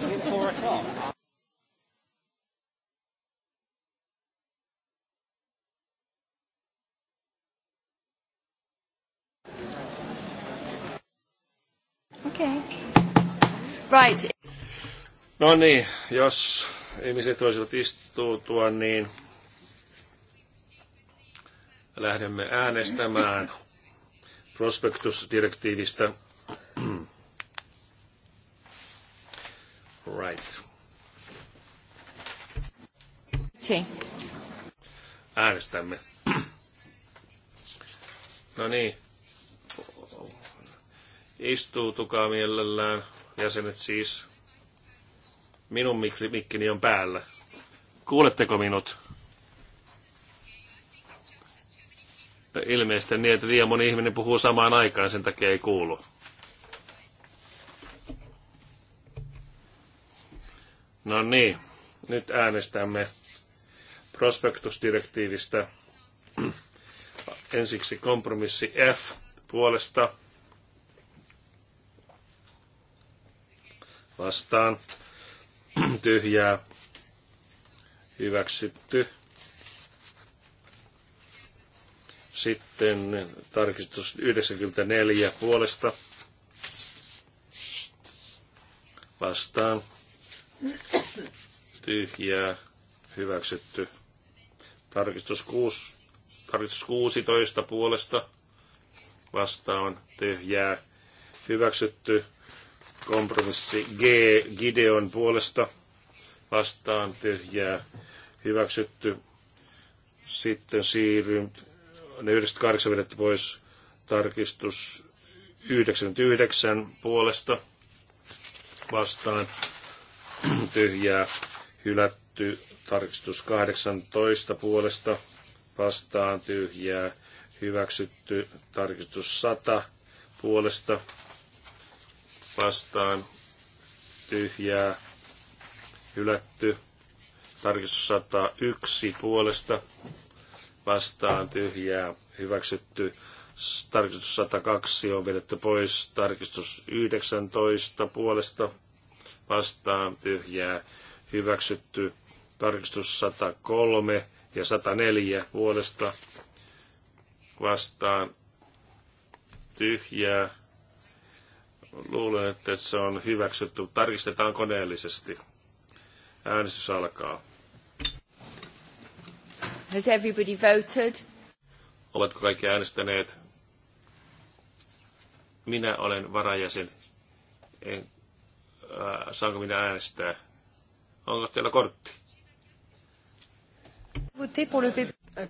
meeting at four o'clock. Okay. Right. No niin, jos ihmiset voisivat istuutua, niin lähdemme äänestämään prospektusdirektiivistä right. Äänestämme. No niin. Istuutukaa mielellään, jäsenet siis. Minun mikkini on päällä. Kuuletteko minut? Ilmeisesti niin, että liian moni ihminen puhuu samaan aikaan, sen takia ei kuulu. No niin, nyt äänestämme prospektusdirektiivistä. Ensiksi kompromissi F puolesta vastaan tyhjää hyväksytty. Sitten tarkistus 94 puolesta vastaan Tyhjää. Hyväksytty. Tarkistus, 6, tarkistus 16 puolesta vastaan. Tyhjää. Hyväksytty. Kompromissi G Gideon puolesta vastaan. Tyhjää. Hyväksytty. Sitten siirryn ne yhdestä kahdeksan vedetty pois tarkistus 99 puolesta vastaan tyhjää hylätty. Tarkistus 18 puolesta vastaan tyhjää hyväksytty. Tarkistus 100 puolesta vastaan tyhjää hylätty. Tarkistus 101 puolesta vastaan tyhjää hyväksytty tarkistus 102 on vedetty pois, tarkistus 19 puolesta vastaan tyhjää hyväksytty. Tarkistus 103 ja 104 puolesta vastaan tyhjää. Luulen, että se on hyväksytty. Tarkistetaan koneellisesti. Äänestys alkaa. Has everybody voted? Ovatko kaikki äänestäneet? Minä olen varajäsen. En äh, saanko minä äänestää? Onko teillä kortti?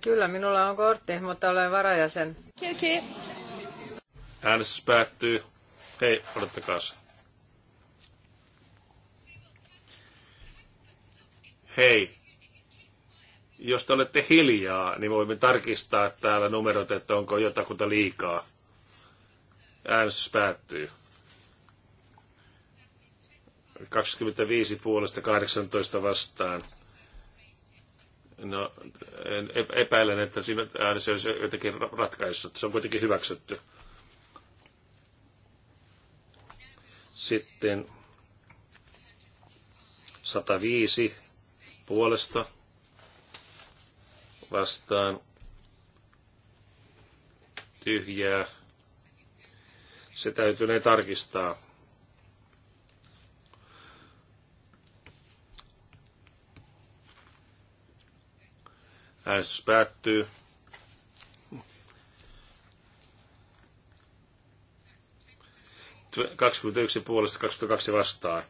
Kyllä, minulla on kortti, mutta olen varajäsen. Kiitos. Äänestys päättyy. Hei, odottakaa se. Hei, jos te olette hiljaa, niin voimme tarkistaa täällä numerot, että onko jotakuta liikaa. Äänestys päättyy. 25 puolesta 18 vastaan. No, en epäilen, että siinä äänessä olisi jotenkin ratkaissut. Se on kuitenkin hyväksytty. Sitten 105 puolesta vastaan tyhjää. Se täytyy ne tarkistaa. Äänestys päättyy. Tv- 21 puolesta 22 vastaan.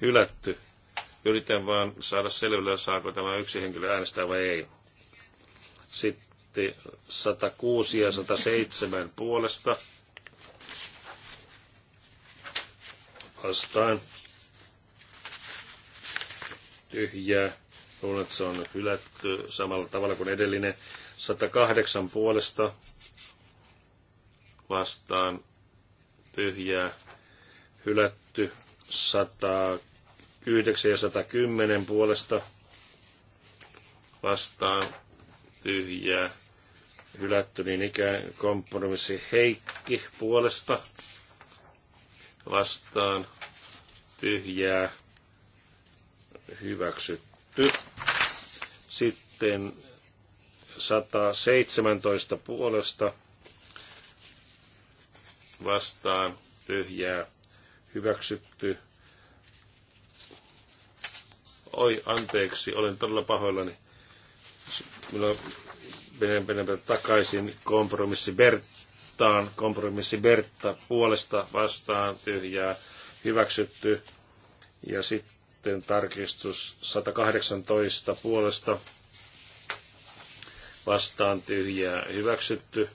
Hylätty. Yritän vaan saada selville, saako tämä yksi henkilö äänestää vai ei. Sitten 106 ja 107 puolesta. Vastaan tyhjää. Luulen, että se on hylätty samalla tavalla kuin edellinen. 108 puolesta vastaan tyhjää hylätty. 109 ja 110 puolesta vastaan tyhjää hylätty, niin ikään kompromissi Heikki puolesta vastaan tyhjää hyväksytty. Sitten 117 puolesta vastaan tyhjää hyväksytty. Oi, anteeksi, olen todella pahoillani. Minulla menen, menen takaisin kompromissi Berttaan. Kompromissi Bertta puolesta vastaan tyhjää hyväksytty. Ja sitten sitten tarkistus 118 puolesta vastaan tyhjää hyväksytty.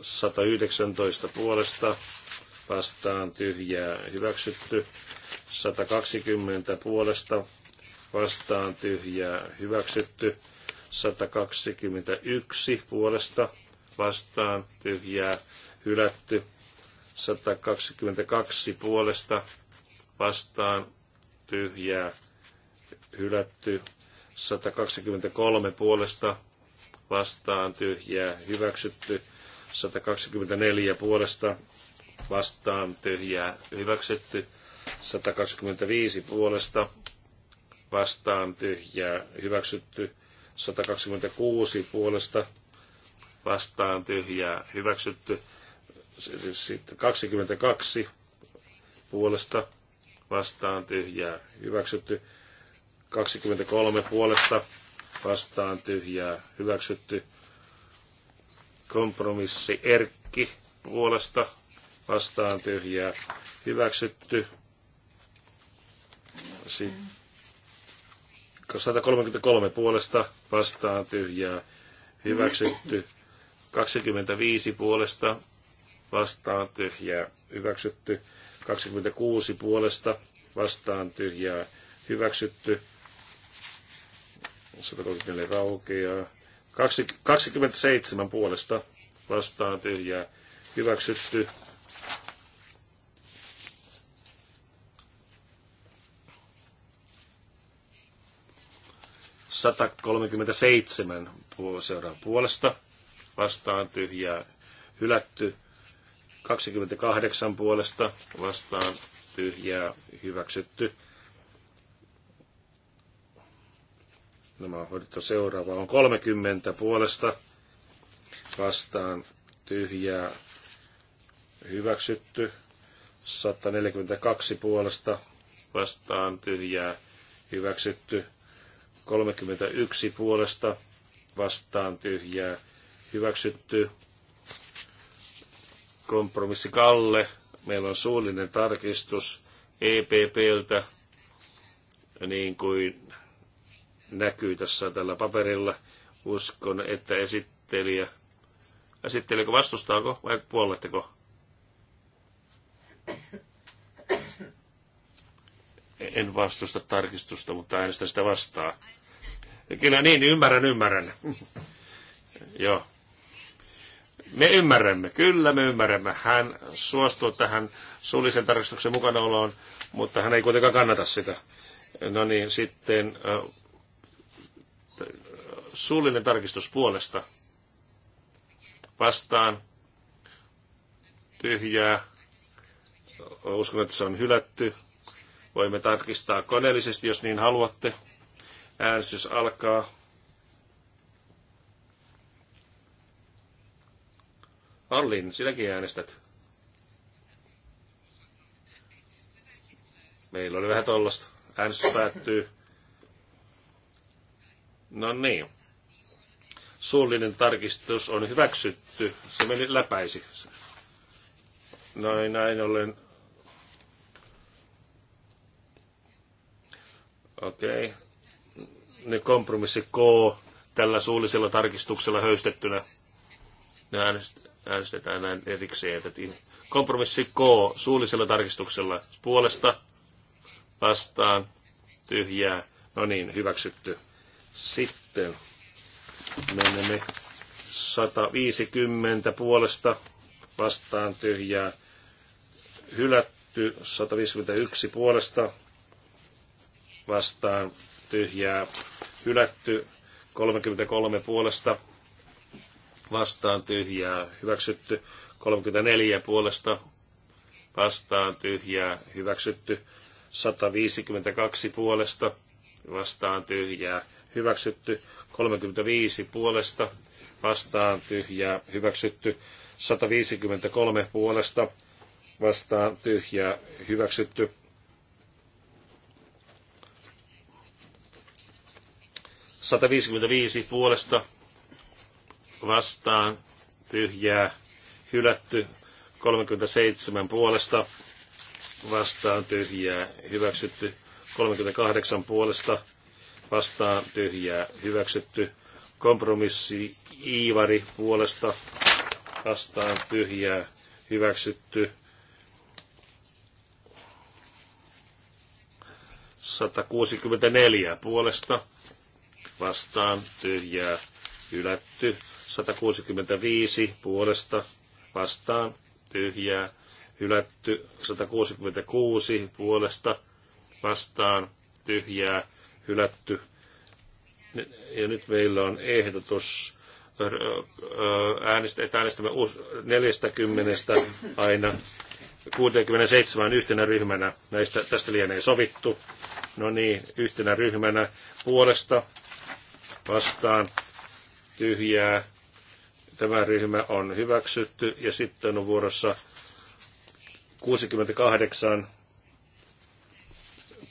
119 puolesta vastaan tyhjää hyväksytty. 120 puolesta vastaan tyhjää hyväksytty. 121 puolesta vastaan tyhjää hylätty. 122 puolesta vastaan tyhjää, hylätty. 123 puolesta vastaan tyhjää, hyväksytty. 124 puolesta vastaan tyhjää, hyväksytty. 125 puolesta vastaan tyhjää, hyväksytty. 126 puolesta vastaan tyhjää, hyväksytty. Sitten 22 puolesta vastaan tyhjää hyväksytty. 23 puolesta vastaan tyhjää hyväksytty. Kompromissi Erkki puolesta vastaan tyhjää hyväksytty. Sitten 133 puolesta vastaan tyhjää hyväksytty. 25 puolesta vastaan tyhjää hyväksytty. 26 puolesta vastaan tyhjää hyväksytty. 134 raukeaa. 27 puolesta vastaan tyhjää hyväksytty. 137 seuraa puolesta vastaan tyhjää hylätty. 28 puolesta vastaan tyhjää hyväksytty. Nämä on hoidettu seuraava. On 30 puolesta vastaan tyhjää hyväksytty. 142 puolesta vastaan tyhjää hyväksytty. 31 puolesta vastaan tyhjää hyväksytty. Kompromissi Kalle. Meillä on suullinen tarkistus EPPltä, niin kuin näkyy tässä tällä paperilla. Uskon, että esittelijä... Esittelijäkö vastustaako vai puoletteko? En vastusta tarkistusta, mutta äänestän sitä vastaan. Kyllä niin, ymmärrän, ymmärrän. Joo. Me ymmärrämme, kyllä me ymmärrämme. Hän suostuu tähän suullisen tarkastuksen mukanaoloon, mutta hän ei kuitenkaan kannata sitä. No niin, sitten suullinen tarkistus puolesta vastaan tyhjää. Uskon, että se on hylätty. Voimme tarkistaa koneellisesti, jos niin haluatte. Äänestys alkaa. Allin, sinäkin äänestät. Meillä oli vähän tollasta. Äänestys päättyy. No niin. Suullinen tarkistus on hyväksytty. Se meni läpäisi. Noin näin ollen. Okei. Okay. Ne kompromissi K tällä suullisella tarkistuksella höystettynä. Ne äänest- äänestetään näin erikseen. Kompromissi K suullisella tarkistuksella puolesta vastaan tyhjää. No niin, hyväksytty. Sitten menemme 150 puolesta vastaan tyhjää. Hylätty 151 puolesta vastaan tyhjää. Hylätty 33 puolesta vastaan tyhjää hyväksytty. 34 puolesta vastaan tyhjää hyväksytty. 152 puolesta vastaan tyhjää hyväksytty. 35 puolesta vastaan tyhjää hyväksytty. 153 puolesta vastaan tyhjää hyväksytty. 155 puolesta vastaan tyhjää hylätty. 37 puolesta vastaan tyhjää hyväksytty. 38 puolesta vastaan tyhjää hyväksytty. Kompromissi Iivari puolesta vastaan tyhjää hyväksytty. 164 puolesta vastaan tyhjää hylätty. 165 puolesta vastaan tyhjää, hylätty 166 puolesta vastaan tyhjää, hylätty. Ja nyt meillä on ehdotus, äh, äh, että äänestämme 40 aina 67 yhtenä ryhmänä. Näistä, tästä lienee sovittu. No niin, yhtenä ryhmänä puolesta vastaan tyhjää Tämä ryhmä on hyväksytty ja sitten on vuorossa 68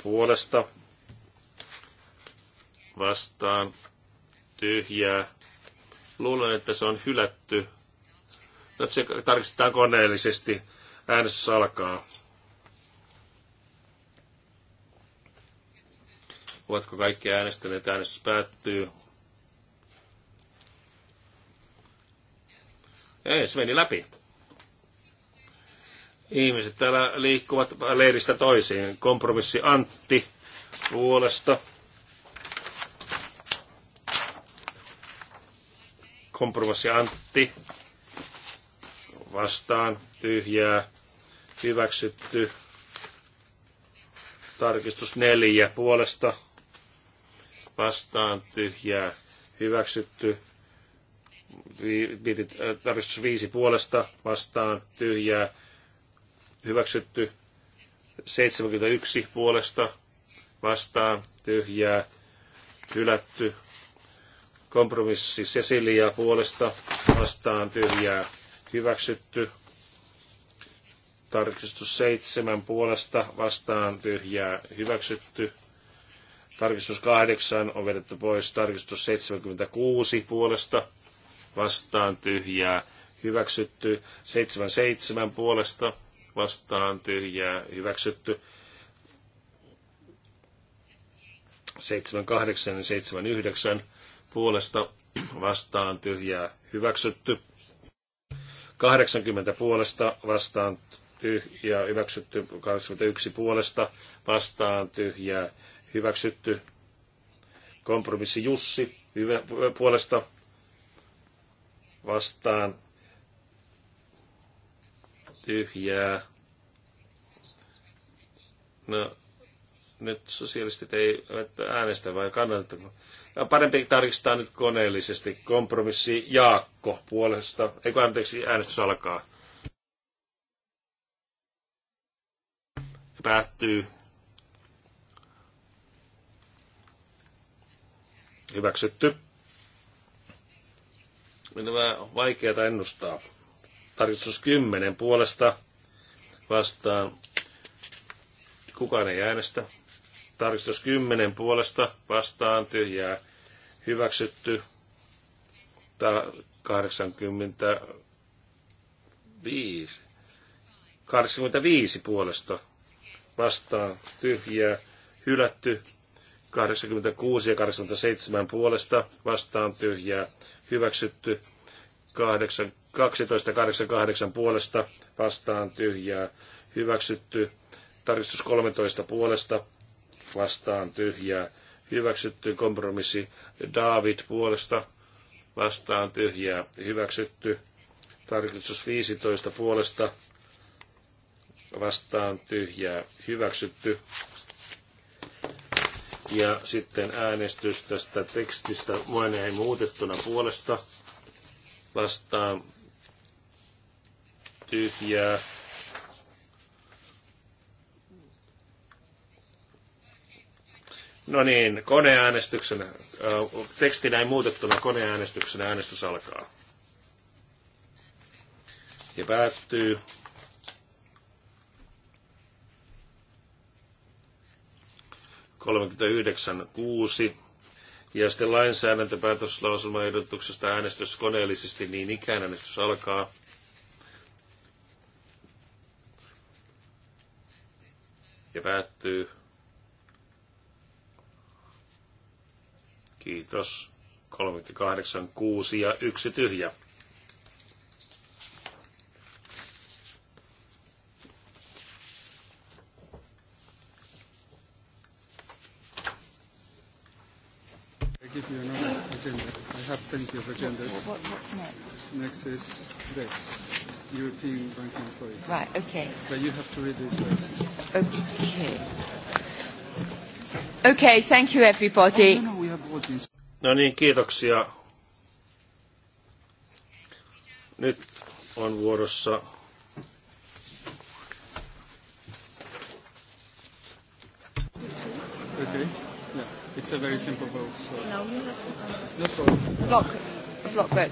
puolesta vastaan tyhjää. Luulen, että se on hylätty. No, se tarkistetaan koneellisesti. Äänestys alkaa. Ovatko kaikki äänestäneet? Äänestys päättyy. Ei, se meni läpi. Ihmiset täällä liikkuvat leiristä toisiin. Kompromissi Antti puolesta. Kompromissi Antti vastaan tyhjää hyväksytty. Tarkistus neljä puolesta vastaan tyhjää hyväksytty. Äh, tarkistus 5 puolesta vastaan tyhjää hyväksytty. 71 puolesta vastaan tyhjää hylätty. Kompromissi Cecilia puolesta vastaan tyhjää hyväksytty. Tarkistus 7 puolesta vastaan tyhjää hyväksytty. Tarkistus 8 on vedetty pois. Tarkistus 76 puolesta vastaan tyhjää hyväksytty. 77 puolesta vastaan tyhjää hyväksytty. 78 ja 79 puolesta vastaan tyhjää hyväksytty. 80 puolesta vastaan tyhjää hyväksytty. 81 puolesta vastaan tyhjää hyväksytty. Kompromissi Jussi hyvä, puolesta vastaan tyhjää. No, nyt sosialistit ei äänestä vai kannata. Parempi tarkistaa nyt koneellisesti. Kompromissi Jaakko puolesta. Eikö anteeksi, äänestys alkaa. Päättyy. Hyväksytty. Minä on vaikeaa ennustaa. Tarkistus 10 puolesta vastaan. Kukaan ei äänestä. Tarkistus 10 puolesta vastaan tyhjää hyväksytty. Tämä 85. 85 puolesta vastaan tyhjää hylätty. 86 ja 87 puolesta vastaan tyhjää hyväksytty. 8, 12 88 puolesta vastaan tyhjää hyväksytty. Tarkistus 13 puolesta vastaan tyhjää hyväksytty. Kompromissi David puolesta vastaan tyhjää hyväksytty. Tarkistus 15 puolesta vastaan tyhjää hyväksytty. Ja sitten äänestys tästä tekstistä näin muutettuna puolesta vastaan tyhjää. No niin, koneäänestyksen, äh, teksti näin muutettuna koneäänestyksen äänestys alkaa. Ja päättyy. 39.6. Ja sitten lainsäädäntöpäätöslauselmaehdotuksesta äänestys koneellisesti niin ikään äänestys alkaa. Ja päättyy. Kiitos. 38.6 ja yksi tyhjä. give you another agenda. I have plenty of agendas. What, what's next? Next is this, European Banking Authority. Right, okay. But you have to read this first. Okay. Okay, thank you everybody. Oh, no, no, we have voting. No niin, kiitoksia. Nyt on vuorossa Okay. It's a very simple vote. So. No, you have to. vote. No block. Block vote.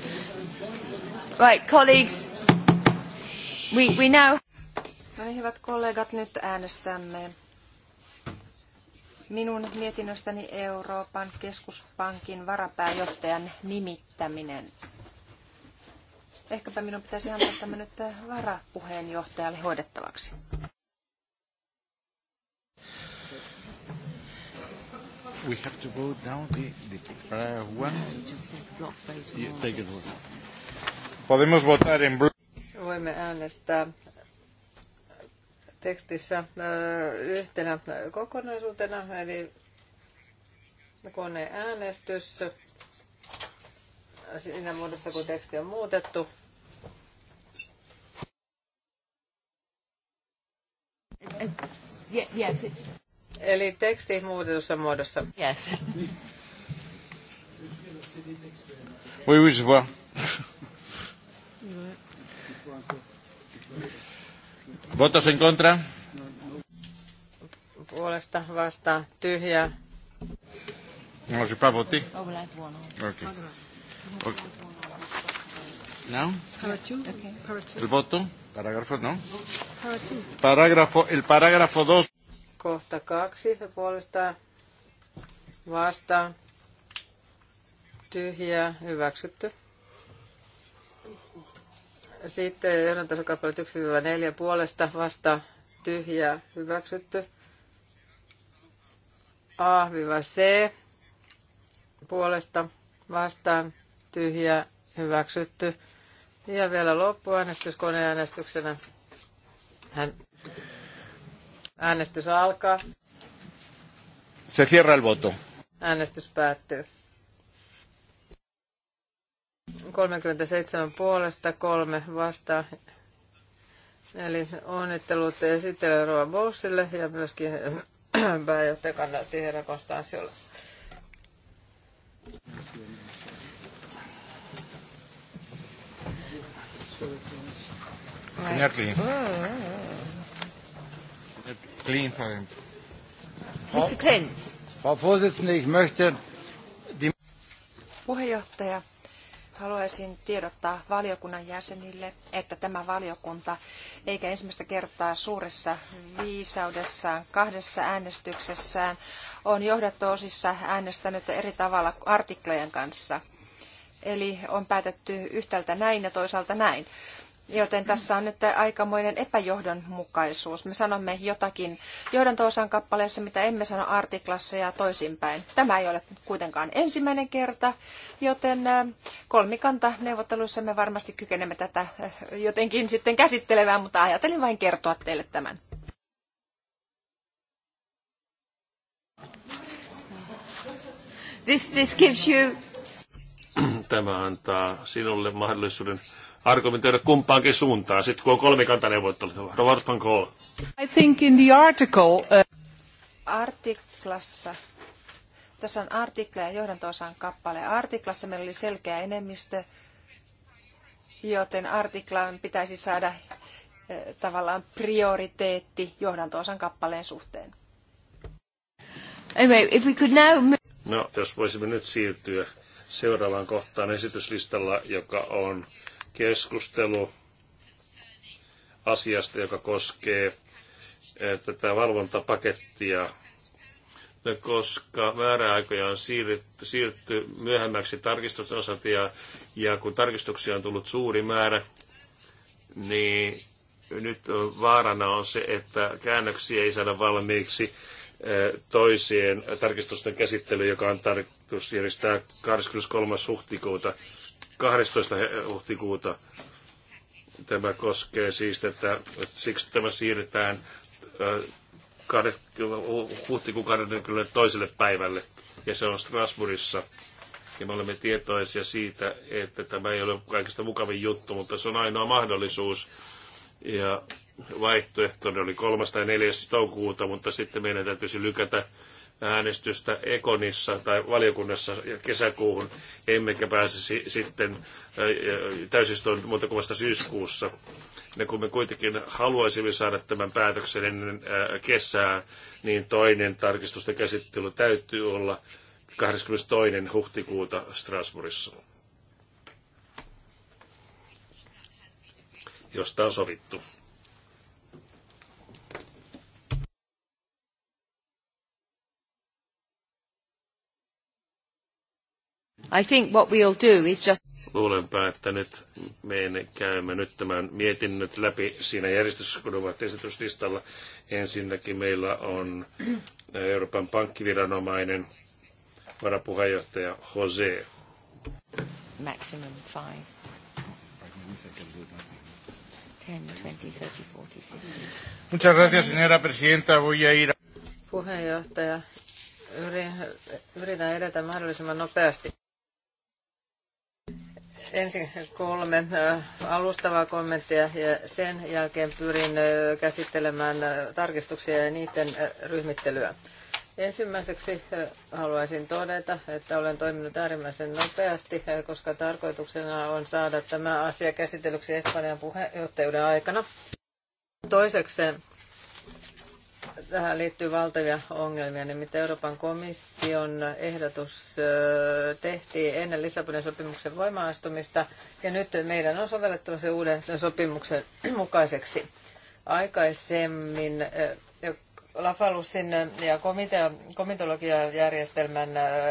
Right, colleagues. We, we now... No niin, hyvät kollegat, nyt äänestämme minun mietinnöstäni Euroopan keskuspankin varapääjohtajan nimittäminen. Ehkäpä minun pitäisi antaa tämä nyt varapuheenjohtajalle hoidettavaksi. we have to go down the, the uh, one. No, just block vote yeah, take it one. Podemos votar en Voimme äänestää tekstissä yhtenä kokonaisuutena, eli koneäänestys siinä muodossa, kun teksti on muutettu. Yes. Eli teksti muutetussa muodossa. Yes. Oui, oui, je vois. Votos en contra. Puolesta vastaan tyhjä. No, je pas voté. Oh, ok. Ok. No? Okay. El voto. Parágrafo, no. Parágrafo, el parágrafo 2. Kohta kaksi puolestaan vastaan. Tyhjää hyväksytty. Sitten johdantasokappalet 1-4 puolesta vasta tyhjää hyväksytty. A-C puolesta vastaan tyhjää hyväksytty. Ja vielä loppuäänestys koneäänestyksenä. Hän Äänestys alkaa. Se cierra el voto. Äänestys päättyy. 37 puolesta, kolme vastaa, Eli onnittelut esittelijä Roa Bousille ja myöskin pääjohtaja kannatti herra Konstansiolle. Herr clean for him. Mr. Frau Vorsitzende, ich möchte die... Puheenjohtaja, haluaisin tiedottaa valiokunnan jäsenille, että tämä valiokunta eikä ensimmäistä kertaa suuressa viisaudessaan kahdessa äänestyksessään on osissa äänestänyt eri tavalla artiklojen kanssa. Eli on päätetty yhtäältä näin ja toisaalta näin. Joten tässä on nyt aikamoinen epäjohdonmukaisuus. Me sanomme jotakin johdantoosan kappaleessa, mitä emme sano artiklassa ja toisinpäin. Tämä ei ole kuitenkaan ensimmäinen kerta, joten äh, kolmikanta neuvotteluissa me varmasti kykenemme tätä äh, jotenkin sitten käsittelemään, mutta ajatelin vain kertoa teille tämän. This, this gives you... Tämä antaa sinulle mahdollisuuden argumentoida kumpaankin suuntaan, sitten kun on kolmikantaneuvottelut. Robert van Kool. I think in the article... Uh... Artiklassa tässä on artikla ja johdanto kappale. Artiklassa meillä oli selkeä enemmistö, joten artiklaan pitäisi saada eh, tavallaan prioriteetti johdanto kappaleen suhteen. Anyway, if we could now... No, jos voisimme nyt siirtyä seuraavaan kohtaan esityslistalla, joka on keskustelu asiasta, joka koskee eh, tätä valvontapakettia, koska määräaikoja on siirretty, siirretty myöhemmäksi tarkistusten osalta ja, ja kun tarkistuksia on tullut suuri määrä, niin nyt vaarana on se, että käännöksiä ei saada valmiiksi eh, toiseen tarkistusten käsittelyyn, joka on tarkoitus järjestää 23. huhtikuuta. 12. huhtikuuta. Tämä koskee siis tätä, että siksi tämä siirretään huhtikuun 22. päivälle, ja se on Strasbourgissa. Ja me olemme tietoisia siitä, että tämä ei ole kaikista mukavin juttu, mutta se on ainoa mahdollisuus. Ja vaihtoehto oli 3. tai 4. toukokuuta, mutta sitten meidän täytyisi lykätä äänestystä Ekonissa tai valiokunnassa kesäkuuhun, emmekä pääse sitten täysistuntoon muuta kuin vasta syyskuussa. Ja kun me kuitenkin haluaisimme saada tämän päätöksen ennen kesää, niin toinen tarkistusten käsittely täytyy olla 22. huhtikuuta Strasbourgissa. Josta on sovittu. I think what we'll do is just... Luulenpa, että nyt me käymme nyt tämän mietinnöt läpi siinä järjestyksessä, kun ovat esityslistalla. Ensinnäkin meillä on äh, Euroopan pankkiviranomainen varapuheenjohtaja Jose. Maximum five. Muchas gracias, señora presidenta. Voy a ir... Puheenjohtaja, yritän edetä mahdollisimman nopeasti. Ensin kolme alustavaa kommenttia ja sen jälkeen pyrin käsittelemään tarkistuksia ja niiden ryhmittelyä. Ensimmäiseksi haluaisin todeta, että olen toiminut äärimmäisen nopeasti, koska tarkoituksena on saada tämä asia käsitellyksi Espanjan puheenjohtajuuden aikana. Toiseksi tähän liittyy valtavia ongelmia. Nimittäin Euroopan komission ehdotus tehtiin ennen Lissabonin sopimuksen voimaastumista ja nyt meidän on sovellettava se uuden sopimuksen mukaiseksi. Aikaisemmin Lafalusin ja komitea, komitologiajärjestelmän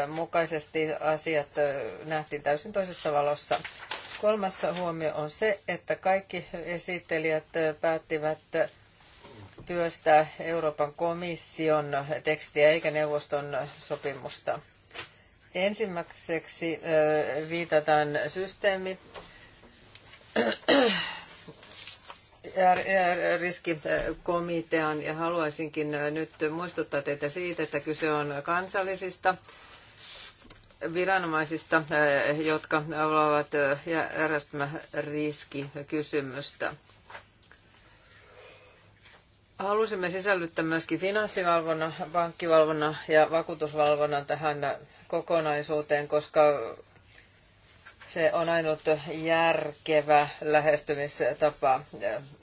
mukaisesti asiat nähtiin täysin toisessa valossa. Kolmas huomio on se, että kaikki esittelijät päättivät Työstä Euroopan komission tekstiä eikä neuvoston sopimusta. Ensimmäiseksi viitataan systeemi riskikomitean ja haluaisinkin nyt muistuttaa teitä siitä, että kyse on kansallisista viranomaisista, jotka ovat järjestämä riskikysymystä. kysymystä. Halusimme sisällyttää myöskin finanssivalvonnan, pankkivalvonnan ja vakuutusvalvonnan tähän kokonaisuuteen, koska se on ainut järkevä lähestymistapa.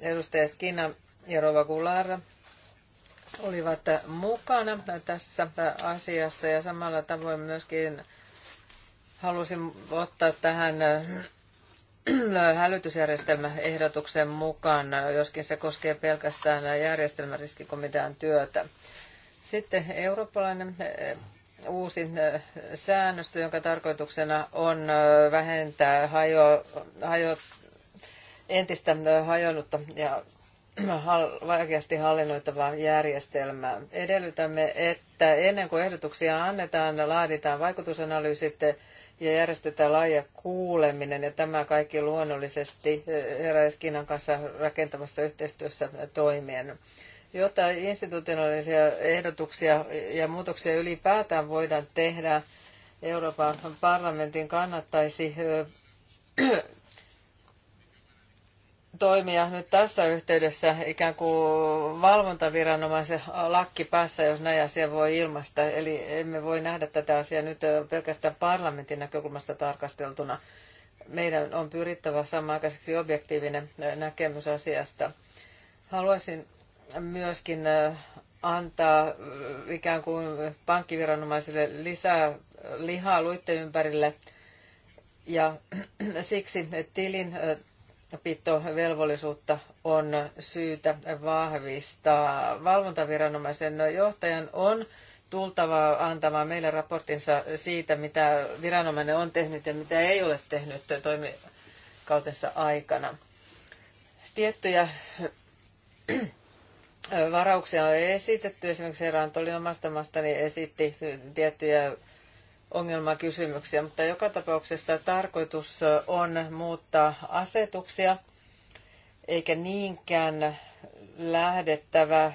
Edustaja Skinna ja Rova Kulara olivat mukana tässä asiassa ja samalla tavoin myöskin halusin ottaa tähän hälytysjärjestelmäehdotuksen mukaan, joskin se koskee pelkästään järjestelmäriskikomitean työtä. Sitten eurooppalainen eh, uusi eh, säännöstö, jonka tarkoituksena on eh, vähentää hajo, hajo, entistä hajonnutta ja vaikeasti hallinnoitavaa järjestelmää. Edellytämme, että ennen kuin ehdotuksia annetaan, laaditaan vaikutusanalyysit ja järjestetään laaja kuuleminen ja tämä kaikki luonnollisesti eh, eräs Kiinan kanssa rakentavassa yhteistyössä toimien. Jotta institutionaalisia ehdotuksia ja muutoksia ylipäätään voidaan tehdä, Euroopan parlamentin kannattaisi eh, toimia nyt tässä yhteydessä ikään kuin valvontaviranomaisen lakki päässä, jos näin asia voi ilmaista. Eli emme voi nähdä tätä asiaa nyt pelkästään parlamentin näkökulmasta tarkasteltuna. Meidän on pyrittävä saamaan aikaiseksi objektiivinen näkemys asiasta. Haluaisin myöskin antaa ikään kuin pankkiviranomaisille lisää lihaa luitten ympärille. Ja siksi tilin pitovelvollisuutta on syytä vahvistaa. Valvontaviranomaisen johtajan on tultava antamaan meille raportinsa siitä, mitä viranomainen on tehnyt ja mitä ei ole tehnyt toimikautensa aikana. Tiettyjä varauksia on esitetty. Esimerkiksi Rantolin omasta maastani esitti tiettyjä ongelmakysymyksiä, mutta joka tapauksessa tarkoitus on muuttaa asetuksia, eikä niinkään lähdettävä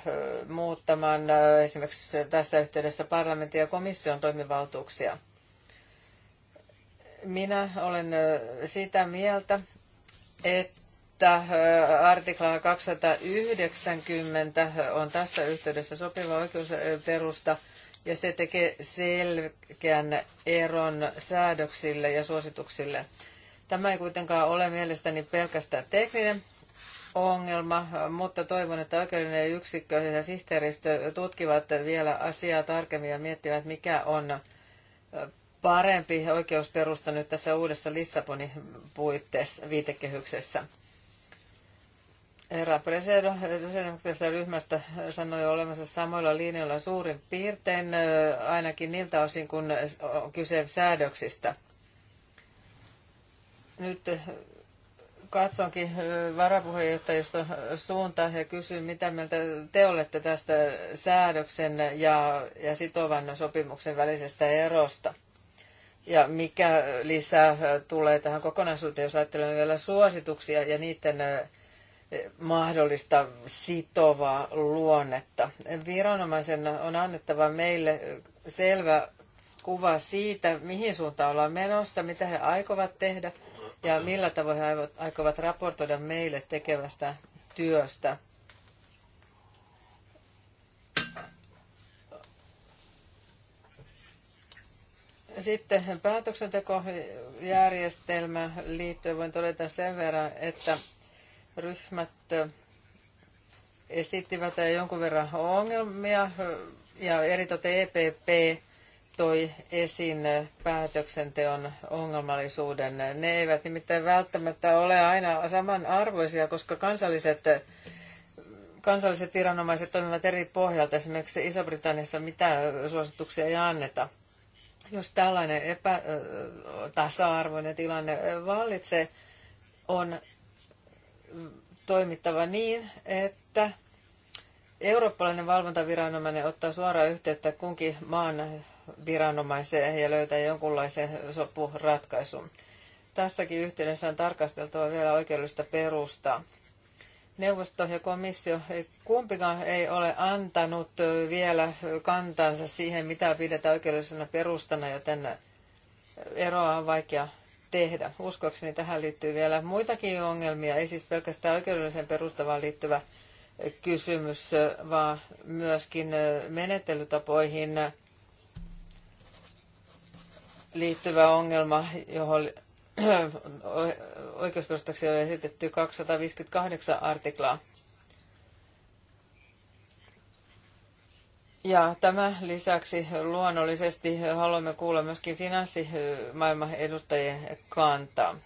muuttamaan esimerkiksi tässä yhteydessä parlamentin ja komission toimivaltuuksia. Minä olen sitä mieltä, että artikla 290 on tässä yhteydessä sopiva oikeusperusta – ja se tekee selkeän eron säädöksille ja suosituksille. Tämä ei kuitenkaan ole mielestäni pelkästään tekninen ongelma, mutta toivon, että oikeudellinen yksikkö ja sihteeristö tutkivat vielä asiaa tarkemmin ja miettivät, mikä on parempi oikeusperusta nyt tässä uudessa Lissabonin puitteissa viitekehyksessä. Herra Presedo sosiaalidemokraattisesta ryhmästä sanoi olevansa samoilla linjoilla suurin piirtein, ainakin niiltä osin kun on kyse säädöksistä. Nyt katsonkin varapuheenjohtajista suuntaan ja kysyn, mitä mieltä te olette tästä säädöksen ja, ja sitovan sopimuksen välisestä erosta. Ja mikä lisää tulee tähän kokonaisuuteen, jos ajattelemme vielä suosituksia ja niiden mahdollista sitovaa luonnetta. Viranomaisen on annettava meille selvä kuva siitä, mihin suuntaan ollaan menossa, mitä he aikovat tehdä ja millä tavoin he aikovat raportoida meille tekevästä työstä. Sitten päätöksentekojärjestelmä liittyen voin todeta sen verran, että ryhmät esittivät jonkun verran ongelmia ja eritoten EPP toi esiin päätöksenteon ongelmallisuuden. Ne eivät nimittäin välttämättä ole aina samanarvoisia, koska kansalliset, kansalliset viranomaiset toimivat eri pohjalta. Esimerkiksi Iso-Britanniassa mitään suosituksia ei anneta. Jos tällainen epätasa-arvoinen tilanne vallitsee, on toimittava niin, että eurooppalainen valvontaviranomainen ottaa suoraan yhteyttä kunkin maan viranomaiseen ja löytää jonkunlaisen sopuratkaisun. Tässäkin yhteydessä on tarkasteltava vielä oikeudellista perustaa. Neuvosto ja komissio kumpikaan ei ole antanut vielä kantansa siihen, mitä pidetään oikeudellisena perustana, joten eroa on vaikea tehdä. Uskoakseni tähän liittyy vielä muitakin ongelmia, ei siis pelkästään oikeudelliseen perustavaan liittyvä kysymys, vaan myöskin menettelytapoihin liittyvä ongelma, johon oikeusperustaksi on esitetty 258 artiklaa. Ja tämä lisäksi luonnollisesti haluamme kuulla myöskin finanssimaailman edustajien kantaa.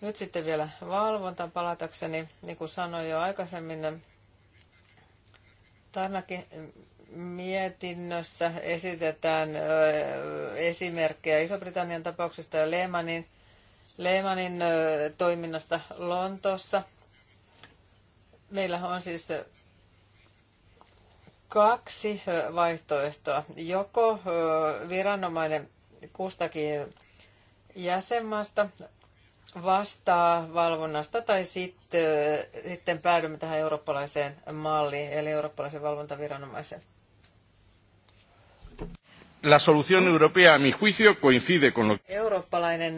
Nyt sitten vielä valvonta palatakseni, niin kuin sanoin jo aikaisemmin, Tarnakin mietinnössä esitetään esimerkkejä Iso-Britannian tapauksesta ja Lehmanin, Lehmanin toiminnasta Lontoossa. Meillä on siis kaksi vaihtoehtoa. Joko viranomainen kustakin jäsenmaasta vastaa valvonnasta tai sitten, sitten päädymme tähän eurooppalaiseen malliin, eli eurooppalaisen valvontaviranomaisen. La solución europea, a mi juicio, coincide con lo... Eurooppalainen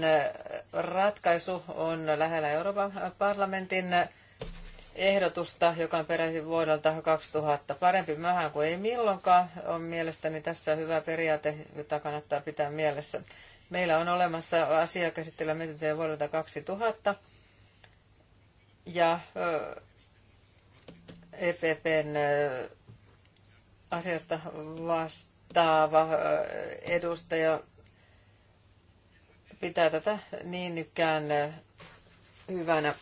ratkaisu on lähellä Euroopan parlamentin ehdotusta, joka on peräisin vuodelta 2000. Parempi myöhään kuin ei milloinkaan on mielestäni tässä hyvä periaate, jota kannattaa pitää mielessä. Meillä on olemassa asiaa käsitellä mietintöjä vuodelta 2000 ja EPPn asiasta vastaava edustaja pitää tätä niin ikään hyvänä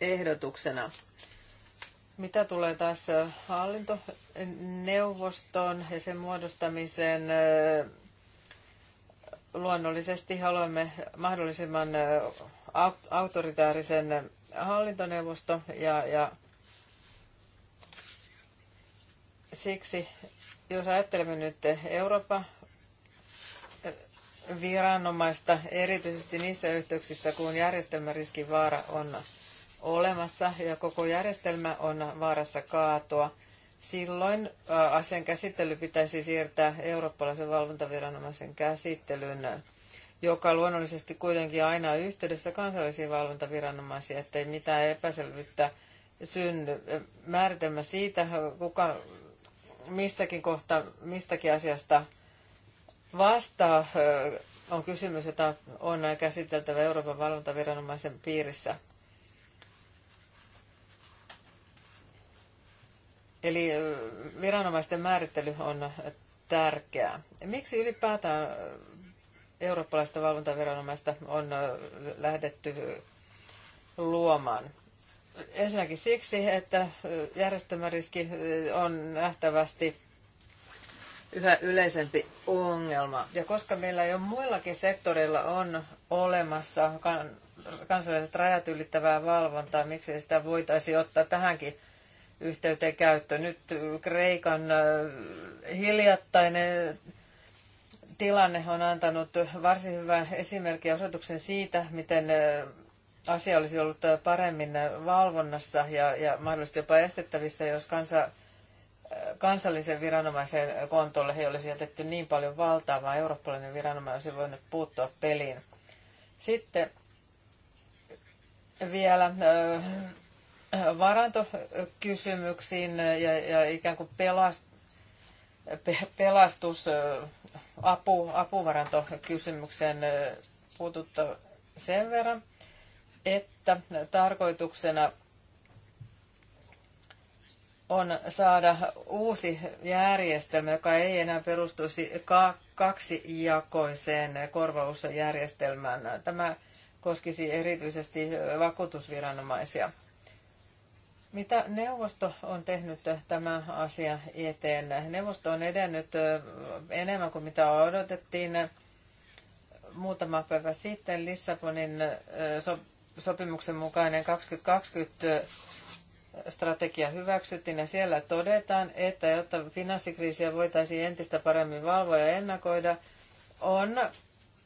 ehdotuksena. Mitä tulee taas hallintoneuvostoon ja sen muodostamiseen, luonnollisesti haluamme mahdollisimman autoritaarisen hallintoneuvosto ja, ja siksi, jos ajattelemme nyt Euroopan viranomaista, erityisesti niissä yhteyksissä, kun järjestelmäriskin vaara on olemassa ja koko järjestelmä on vaarassa kaatua. Silloin asian käsittely pitäisi siirtää eurooppalaisen valvontaviranomaisen käsittelyyn, joka luonnollisesti kuitenkin aina on yhteydessä kansallisiin valvontaviranomaisiin, ettei mitään epäselvyyttä synny. Määritelmä siitä, kuka mistäkin kohta, mistäkin asiasta vastaa, on kysymys, jota on käsiteltävä Euroopan valvontaviranomaisen piirissä. Eli viranomaisten määrittely on tärkeää. Miksi ylipäätään eurooppalaista valvontaviranomaista on lähdetty luomaan? Ensinnäkin siksi, että järjestelmäriski on nähtävästi yhä yleisempi ongelma. Ja koska meillä jo muillakin sektoreilla on olemassa kansalliset rajat ylittävää valvontaa, miksi sitä voitaisiin ottaa tähänkin yhteyteen käyttö. Nyt Kreikan äh, hiljattainen tilanne on antanut varsin hyvän esimerkin ja osoituksen siitä, miten äh, asia olisi ollut äh, paremmin valvonnassa ja, ja mahdollisesti jopa estettävissä, jos kansa, kansallisen viranomaisen kontolle ei olisi jätetty niin paljon valtaa, vaan eurooppalainen viranomainen olisi voinut puuttua peliin. Sitten vielä varantokysymyksiin ja, ja ikään kuin pelast, pelastus, apu, apuvarantokysymykseen puututta sen verran, että tarkoituksena on saada uusi järjestelmä, joka ei enää perustuisi kaksijakoiseen korvausjärjestelmään. Tämä koskisi erityisesti vakuutusviranomaisia. Mitä neuvosto on tehnyt tämä asia eteen? Neuvosto on edennyt enemmän kuin mitä odotettiin muutama päivä sitten. Lissabonin sopimuksen mukainen 2020 strategia hyväksyttiin ja siellä todetaan, että jotta finanssikriisiä voitaisiin entistä paremmin valvoa ja ennakoida, on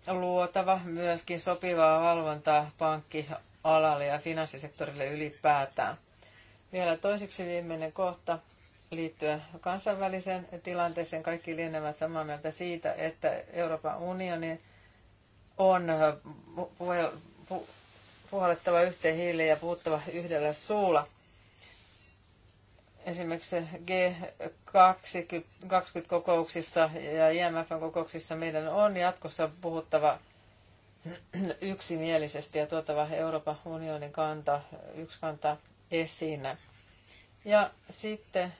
luotava myöskin sopivaa valvontaa pankkialalle ja finanssisektorille ylipäätään. Vielä toiseksi viimeinen kohta liittyen kansainväliseen tilanteeseen. Kaikki lienevät samaa mieltä siitä, että Euroopan unioni on äh, puhallettava yhteen hiileen ja puuttava yhdellä suulla. Esimerkiksi G20-kokouksissa ja IMF-kokouksissa meidän on jatkossa puhuttava yksimielisesti ja tuotava Euroopan unionin kanta, yksi kanta esinä. Ja sitten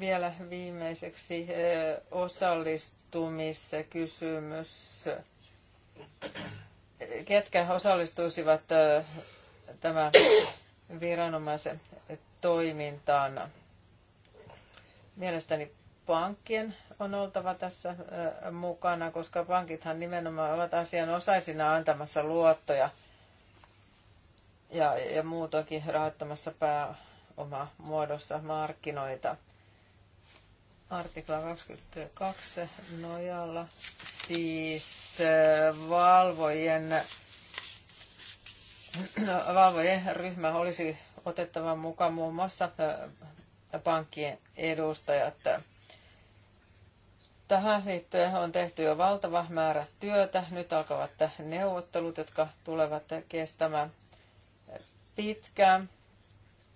vielä viimeiseksi eh, osallistumiskysymys. Ketkä osallistuisivat eh, tämän viranomaisen toimintaan? Mielestäni pankkien on oltava tässä eh, mukana, koska pankithan nimenomaan ovat asianosaisina antamassa luottoja – ja, ja muutoinkin rahoittamassa pääoma muodossa markkinoita. Artikla 22 nojalla siis äh, valvojen valvojen ryhmä olisi otettava mukaan muun muassa äh, pankkien edustajat. Tähän liittyen on tehty jo valtava määrä työtä. Nyt alkavat neuvottelut, jotka tulevat kestämään pitkä.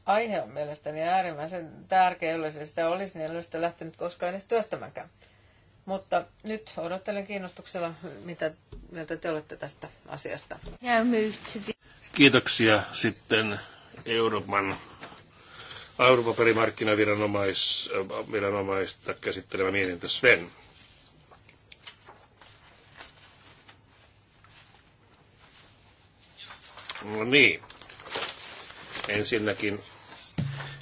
Aihe on mielestäni äärimmäisen tärkeä, jollei se sitä olisi, niin en sitä lähtenyt koskaan edes työstämäänkään. Mutta nyt odottelen kiinnostuksella, mitä mieltä te olette tästä asiasta. Kiitoksia sitten Euroopan arvopaperimarkkinaviranomaista käsittelevä mietintö Sven. No niin. Ensinnäkin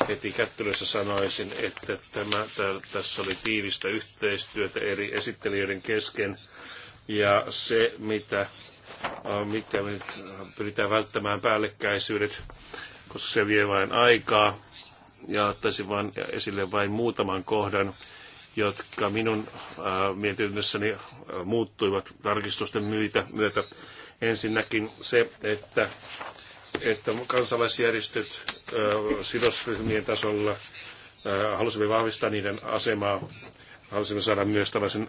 heti kättelyssä sanoisin, että tämä, tässä oli tiivistä yhteistyötä eri esittelijöiden kesken. Ja se, mitä, mitä me nyt pyritään välttämään päällekkäisyydet, koska se vie vain aikaa, ja ottaisin vain esille vain muutaman kohdan, jotka minun mietinnössäni muuttuivat tarkistusten myötä. myötä. Ensinnäkin se, että että kansalaisjärjestöt sidosryhmien tasolla halusimme vahvistaa niiden asemaa. Halusimme saada myös tällaisen,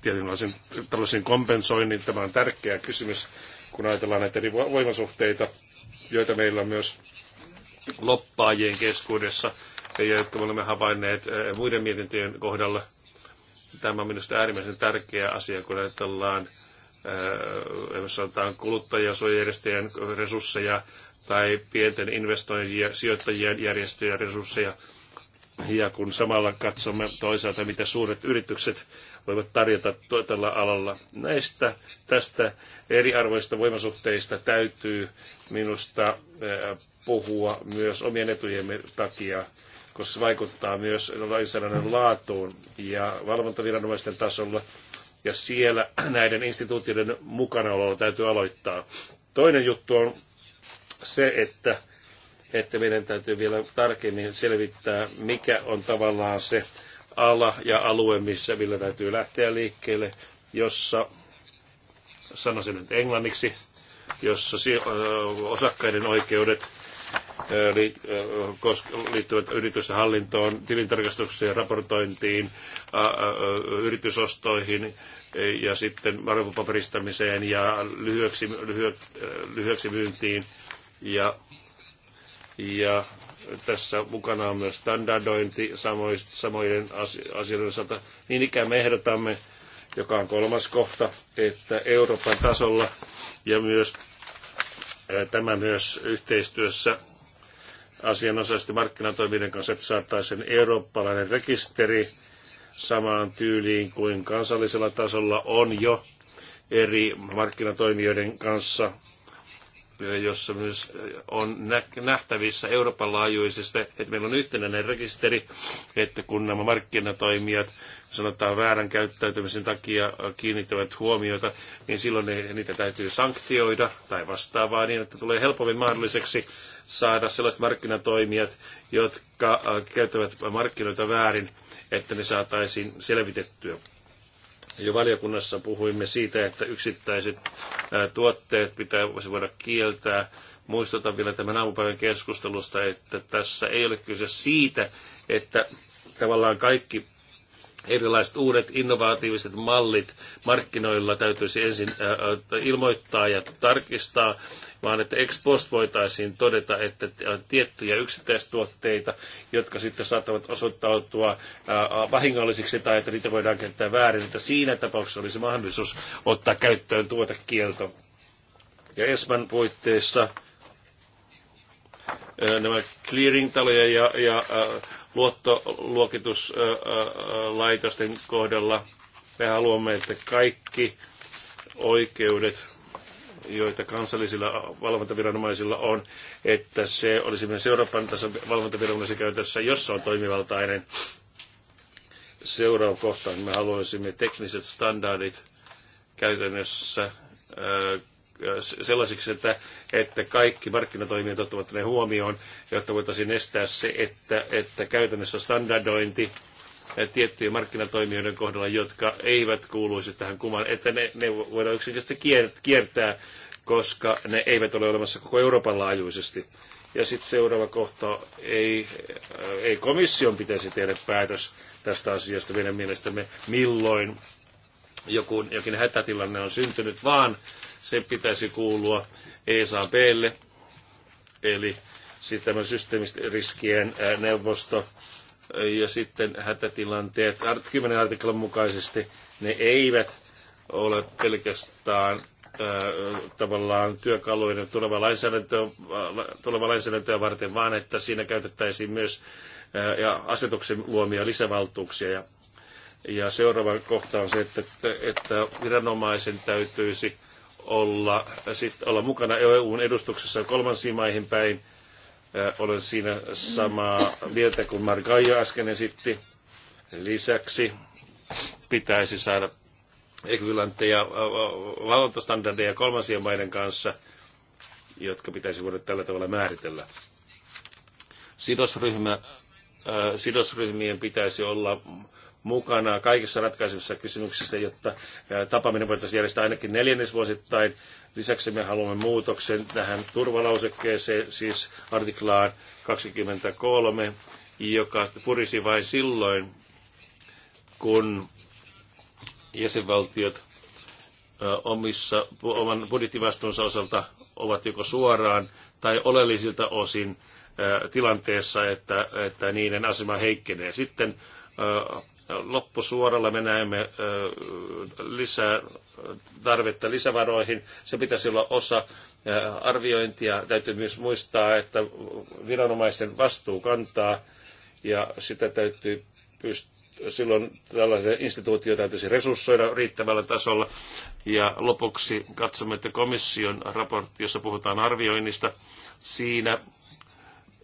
tietynlaisen tällaisen kompensoinnin. Tämä on tärkeä kysymys, kun ajatellaan näitä eri voimasuhteita, joita meillä on myös loppaajien keskuudessa ja jotka me olemme havainneet muiden mietintöjen kohdalla. Tämä on minusta äärimmäisen tärkeä asia, kun ajatellaan sanotaan kuluttajasuojajärjestöjen resursseja tai pienten investoijien, sijoittajien järjestöjen resursseja. Ja kun samalla katsomme toisaalta, mitä suuret yritykset voivat tarjota tällä alalla. Näistä tästä eriarvoista voimasuhteista täytyy minusta puhua myös omien etujemme takia, koska se vaikuttaa myös lainsäädännön laatuun ja valvontaviranomaisten tasolla ja siellä näiden instituutioiden mukanaololla täytyy aloittaa. Toinen juttu on se, että, että meidän täytyy vielä tarkemmin selvittää, mikä on tavallaan se ala ja alue, missä millä täytyy lähteä liikkeelle, jossa, sanoisin nyt englanniksi, jossa osakkaiden oikeudet – liittyvät yritysten hallintoon, tilintarkastukseen, raportointiin, yritysostoihin e, ja sitten arvopaperistamiseen ja lyhyeksi, lyhy, lyhyeksi myyntiin. Ja, ja tässä mukana on myös standardointi samojen asioiden osalta. Niin ikään me ehdotamme, joka on kolmas kohta, että Euroopan tasolla ja myös tämä myös yhteistyössä asianosaisesti markkinatoimijoiden kanssa, että saataisiin eurooppalainen rekisteri samaan tyyliin kuin kansallisella tasolla on jo eri markkinatoimijoiden kanssa jossa myös on nähtävissä Euroopan laajuisesti, että meillä on yhtenäinen rekisteri, että kun nämä markkinatoimijat sanotaan väärän käyttäytymisen takia kiinnittävät huomiota, niin silloin ne, niitä täytyy sanktioida tai vastaavaa niin, että tulee helpommin mahdolliseksi saada sellaiset markkinatoimijat, jotka äh, käyttävät markkinoita väärin, että ne saataisiin selvitettyä. Jo valiokunnassa puhuimme siitä, että yksittäiset tuotteet pitäisi voida kieltää. Muistutan vielä tämän aamupäivän keskustelusta, että tässä ei ole kyse siitä, että tavallaan kaikki erilaiset uudet innovatiiviset mallit markkinoilla täytyisi ensin ilmoittaa ja tarkistaa, vaan että ex post voitaisiin todeta, että on tiettyjä yksittäistuotteita, jotka sitten saattavat osoittautua vahingollisiksi tai että niitä voidaan käyttää väärin, että siinä tapauksessa olisi mahdollisuus ottaa käyttöön tuotekielto. Ja Esman puitteissa nämä clearing-taloja ja, ja luottoluokituslaitosten kohdalla. Me haluamme, että kaikki oikeudet, joita kansallisilla valvontaviranomaisilla on, että se olisi myös Euroopan tason valvontaviranomaisen käytössä, jos se on toimivaltainen. Seuraava kohta, me haluaisimme tekniset standardit käytännössä sellaisiksi, että, että kaikki markkinatoimijat ottavat ne huomioon, jotta voitaisiin estää se, että, että käytännössä standardointi tiettyjen markkinatoimijoiden kohdalla, jotka eivät kuuluisi tähän kumaan, että ne, ne voidaan yksinkertaisesti kiertää, koska ne eivät ole olemassa koko Euroopan laajuisesti. Ja sitten seuraava kohta, ei, ei komission pitäisi tehdä päätös tästä asiasta meidän mielestämme, milloin joku, jokin hätätilanne on syntynyt, vaan se pitäisi kuulua ESABlle, eli sitten siis tämä systeemiriskien neuvosto, ja sitten hätätilanteet 10 artiklan mukaisesti, ne eivät ole pelkästään tavallaan työkaluiden tuleva lainsäädäntöä, tuleva lainsäädäntöä varten, vaan että siinä käytettäisiin myös ja asetuksen luomia lisävaltuuksia. Ja ja seuraava kohta on se, että, että viranomaisen täytyisi olla, sit olla mukana EUn edustuksessa kolmansiin maihin päin. Äh, olen siinä samaa mieltä kuin Margaio äsken esitti. Lisäksi pitäisi saada ekvivalentteja äh, valvontastandardeja kolmansien maiden kanssa, jotka pitäisi voida tällä tavalla määritellä. Sidosryhmä, äh, sidosryhmien pitäisi olla mukana kaikissa ratkaisevissa kysymyksissä, jotta tapaaminen voitaisiin järjestää ainakin neljännesvuosittain. Lisäksi me haluamme muutoksen tähän turvalausekkeeseen, siis artiklaan 23, joka purisi vain silloin, kun jäsenvaltiot omissa, oman budjettivastuunsa osalta ovat joko suoraan tai oleellisilta osin tilanteessa, että, että niiden asema heikkenee. Sitten loppusuoralla me näemme lisää tarvetta lisävaroihin. Se pitäisi olla osa arviointia. Täytyy myös muistaa, että viranomaisten vastuu kantaa ja sitä täytyy pystyä silloin tällaisia instituutioita täytyisi resurssoida riittävällä tasolla. Ja lopuksi katsomme, että komission raportti, jossa puhutaan arvioinnista, siinä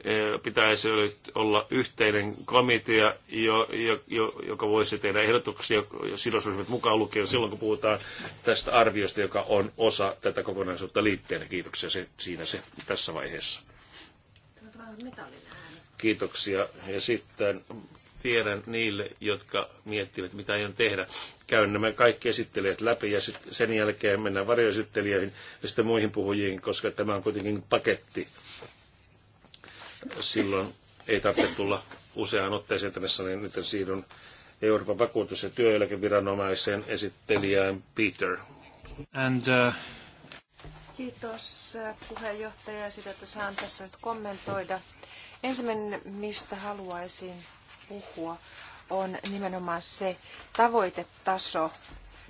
Eh, pitäisi olla yhteinen komitea, jo, jo, joka voisi tehdä ehdotuksia sidosryhmät mukaan lukien silloin, kun puhutaan tästä arviosta, joka on osa tätä kokonaisuutta liitteenä. Kiitoksia se, siinä se tässä vaiheessa. Kiitoksia. Ja sitten tiedän niille, jotka miettivät, mitä aion tehdä. Käyn nämä kaikki esittelijät läpi ja sitten sen jälkeen mennään varjoesittelijöihin ja sitten muihin puhujiin, koska tämä on kuitenkin paketti silloin ei tarvitse tulla useaan otteeseen tänne saliin, nyt siirryn Euroopan vakuutus- ja työeläkeviranomaisen esittelijään Peter. And, uh... Kiitos äh, puheenjohtaja sitä, että saan tässä nyt kommentoida. Ensimmäinen, mistä haluaisin puhua, on nimenomaan se tavoitetaso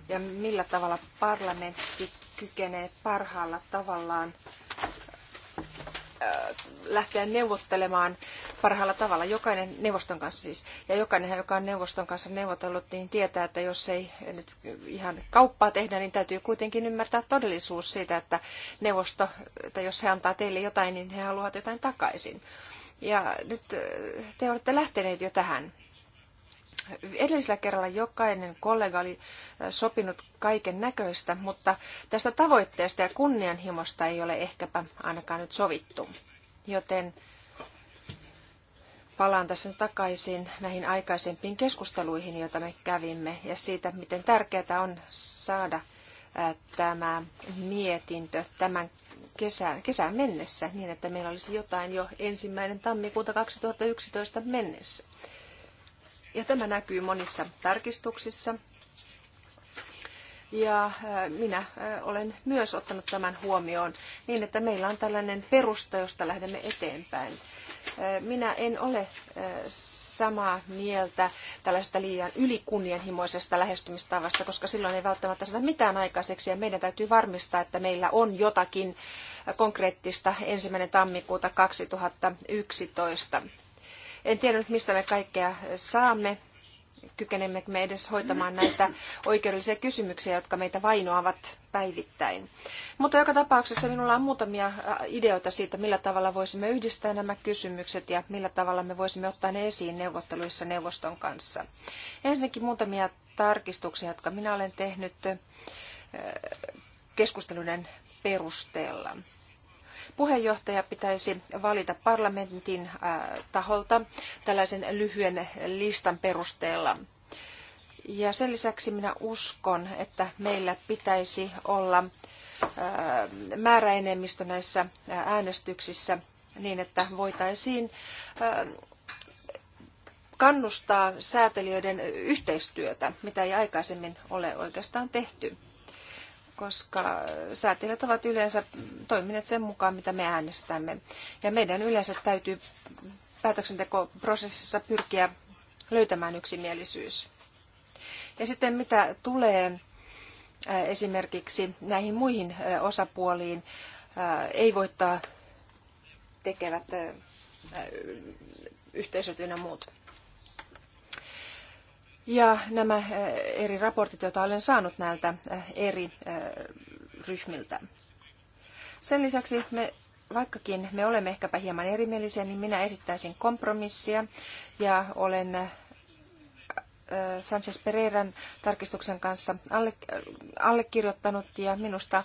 ja millä tavalla parlamentti kykenee parhaalla tavallaan Äh, lähteä neuvottelemaan parhaalla tavalla, jokainen neuvoston kanssa siis. Ja jokainen, joka on neuvoston kanssa neuvotellut, niin tietää, että jos ei nyt ihan kauppaa tehdä, niin täytyy kuitenkin ymmärtää todellisuus siitä, että neuvosto, että jos he antaa teille jotain, niin he haluavat jotain takaisin. Ja nyt äh, te olette lähteneet jo tähän. Edellisellä kerralla jokainen kollega oli äh, sopinut kaiken näköistä, mutta tästä tavoitteesta ja kunnianhimosta ei ole ehkäpä ainakaan nyt sovittu. Joten palaan tässä takaisin näihin aikaisempiin keskusteluihin, joita me kävimme, ja siitä, miten tärkeää on saada äh, tämä mietintö tämän kesän, kesän mennessä, niin että meillä olisi jotain jo ensimmäinen tammikuuta 2011 mennessä. Ja tämä näkyy monissa tarkistuksissa. Ja äh, minä äh, olen myös ottanut tämän huomioon niin, että meillä on tällainen perusta, josta lähdemme eteenpäin. Äh, minä en ole samaa mieltä tällaista liian ylikunnianhimoisesta lähestymistavasta, koska silloin ei välttämättä saada mitään aikaiseksi ja meidän täytyy varmistaa, että meillä on jotakin konkreettista ensimmäinen tammikuuta 2011. En tiedä nyt, mistä me kaikkea saamme. Kykenemmekö me edes hoitamaan näitä oikeudellisia kysymyksiä, jotka meitä vainoavat päivittäin. Mutta joka tapauksessa minulla on muutamia ideoita siitä, millä tavalla voisimme yhdistää nämä kysymykset ja millä tavalla me voisimme ottaa ne esiin neuvotteluissa neuvoston kanssa. Ensinnäkin muutamia tarkistuksia, jotka minä olen tehnyt keskusteluiden perusteella. Puheenjohtaja pitäisi valita parlamentin äh, taholta tällaisen lyhyen listan perusteella. Ja sen lisäksi minä uskon, että meillä pitäisi olla äh, määräenemmistö näissä äh, äänestyksissä niin, että voitaisiin kannustaa säätelijöiden yhteistyötä, mitä ei aikaisemmin ole oikeastaan tehty koska säätiöt ovat yleensä toimineet sen mukaan, mitä me äänestämme. Ja meidän yleensä täytyy päätöksentekoprosessissa pyrkiä löytämään yksimielisyys. Ja sitten mitä tulee äh, esimerkiksi näihin muihin äh, osapuoliin, äh, ei voittaa tekevät yhteisöt ynnä muut ja nämä eh, eri raportit, joita olen saanut näiltä eh, eri eh, ryhmiltä. Sen lisäksi me vaikkakin me olemme ehkäpä hieman erimielisiä, niin minä esittäisin kompromissia ja olen Sanchez Pereiran tarkistuksen kanssa allekirjoittanut ja minusta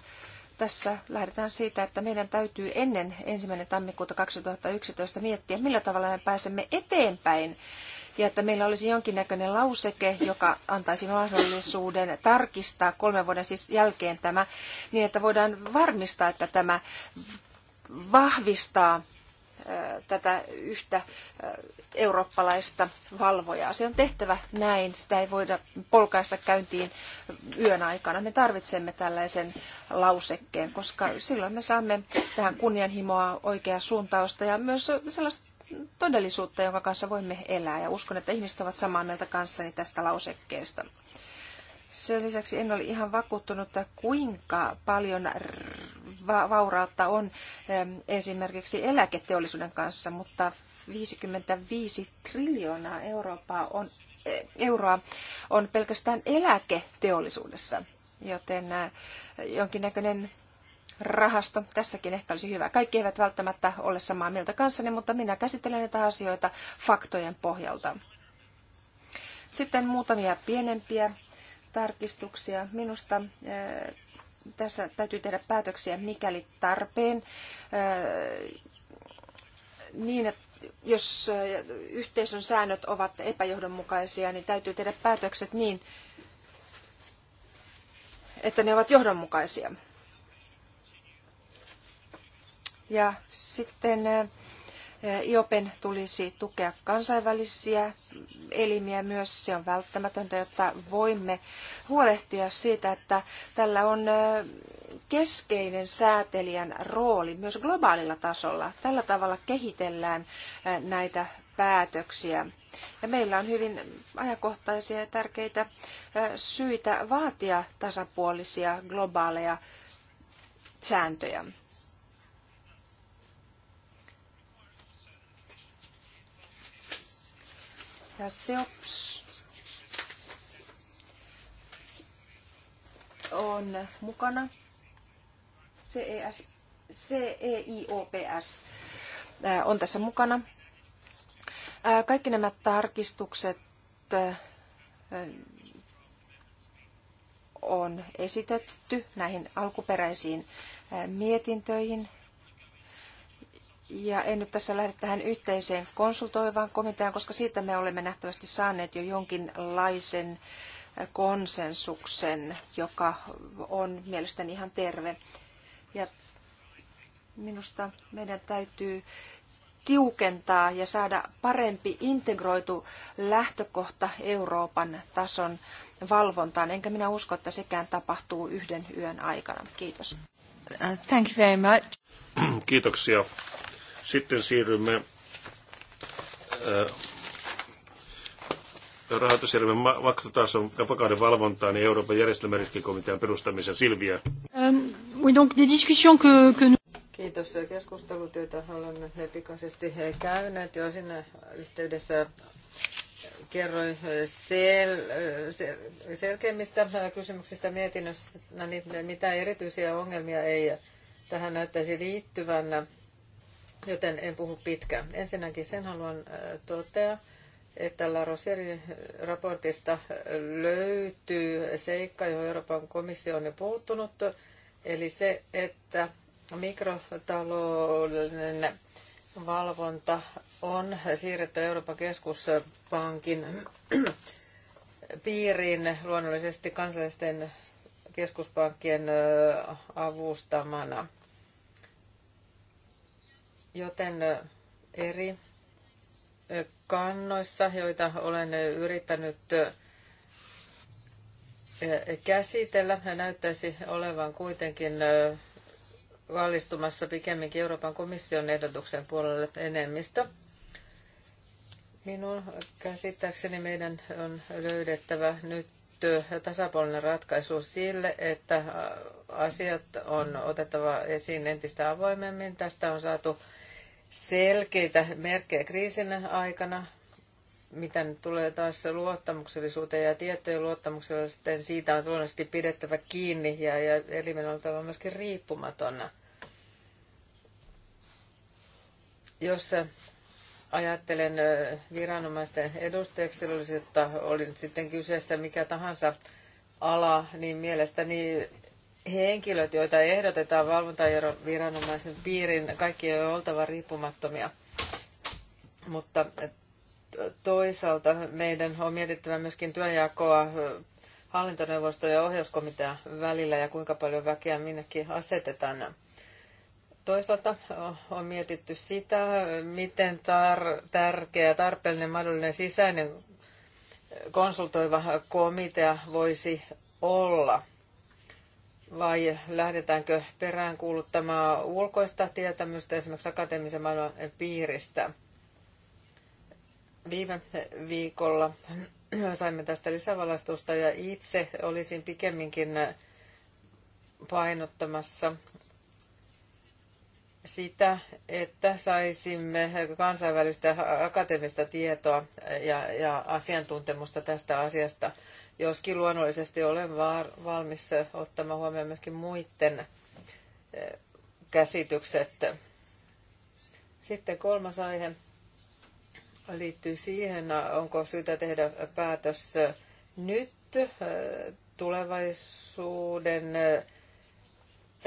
tässä lähdetään siitä, että meidän täytyy ennen ensimmäinen tammikuuta 2011 miettiä, millä tavalla me pääsemme eteenpäin ja että meillä olisi jonkinnäköinen lauseke, joka antaisi mahdollisuuden tarkistaa kolmen vuoden siis jälkeen tämä, niin että voidaan varmistaa, että tämä vahvistaa tätä yhtä eurooppalaista valvojaa. Se on tehtävä näin, sitä ei voida polkaista käyntiin yön aikana. Me tarvitsemme tällaisen lausekkeen, koska silloin me saamme tähän kunnianhimoa, oikeaa suuntausta ja myös sellaista todellisuutta, jonka kanssa voimme elää. Ja uskon, että ihmiset ovat samaa mieltä kanssani tästä lausekkeesta. Sen lisäksi en ole ihan vakuuttunut, että kuinka paljon vaurautta on esimerkiksi eläketeollisuuden kanssa, mutta 55 triljoonaa Eurooppaa on, e, euroa on pelkästään eläketeollisuudessa, joten jonkinnäköinen rahasto. Tässäkin ehkä olisi hyvä. Kaikki eivät välttämättä ole samaa mieltä kanssani, mutta minä käsittelen näitä asioita faktojen pohjalta. Sitten muutamia pienempiä tarkistuksia. Minusta eh, tässä täytyy tehdä päätöksiä mikäli tarpeen eh, niin, että jos eh, yhteisön säännöt ovat epäjohdonmukaisia, niin täytyy tehdä päätökset niin, että ne ovat johdonmukaisia. Ja sitten eh, IOPen tulisi tukea kansainvälisiä elimiä myös. Se on välttämätöntä, jotta voimme huolehtia siitä, että tällä on eh, keskeinen säätelijän rooli myös globaalilla tasolla. Tällä tavalla kehitellään eh, näitä päätöksiä. Ja meillä on hyvin ajankohtaisia ja tärkeitä syitä vaatia tasapuolisia globaaleja sääntöjä. Tässä SEOPS on mukana CES, CEIOPS äh, on tässä mukana. Äh, kaikki nämä tarkistukset äh, on esitetty näihin alkuperäisiin mietintöihin ja en nyt tässä lähde tähän yhteiseen konsultoivaan komiteaan, koska siitä me olemme nähtävästi saaneet jo jonkinlaisen äh, konsensuksen, joka on mielestäni ihan terve. Ja minusta meidän täytyy tiukentaa ja saada parempi integroitu lähtökohta Euroopan tason valvontaan. Enkä minä usko, että sekään tapahtuu yhden yön aikana. Kiitos. Uh, thank you very much. Kiitoksia sitten siirrymme rahoitusjärjestelmän vaktotason ja vakauden valvontaan ja Euroopan järjestelmäriskikomitean perustamisen Silviä. Ähm, Kiitos keskustelut, joita olemme pikaisesti käyneet jo siinä yhteydessä kerroin sel, sel, selkeimmistä kysymyksistä mietinnössä, no niin mitä erityisiä ongelmia ei tähän näyttäisi liittyvän joten en puhu pitkään. Ensinnäkin sen haluan äh, totea, että La Roserin äh, raportista äh, löytyy seikka, johon Euroopan komissio on jo puuttunut, eli se, että mikrotaloudellinen valvonta on siirretty Euroopan keskuspankin piiriin luonnollisesti kansallisten keskuspankkien avustamana – Joten eri kannoissa, joita olen yrittänyt käsitellä, näyttäisi olevan kuitenkin valistumassa pikemminkin Euroopan komission ehdotuksen puolelle enemmistö. Minun käsittääkseni meidän on löydettävä nyt tasapuolinen ratkaisu sille, että asiat on otettava esiin entistä avoimemmin. Tästä on saatu selkeitä merkkejä kriisin aikana, mitä nyt tulee taas luottamuksellisuuteen ja tietojen luottamuksellisuuteen. Siitä on luonnollisesti pidettävä kiinni ja, ja elimen on oltava myöskin riippumatona. Jos ajattelen viranomaisten edustajaksi, että oli nyt sitten kyseessä mikä tahansa ala, niin mielestäni henkilöt, joita ehdotetaan valvontaviranomaisen piiriin, kaikki on oltava riippumattomia. Mutta toisaalta meidän on mietittävä myöskin työnjakoa hallintoneuvoston ja ohjauskomitean välillä ja kuinka paljon väkeä minnekin asetetaan Toisaalta on mietitty sitä, miten tar- tärkeä, tarpeellinen mahdollinen sisäinen konsultoiva komitea voisi olla. Vai lähdetäänkö peräänkuuluttamaan ulkoista tietämystä esimerkiksi akateemisen maailman piiristä? Viime viikolla saimme tästä lisävalastusta ja itse olisin pikemminkin painottamassa sitä, että saisimme kansainvälistä akateemista tietoa ja, ja asiantuntemusta tästä asiasta, joskin luonnollisesti olen valmis ottamaan huomioon myöskin muiden eh, käsitykset. Sitten kolmas aihe liittyy siihen, onko syytä tehdä päätös nyt eh, tulevaisuuden eh,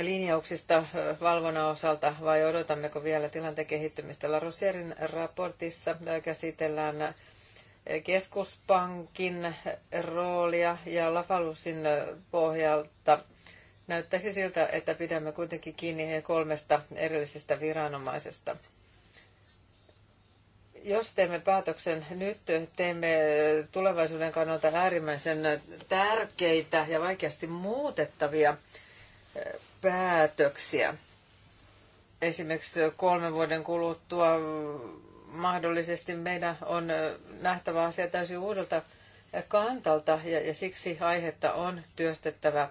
linjauksista valvonnan osalta vai odotammeko vielä tilanteen kehittymistä? La Rosierin raportissa käsitellään keskuspankin roolia ja Lafalusin pohjalta näyttäisi siltä, että pidämme kuitenkin kiinni kolmesta erillisestä viranomaisesta. Jos teemme päätöksen nyt, teemme tulevaisuuden kannalta äärimmäisen tärkeitä ja vaikeasti muutettavia päätöksiä. Esimerkiksi kolmen vuoden kuluttua mahdollisesti meidän on nähtävä asia täysin uudelta kantalta ja, ja siksi aihetta on työstettävä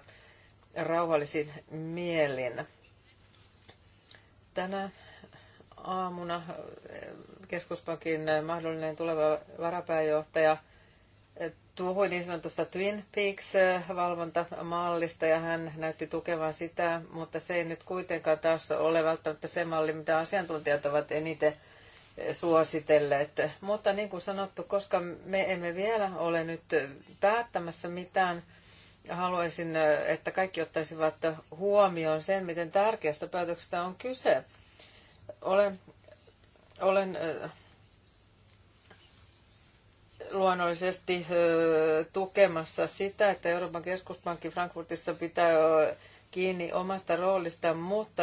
rauhallisin mielin. Tänä aamuna keskuspankin mahdollinen tuleva varapääjohtaja – tuohon niin sanotusta Twin Peaks-valvontamallista ja hän näytti tukevan sitä, mutta se ei nyt kuitenkaan taas ole välttämättä se malli, mitä asiantuntijat ovat eniten suositelleet. Mutta niin kuin sanottu, koska me emme vielä ole nyt päättämässä mitään, haluaisin, että kaikki ottaisivat huomioon sen, miten tärkeästä päätöksestä on kyse. Olen, olen luonnollisesti tukemassa sitä, että Euroopan keskuspankki Frankfurtissa pitää kiinni omasta roolistaan, mutta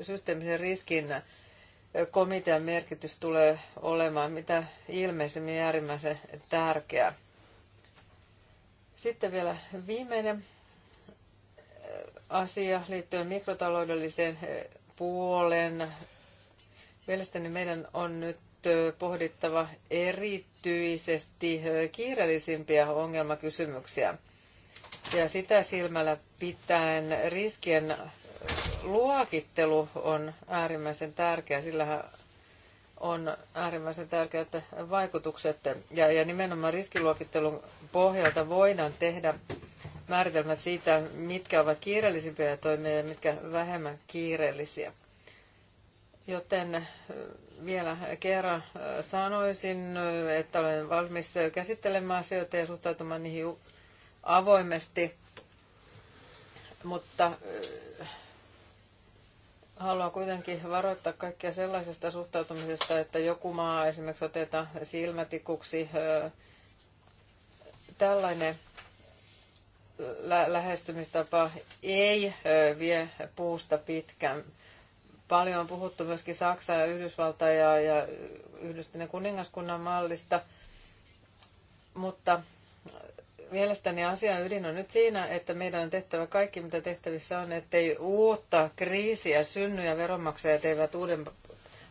systeemisen riskin komitean merkitys tulee olemaan mitä ilmeisemmin äärimmäisen tärkeä. Sitten vielä viimeinen asia liittyen mikrotaloudelliseen puoleen. Mielestäni meidän on nyt pohdittava eri erityisesti kiireellisimpiä ongelmakysymyksiä. Ja sitä silmällä pitäen riskien luokittelu on äärimmäisen tärkeä. sillä on äärimmäisen tärkeää, että vaikutukset. Ja, ja nimenomaan riskiluokittelun pohjalta voidaan tehdä määritelmät siitä, mitkä ovat kiireellisimpiä toimia ja mitkä vähemmän kiireellisiä. Joten vielä kerran äh, sanoisin, äh, että olen valmis käsittelemään asioita ja suhtautumaan niihin avoimesti, mutta äh, haluan kuitenkin varoittaa kaikkia sellaisesta suhtautumisesta, että joku maa esimerkiksi otetaan silmätikuksi. Tällainen lähestymistapa ei vie puusta pitkän Paljon on puhuttu myöskin Saksaa ja Yhdysvaltaa ja, ja Yhdistyneen kuningaskunnan mallista, mutta mielestäni asian ydin on nyt siinä, että meidän on tehtävä kaikki, mitä tehtävissä on, ettei uutta kriisiä synny ja veronmaksajat eivät uuden,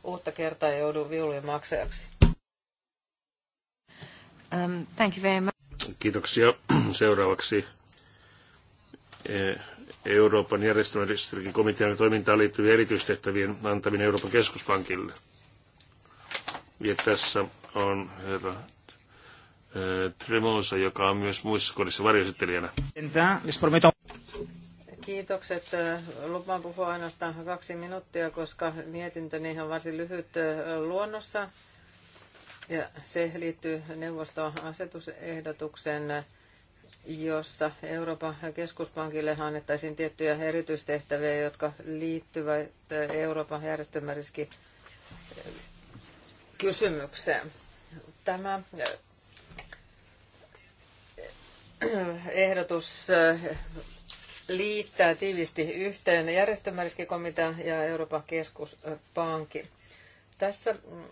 uutta kertaa joudu viulujen maksajaksi. Um, thank you very much. Kiitoksia. Seuraavaksi eh, Euroopan järjestelmäriskikomitean komitean toimintaan liittyvien erityistehtävien antaminen Euroopan keskuspankille. Ja tässä on herra eh, Tremosa, joka on myös muissa kodissa varjoesittelijänä. Kiitokset. Lupaan puhua ainoastaan kaksi minuuttia, koska mietintöni on varsin lyhyt eh, luonnossa. Ja se liittyy neuvoston asetusehdotuksen jossa Euroopan keskuspankille annettaisiin tiettyjä erityistehtäviä, jotka liittyvät Euroopan järjestelmäriski kysymykseen. Tämä äh, ehdotus äh, liittää tiivisti yhteen järjestelmäriskikomitean ja Euroopan keskuspankin. Tässä mm,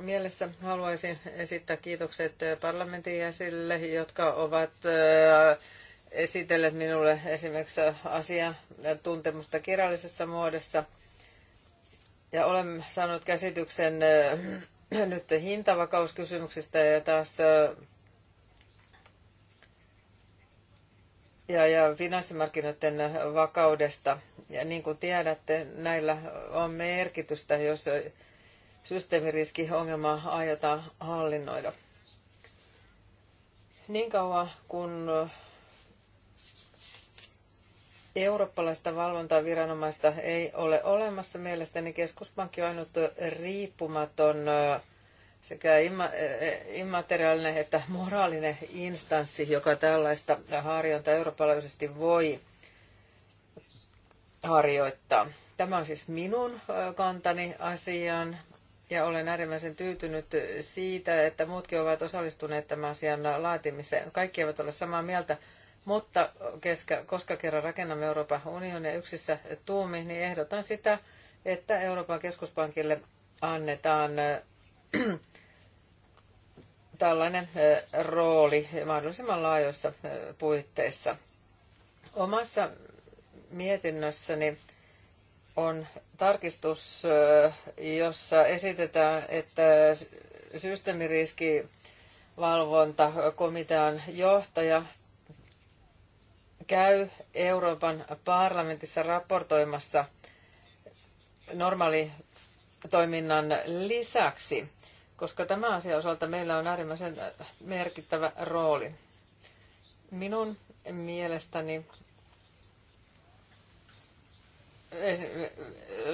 mielessä haluaisin esittää kiitokset eh, parlamentin jäsenille, jotka ovat eh, esitelleet minulle esimerkiksi asiantuntemusta kirjallisessa muodossa. Ja olen saanut käsityksen eh, nyt hintavakauskysymyksistä ja taas ja, ja finanssimarkkinoiden vakaudesta. Ja niin kuin tiedätte, näillä on merkitystä, jos systeemiriskiongelma aiotaan hallinnoida. Niin kauan kun eurooppalaista valvontaviranomaista ei ole olemassa, mielestäni keskuspankki on ainut riippumaton sekä immateriaalinen että moraalinen instanssi, joka tällaista harjontaa eurooppalaisesti voi harjoittaa. Tämä on siis minun kantani asiaan ja olen äärimmäisen tyytynyt siitä, että muutkin ovat osallistuneet tämän asian laatimiseen. Kaikki eivät ole samaa mieltä, mutta koska kerran rakennamme Euroopan unionia yksissä tuumi, niin ehdotan sitä, että Euroopan keskuspankille annetaan äh, tällainen äh, rooli mahdollisimman laajoissa äh, puitteissa. Omassa mietinnössäni on tarkistus, jossa esitetään, että systeemiriskivalvontakomitean johtaja käy Euroopan parlamentissa raportoimassa normaali toiminnan lisäksi, koska tämä asia osalta meillä on äärimmäisen merkittävä rooli. Minun mielestäni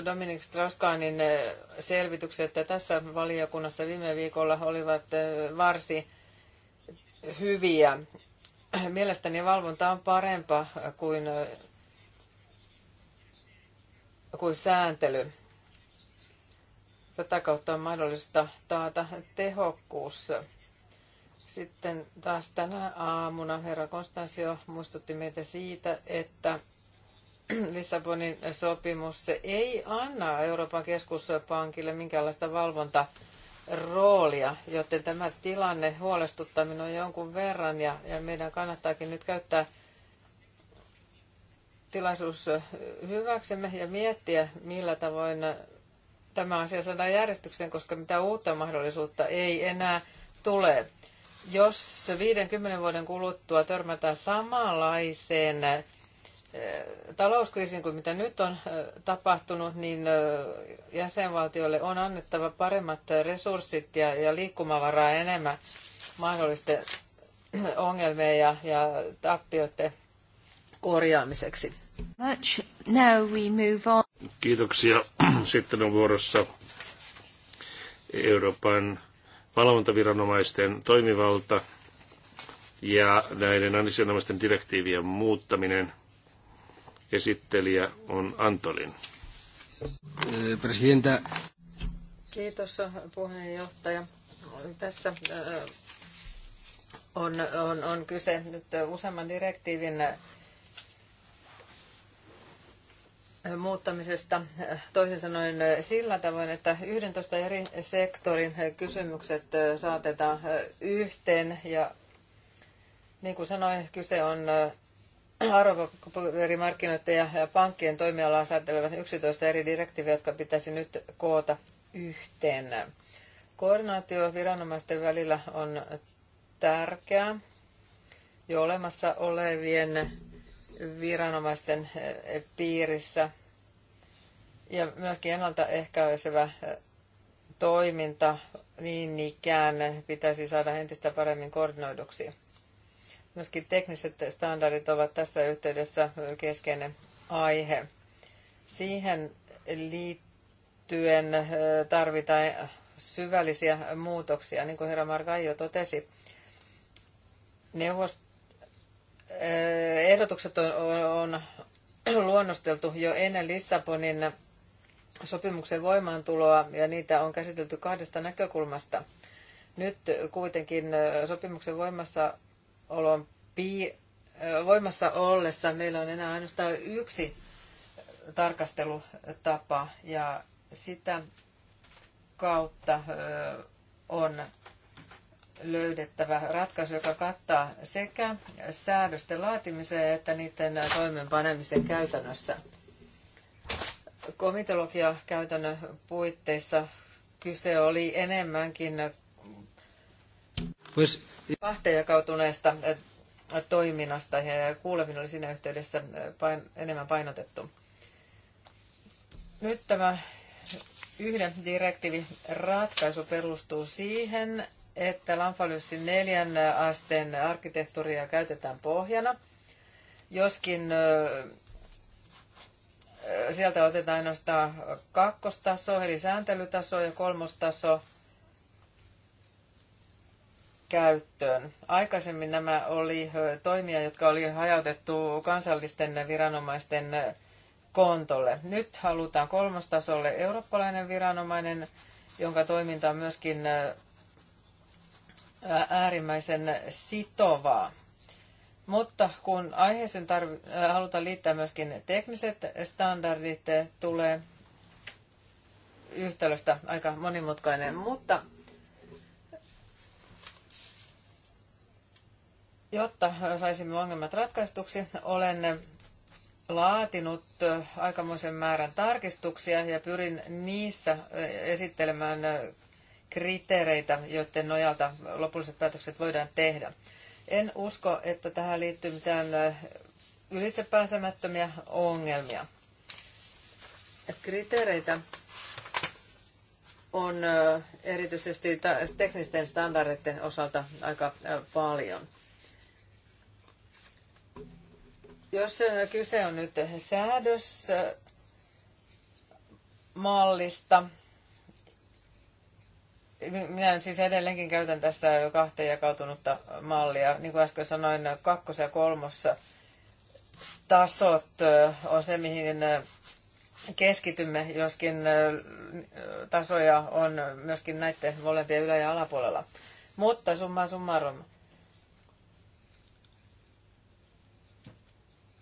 Dominik Strauskanin eh, selvitykset tässä valiokunnassa viime viikolla olivat eh, varsin hyviä. Mielestäni valvonta on parempa kuin, eh, kuin sääntely. Tätä kautta on mahdollista taata tehokkuus. Sitten taas tänä aamuna herra Konstansio muistutti meitä siitä, että Lissabonin sopimus ei anna Euroopan keskuspankille minkäänlaista valvonta roolia, joten tämä tilanne huolestuttaa minua jonkun verran ja, ja meidän kannattaakin nyt käyttää tilaisuus hyväksemme ja miettiä, millä tavoin tämä asia saadaan järjestykseen, koska mitä uutta mahdollisuutta ei enää tule. Jos 50 vuoden kuluttua törmätään samanlaiseen talouskriisin kuin mitä nyt on tapahtunut, niin jäsenvaltioille on annettava paremmat resurssit ja, ja liikkumavaraa enemmän mahdollisten ongelmien ja, ja tappioiden korjaamiseksi. Much. Now we move on. Kiitoksia. Sitten on vuorossa Euroopan valvontaviranomaisten toimivalta ja näiden ansionomaisten direktiivien muuttaminen. Esittelijä on Antolin. Presidenta. Kiitos puheenjohtaja. Tässä äh, on, on, on kyse nyt useamman direktiivin äh, muuttamisesta toisin sanoen äh, sillä tavoin, että 11 eri sektorin kysymykset saatetaan yhteen ja niin kuin sanoin, kyse on arvopaperimarkkinoiden ja pankkien toimialaa säätelevät 11 eri direktiiviä, jotka pitäisi nyt koota yhteen. Koordinaatio viranomaisten välillä on tärkeää jo olemassa olevien viranomaisten eh, piirissä ja myöskin ennaltaehkäisevä eh, toiminta niin ikään pitäisi saada entistä paremmin koordinoiduksi Myöskin tekniset standardit ovat tässä yhteydessä keskeinen aihe. Siihen liittyen tarvitaan syvällisiä muutoksia, niin kuin herra Margai jo totesi. Neuvost- ehdotukset on, on, on luonnosteltu jo ennen Lissabonin sopimuksen voimaantuloa ja niitä on käsitelty kahdesta näkökulmasta. Nyt kuitenkin sopimuksen voimassa olon pi voimassa ollessa meillä on enää ainoastaan yksi tarkastelutapa ja sitä kautta on löydettävä ratkaisu, joka kattaa sekä säädösten laatimisen että niiden toimeenpanemisen käytännössä. Komitologia käytännön puitteissa kyse oli enemmänkin Pues... Kahteen jakautuneesta eh, toiminnasta ja kuuleminen oli siinä yhteydessä eh, pain, enemmän painotettu. Nyt tämä yhden direktiivin ratkaisu perustuu siihen, että Lamfalyssin neljän asteen arkkitehtuuria käytetään pohjana, joskin eh, sieltä otetaan ainoastaan kakkostaso eli sääntelytaso ja kolmostaso – käyttöön. Aikaisemmin nämä oli toimia, jotka oli hajautettu kansallisten viranomaisten kontolle. Nyt halutaan kolmostasolle eurooppalainen viranomainen, jonka toiminta on myöskin äärimmäisen sitovaa. Mutta kun aiheeseen tarv- halutaan liittää myöskin tekniset standardit, tulee yhtälöstä aika monimutkainen, mutta Jotta saisimme ongelmat ratkaistuksi, olen laatinut aikamoisen määrän tarkistuksia ja pyrin niissä esittelemään kriteereitä, joiden nojalta lopulliset päätökset voidaan tehdä. En usko, että tähän liittyy mitään ylitsepääsemättömiä ongelmia. Kriteereitä on erityisesti teknisten standardien osalta aika paljon. Jos äh, kyse on nyt säädösmallista, minä siis edelleenkin käytän tässä jo kahteen jakautunutta mallia. Niin kuin äsken sanoin, kakkos- ja kolmossa tasot äh, on se, mihin äh, keskitymme, joskin tasoja on myöskin näiden molempien ylä- ja alapuolella. Mutta summa summarum,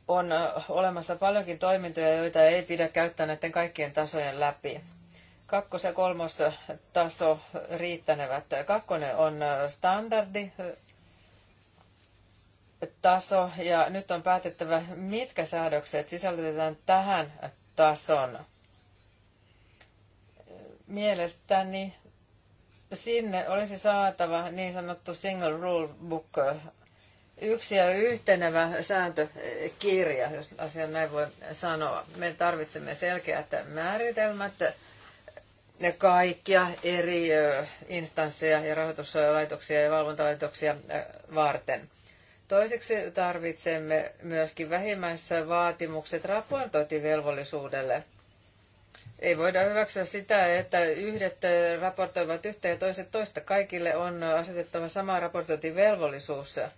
on olemassa paljonkin toimintoja, joita ei pidä käyttää näiden kaikkien tasojen läpi. Kakkos- ja kolmos taso riittänevät. Kakkonen on standardi taso ja nyt on päätettävä, mitkä säädökset sisällytetään tähän tason. Mielestäni sinne olisi saatava niin sanottu single rule book yksi ja yhtenevä sääntökirja, jos asian näin voi sanoa. Me tarvitsemme selkeät määritelmät ne kaikkia eri instansseja ja rahoituslaitoksia ja valvontalaitoksia varten. Toiseksi tarvitsemme myöskin vähimmäissä vaatimukset raportointivelvollisuudelle. Ei voida hyväksyä sitä, että yhdet raportoivat yhtä ja toiset toista. Kaikille on asetettava sama raportointivelvollisuus. velvollisuus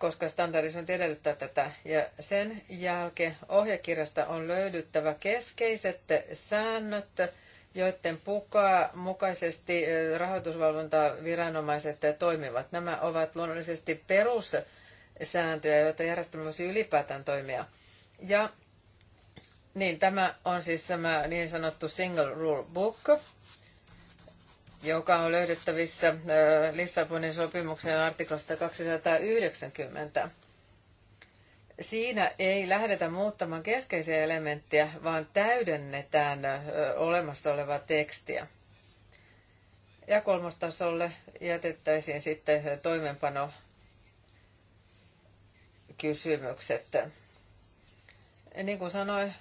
koska standardisointi edellyttää tätä. Ja sen jälkeen ohjekirjasta on löydyttävä keskeiset säännöt, joiden mukaisesti rahoitusvalvontaviranomaiset toimivat. Nämä ovat luonnollisesti perussääntöjä, joita järjestelmä voisi ylipäätään toimia. Ja niin, tämä on siis tämä niin sanottu single rule book, joka on löydettävissä Lissabonin sopimuksen artiklasta 290. Siinä ei lähdetä muuttamaan keskeisiä elementtejä, vaan täydennetään olemassa olevaa tekstiä. Ja kolmostasolle jätettäisiin sitten toimenpano kysymykset. Niin kuin sanoin,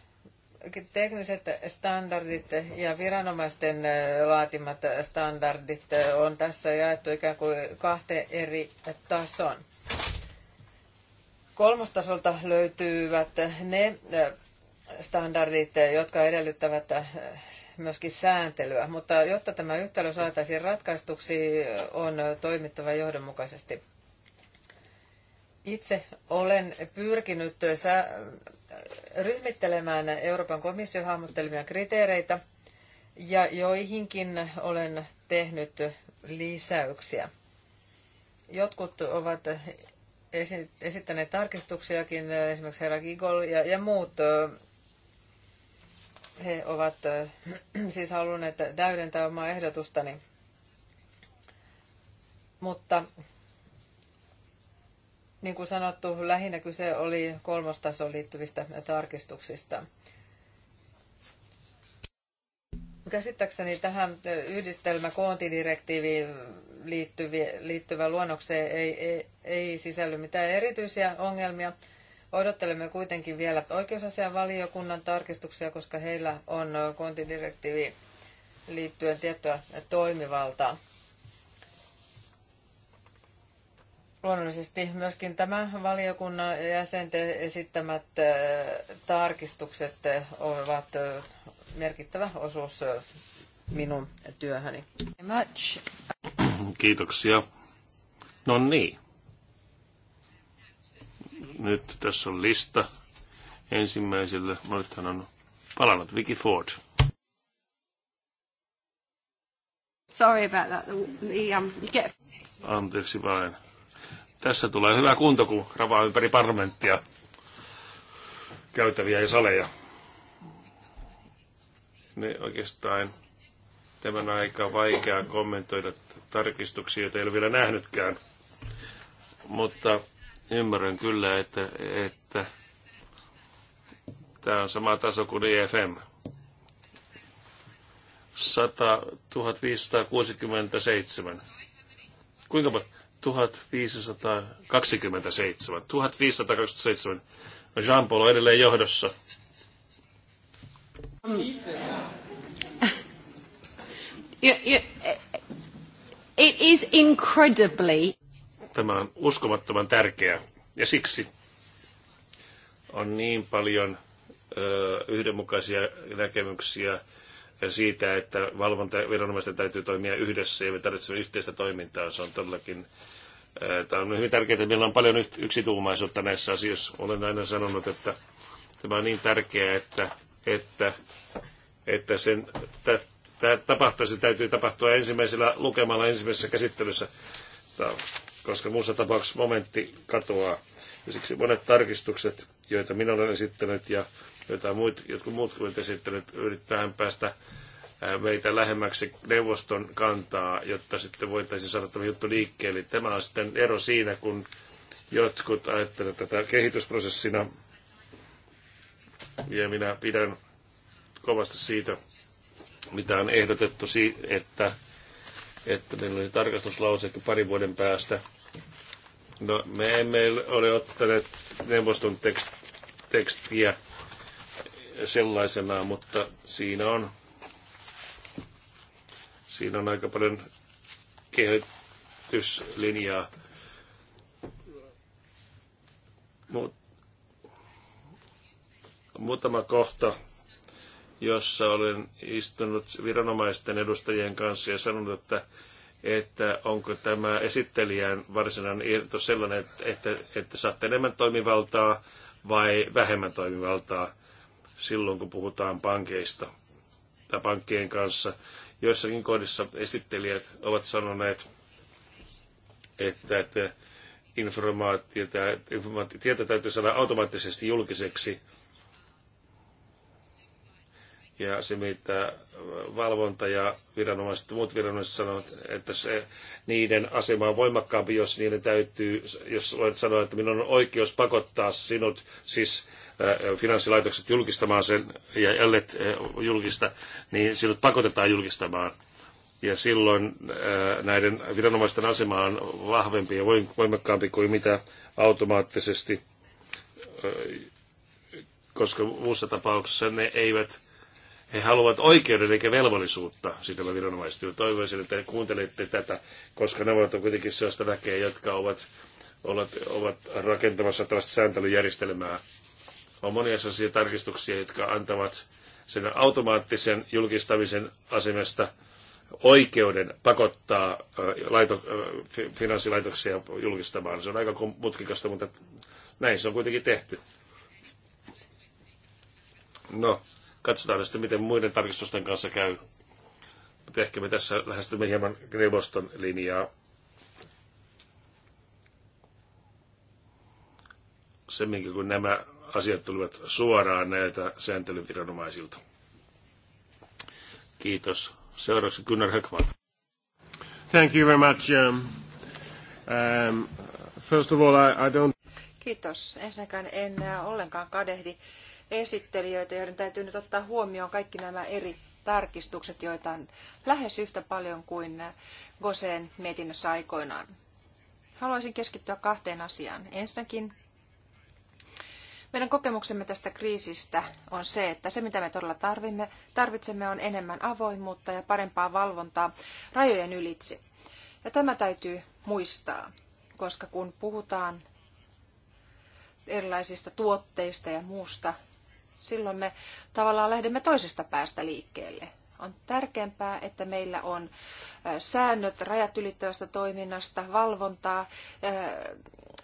tekniset standardit ja viranomaisten äh, laatimat standardit äh, on tässä jaettu ikään kuin kahteen eri tason. Kolmostasolta löytyvät ne äh, standardit, jotka edellyttävät myöskin sääntelyä. Mutta jotta tämä yhtälö saataisiin ratkaistuksi, on toimittava johdonmukaisesti. Itse olen pyrkinyt ryhmittelemään Euroopan komission hahmottelemia kriteereitä ja joihinkin olen tehnyt lisäyksiä. Jotkut ovat esittäneet tarkistuksiakin, esimerkiksi herra Gigol ja, ja muut. He ovat äh, siis halunneet täydentää omaa ehdotustani. Mutta niin kuin sanottu, lähinnä kyse oli kolmostasoon liittyvistä tarkistuksista. Käsittääkseni tähän koontidirektiiviin liittyvä luonnokseen ei, ei, ei sisälly mitään erityisiä ongelmia. Odottelemme kuitenkin vielä valiokunnan tarkistuksia, koska heillä on koontidirektiiviin liittyen tiettyä toimivaltaa. luonnollisesti myöskin tämä valiokunnan jäsenten esittämät tarkistukset ovat merkittävä osuus minun työhöni. Much. Kiitoksia. No niin. Nyt tässä on lista ensimmäiselle. Nythän on palannut Vicky Ford. Sorry about that. The, um, you get... Anteeksi vain. Tässä tulee hyvä kunto, kun ravaa ympäri parlamenttia käytäviä ja saleja. Ne oikeastaan tämän aika vaikea kommentoida tarkistuksia, joita ei ole vielä nähnytkään. Mutta ymmärrän kyllä, että, että tämä on sama taso kuin EFM. 100, 1567. Kuinka paljon? 1527. 1527. Jean-Paul on edelleen johdossa. It is incredibly. Tämä on uskomattoman tärkeä ja siksi on niin paljon ö, yhdenmukaisia näkemyksiä siitä, että valvontaviranomaisten täytyy toimia yhdessä ja me tarvitsemme yhteistä toimintaa. Se on todellakin Tämä on hyvin tärkeää, että meillä on paljon yksituumaisuutta näissä asioissa. Olen aina sanonut, että tämä on niin tärkeää, että, että, että sen, tämä tapahtuisi, täytyy tapahtua ensimmäisellä lukemalla ensimmäisessä käsittelyssä, koska muussa tapauksessa momentti katoaa. Ja siksi monet tarkistukset, joita minä olen esittänyt ja jota muut, jotkut muut kuin esittelyt yrittää päästä meitä lähemmäksi neuvoston kantaa, jotta sitten voitaisiin saada tämä juttu liikkeelle. Tämä on sitten ero siinä, kun jotkut ajattelevat tätä kehitysprosessina, ja minä pidän kovasti siitä, mitä on ehdotettu, että, että meillä oli tarkastuslauseekin parin vuoden päästä. No, me emme ole ottaneet neuvoston tekstiä sellaisenaan, mutta siinä on, siinä on aika paljon kehityslinjaa. Mut, muutama kohta, jossa olen istunut viranomaisten edustajien kanssa ja sanonut, että, että onko tämä esittelijän varsinainen irto sellainen, että, että, että saatte enemmän toimivaltaa vai vähemmän toimivaltaa silloin, kun puhutaan pankeista tai pankkien kanssa. Joissakin kohdissa esittelijät ovat sanoneet, että, että informaatio, tämä, informaatio, tieto täytyy saada automaattisesti julkiseksi ja se, mitä valvonta ja viranomaiset, muut viranomaiset sanovat, että se, niiden asema on voimakkaampi, jos niiden täytyy, jos voit sanoa, että minun on oikeus pakottaa sinut, siis äh, finanssilaitokset julkistamaan sen, ja jället äh, julkista, niin sinut pakotetaan julkistamaan. Ja silloin äh, näiden viranomaisten asema on vahvempi ja voimakkaampi kuin mitä automaattisesti, koska muussa tapauksessa ne eivät he haluavat oikeuden eikä velvollisuutta siitä viranomaiset. Toivoisin, että kuuntelette tätä, koska nämä ovat kuitenkin sellaista väkeä, jotka ovat, ovat, ovat rakentamassa tällaista sääntelyjärjestelmää. On monia sellaisia tarkistuksia, jotka antavat sen automaattisen julkistamisen asemesta oikeuden pakottaa laito, finanssilaitoksia julkistamaan. Se on aika mutkikasta, mutta näin se on kuitenkin tehty. No, Katsotaan sitten, miten muiden tarkistusten kanssa käy. Mutta ehkä me tässä lähestymme hieman neuvoston linjaa. Semminkin kun nämä asiat tulivat suoraan näiltä sääntelyviranomaisilta. Kiitos. Seuraavaksi Gunnar Höckman. Thank you very much. Um, um, first of all, I, I don't... Kiitos. Ensinnäkään en äh, ollenkaan kadehdi esittelijöitä, joiden täytyy nyt ottaa huomioon kaikki nämä eri tarkistukset, joita on lähes yhtä paljon kuin Goseen mietinnössä aikoinaan. Haluaisin keskittyä kahteen asiaan. Ensinnäkin meidän kokemuksemme tästä kriisistä on se, että se mitä me todella tarvimme, tarvitsemme on enemmän avoimuutta ja parempaa valvontaa rajojen ylitse. Ja tämä täytyy muistaa, koska kun puhutaan erilaisista tuotteista ja muusta, silloin me tavallaan lähdemme toisesta päästä liikkeelle. On tärkeämpää, että meillä on säännöt rajat ylittävästä toiminnasta, valvontaa.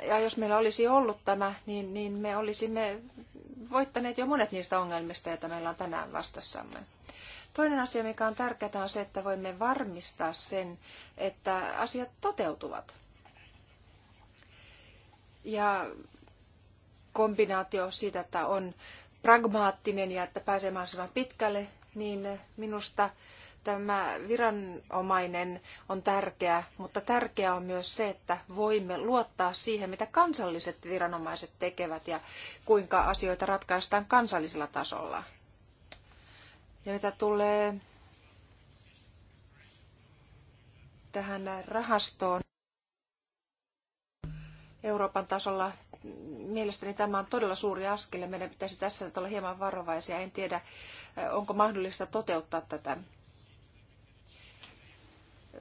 Ja jos meillä olisi ollut tämä, niin, niin me olisimme voittaneet jo monet niistä ongelmista, joita meillä on tänään vastassamme. Toinen asia, mikä on tärkeää, on se, että voimme varmistaa sen, että asiat toteutuvat. Ja kombinaatio siitä, että on pragmaattinen ja että pääsee mahdollisimman pitkälle, niin minusta tämä viranomainen on tärkeä, mutta tärkeää on myös se, että voimme luottaa siihen, mitä kansalliset viranomaiset tekevät ja kuinka asioita ratkaistaan kansallisella tasolla. Ja mitä tulee tähän rahastoon Euroopan tasolla, mielestäni tämä on todella suuri askel ja meidän pitäisi tässä nyt olla hieman varovaisia. En tiedä, eh, onko mahdollista toteuttaa tätä.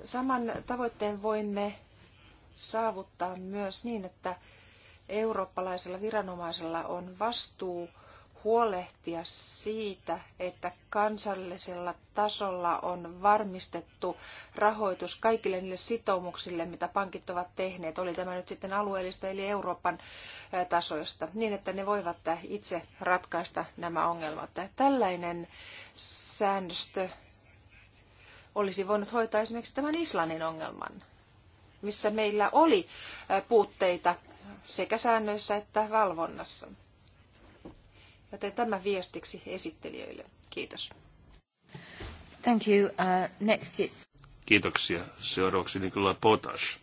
Saman tavoitteen voimme saavuttaa myös niin, että eurooppalaisella viranomaisella on vastuu – huolehtia siitä, että kansallisella tasolla on varmistettu rahoitus kaikille niille sitoumuksille, mitä pankit ovat tehneet. Oli tämä nyt sitten alueellista eli Euroopan tasoista, niin että ne voivat itse ratkaista nämä ongelmat. Tällainen säännöstö olisi voinut hoitaa esimerkiksi tämän Islannin ongelman, missä meillä oli puutteita sekä säännöissä että valvonnassa. Joten tämä viestiksi esittelijöille. Kiitos. Thank you. Uh, next is... Kiitoksia. Seuraavaksi Nikola Potash.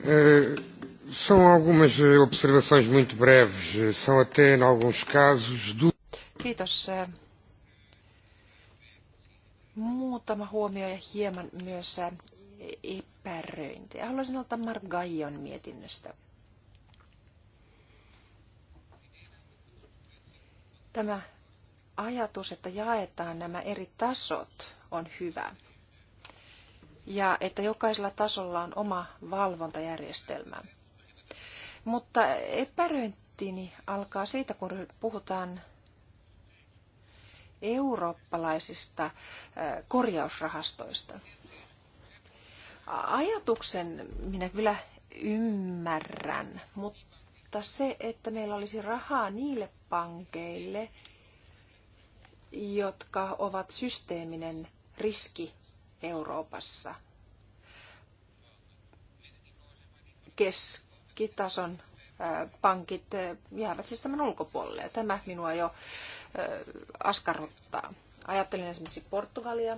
Eh, Kiitos. Muutama huomio ja hieman myös eh, epäröintiä. Haluaisin ottaa Margaion mietinnöstä. Tämä ajatus, että jaetaan nämä eri tasot, on hyvä. Ja että jokaisella tasolla on oma valvontajärjestelmä. Mutta epäröintini alkaa siitä, kun puhutaan eurooppalaisista korjausrahastoista. Ajatuksen minä kyllä ymmärrän, mutta se, että meillä olisi rahaa niille pankeille, jotka ovat systeeminen riski Euroopassa. Keskitason pankit jäävät siis tämän ulkopuolelle. Ja tämä minua jo askarruttaa. Ajattelin esimerkiksi Portugalia.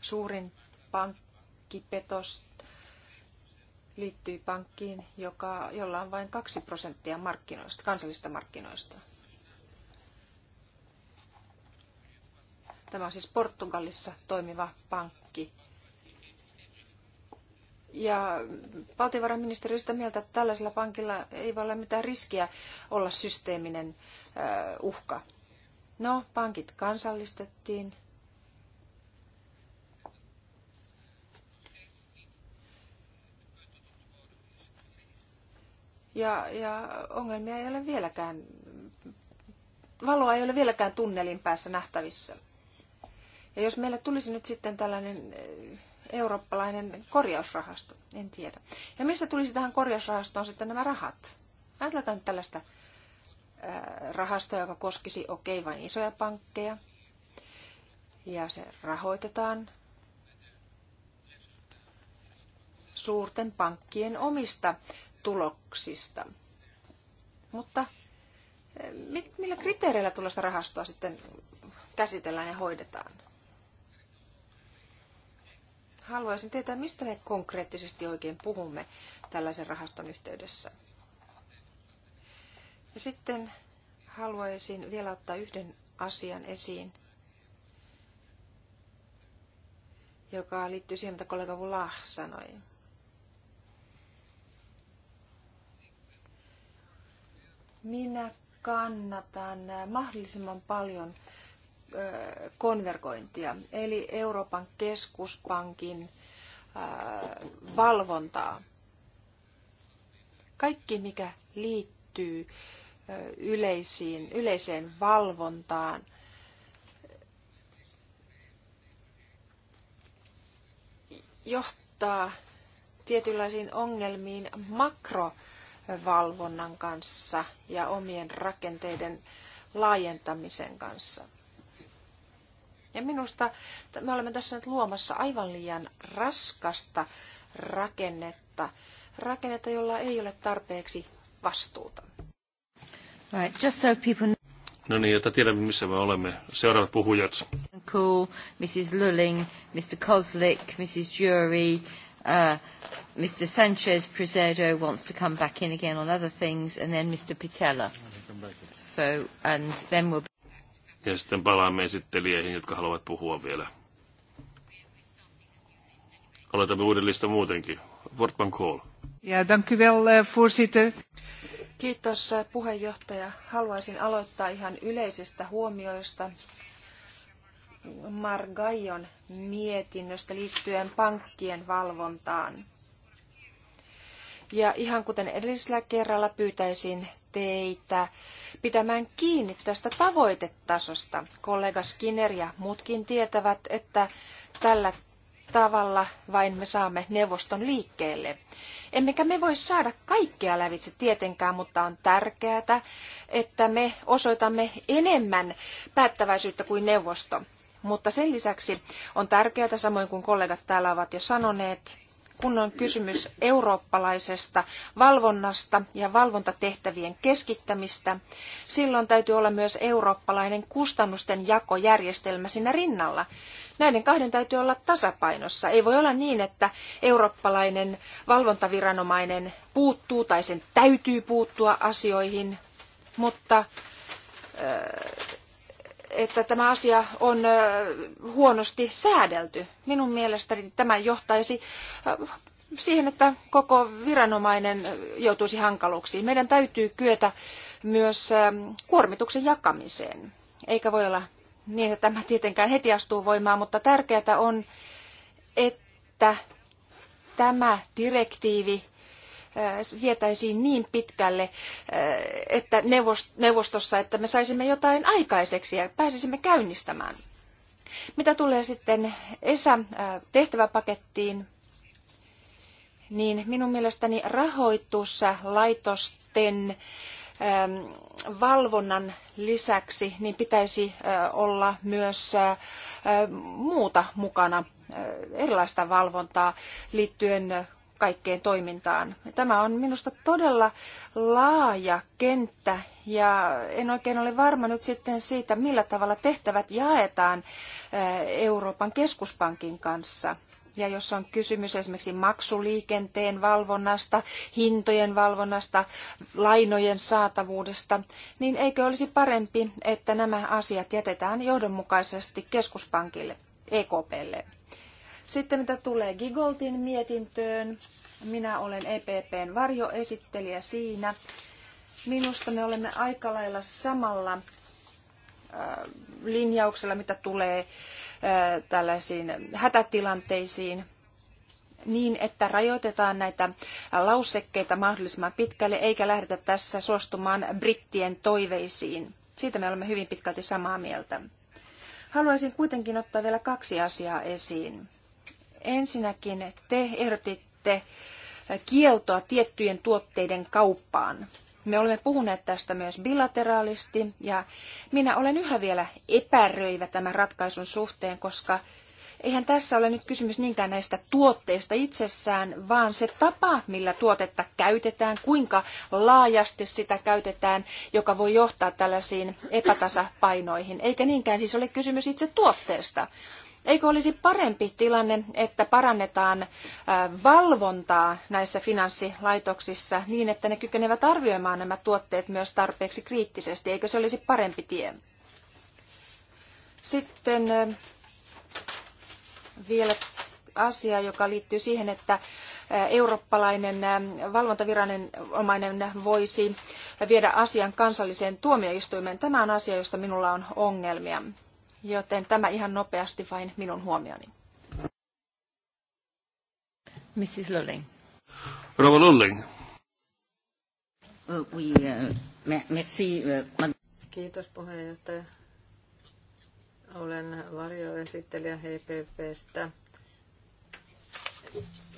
Suurin pankkipetos liittyi pankkiin, joka, jolla on vain 2 prosenttia markkinoista, kansallisista markkinoista. Tämä on siis Portugalissa toimiva pankki. Ja valtiovarainministeri on sitä mieltä, että tällaisella pankilla ei voi olla mitään riskiä olla systeeminen uhka. No, pankit kansallistettiin ja, ja ongelmia ei ole vieläkään, valoa ei ole vieläkään tunnelin päässä nähtävissä. Ja jos meille tulisi nyt sitten tällainen eh, eurooppalainen korjausrahasto, en tiedä. Ja mistä tulisi tähän korjausrahastoon sitten nämä rahat? Ajatellaan nyt tällaista eh, rahastoa, joka koskisi, okei, okay, vain isoja pankkeja. Ja se rahoitetaan suurten pankkien omista tuloksista. Mutta eh, millä kriteereillä tuollaista rahastoa sitten käsitellään ja hoidetaan? Haluaisin tietää, mistä me konkreettisesti oikein puhumme tällaisen rahaston yhteydessä. Ja sitten haluaisin vielä ottaa yhden asian esiin, joka liittyy siihen, mitä kollega Vula sanoi. Minä kannatan mahdollisimman paljon konvergointia, eli Euroopan keskuspankin valvontaa. Kaikki, mikä liittyy yleisiin, yleiseen valvontaan, johtaa tietynlaisiin ongelmiin makro- valvonnan kanssa ja omien rakenteiden laajentamisen kanssa. Ja minusta me olemme tässä nyt luomassa aivan liian raskasta rakennetta, rakennetta, jolla ei ole tarpeeksi vastuuta. Right, just so people... No niin, jotta tiedämme, missä me olemme. Seuraavat puhujat. Cool, Mrs. Lulling, Mr. Koslik, Mrs. Jury, Uh, Mr. Sanchez Prezedo wants to come back in again on other things, and then Mr. Pitella. So, and then we'll... Ja sitten palaamme esittelijöihin, jotka haluavat puhua vielä. Aloitamme uuden listan muutenkin. Wortman Kohl. Ja, dank u wel, eh, voorzitter. Kiitos eh, puheenjohtaja. Haluaisin aloittaa ihan yleisistä huomioista Margaion mietinnöstä liittyen pankkien valvontaan. Ja ihan kuten edellisellä kerralla pyytäisin teitä pitämään kiinni tästä tavoitetasosta. Kollega Skinner ja muutkin tietävät, että tällä tavalla vain me saamme neuvoston liikkeelle. Emmekä me voi saada kaikkea lävitse tietenkään, mutta on tärkeää, että me osoitamme enemmän päättäväisyyttä kuin neuvosto. Mutta sen lisäksi on tärkeää, samoin kuin kollegat täällä ovat jo sanoneet, kun on kysymys eurooppalaisesta valvonnasta ja valvontatehtävien keskittämistä, silloin täytyy olla myös eurooppalainen kustannusten jakojärjestelmä siinä rinnalla. Näiden kahden täytyy olla tasapainossa. Ei voi olla niin, että eurooppalainen valvontaviranomainen puuttuu tai sen täytyy puuttua asioihin, mutta että tämä asia on huonosti säädelty. Minun mielestäni tämä johtaisi siihen, että koko viranomainen joutuisi hankaluuksiin. Meidän täytyy kyetä myös kuormituksen jakamiseen. Eikä voi olla niin, että tämä tietenkään heti astuu voimaan, mutta tärkeää on, että tämä direktiivi Äh, vietäisiin niin pitkälle äh, että neuvostossa, että me saisimme jotain aikaiseksi ja pääsisimme käynnistämään. Mitä tulee sitten ESA-tehtäväpakettiin, äh, niin minun mielestäni rahoituslaitosten ähm, valvonnan lisäksi niin pitäisi olla myös muuta mukana erilaista valvontaa liittyen kaikkeen toimintaan. Tämä on minusta todella laaja kenttä ja en oikein ole varma nyt sitten siitä, millä tavalla tehtävät jaetaan eh, Euroopan keskuspankin kanssa. Ja jos on kysymys esimerkiksi maksuliikenteen valvonnasta, hintojen valvonnasta, lainojen saatavuudesta, niin eikö olisi parempi, että nämä asiat jätetään johdonmukaisesti keskuspankille, EKPlle? Sitten mitä tulee Gigoltin mietintöön, minä olen EPPn varjoesittelijä siinä. Minusta me olemme aika lailla samalla äh, linjauksella, mitä tulee äh, tällaisiin hätätilanteisiin, niin, että rajoitetaan näitä lausekkeita mahdollisimman pitkälle, eikä lähdetä tässä suostumaan brittien toiveisiin. Siitä me olemme hyvin pitkälti samaa mieltä. Haluaisin kuitenkin ottaa vielä kaksi asiaa esiin. Ensinnäkin te ehdotitte kieltoa tiettyjen tuotteiden kauppaan. Me olemme puhuneet tästä myös bilateraalisti ja minä olen yhä vielä epäröivä tämän ratkaisun suhteen, koska eihän tässä ole nyt kysymys niinkään näistä tuotteista itsessään, vaan se tapa, millä tuotetta käytetään, kuinka laajasti sitä käytetään, joka voi johtaa tällaisiin epätasapainoihin. Eikä niinkään siis ole kysymys itse tuotteesta. Eikö olisi parempi tilanne, että parannetaan äh, valvontaa näissä finanssilaitoksissa niin, että ne kykenevät arvioimaan nämä tuotteet myös tarpeeksi kriittisesti? Eikö se olisi parempi tie? Sitten äh, vielä asia, joka liittyy siihen, että äh, eurooppalainen valvontaviranomainen voisi viedä asian kansalliseen tuomioistuimeen. Tämä on asia, josta minulla on ongelmia. Joten tämä ihan nopeasti vain minun huomioni. Mrs. Lulling. Rova Lulling. Euh, euh, euh, Kiitos puheenjohtaja. Olen varjoesittelijä HPPstä.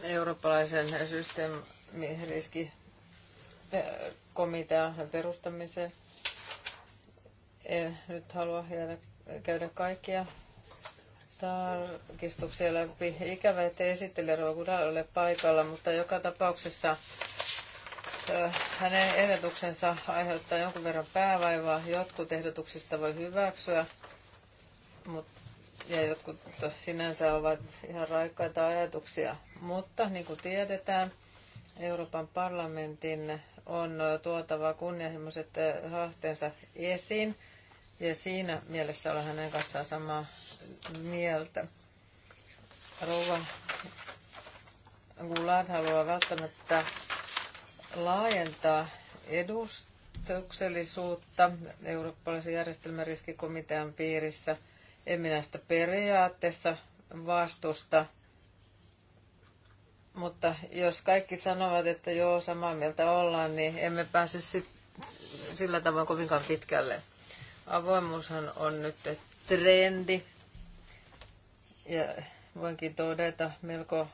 eurooppalaisen systeemiriskikomitean perustamiseen. En nyt halua jäädä käydä kaikkia tarkistuksia läpi. Ikävä, ettei esittelijä ole paikalla, mutta joka tapauksessa hänen ehdotuksensa aiheuttaa jonkun verran päävaivaa. Jotkut ehdotuksista voi hyväksyä, mutta ja jotkut sinänsä ovat ihan raikkaita ajatuksia. Mutta niin kuin tiedetään, Euroopan parlamentin on tuotava kunnianhimoiset hahteensa esiin – ja siinä mielessä olen hänen kanssaan samaa mieltä. Rouva Goulard haluaa välttämättä laajentaa edustuksellisuutta eurooppalaisen järjestelmäriskikomitean piirissä. En minä sitä periaatteessa vastusta, mutta jos kaikki sanovat, että joo, samaa mieltä ollaan, niin emme pääse sit sillä tavoin kovinkaan pitkälle. Avoimuushan on nyt trendi. Ja voinkin todeta melko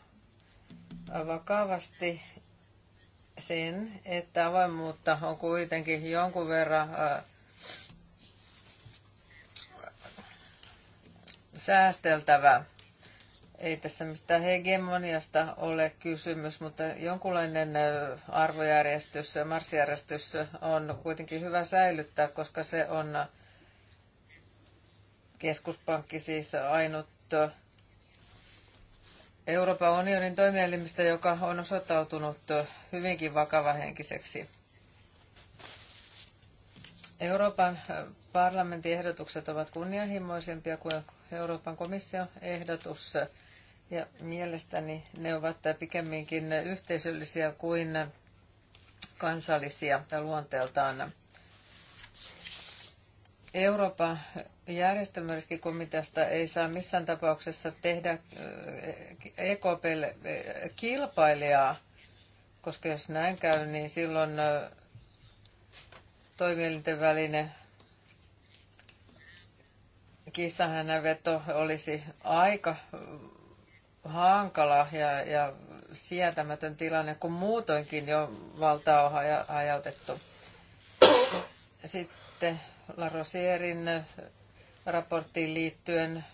vakavasti sen, että avoimuutta on kuitenkin jonkun verran säästeltävä. Ei tässä mistään hegemoniasta ole kysymys, mutta jonkunlainen arvojärjestys, marssijärjestys on kuitenkin hyvä säilyttää, koska se on keskuspankki siis ainut eh, Euroopan unionin toimielimistä, joka on osoittautunut eh, hyvinkin vakavahenkiseksi. Euroopan eh, parlamentin ehdotukset ovat kunnianhimoisempia kuin Euroopan komission ehdotus. Ja mielestäni ne ovat pikemminkin yhteisöllisiä kuin kansallisia luonteeltaan. Euroopan järjestelmäriskikomiteasta ei saa missään tapauksessa tehdä EKPlle eh, e eh, kilpailijaa, koska jos näin käy, niin silloin eh, toimielinten välinen kissanhännänveto olisi aika hankala ja, ja sietämätön tilanne, kun muutoinkin jo valtaa on hajautettu. Sitten Larosierin äh, raporttiin liittyen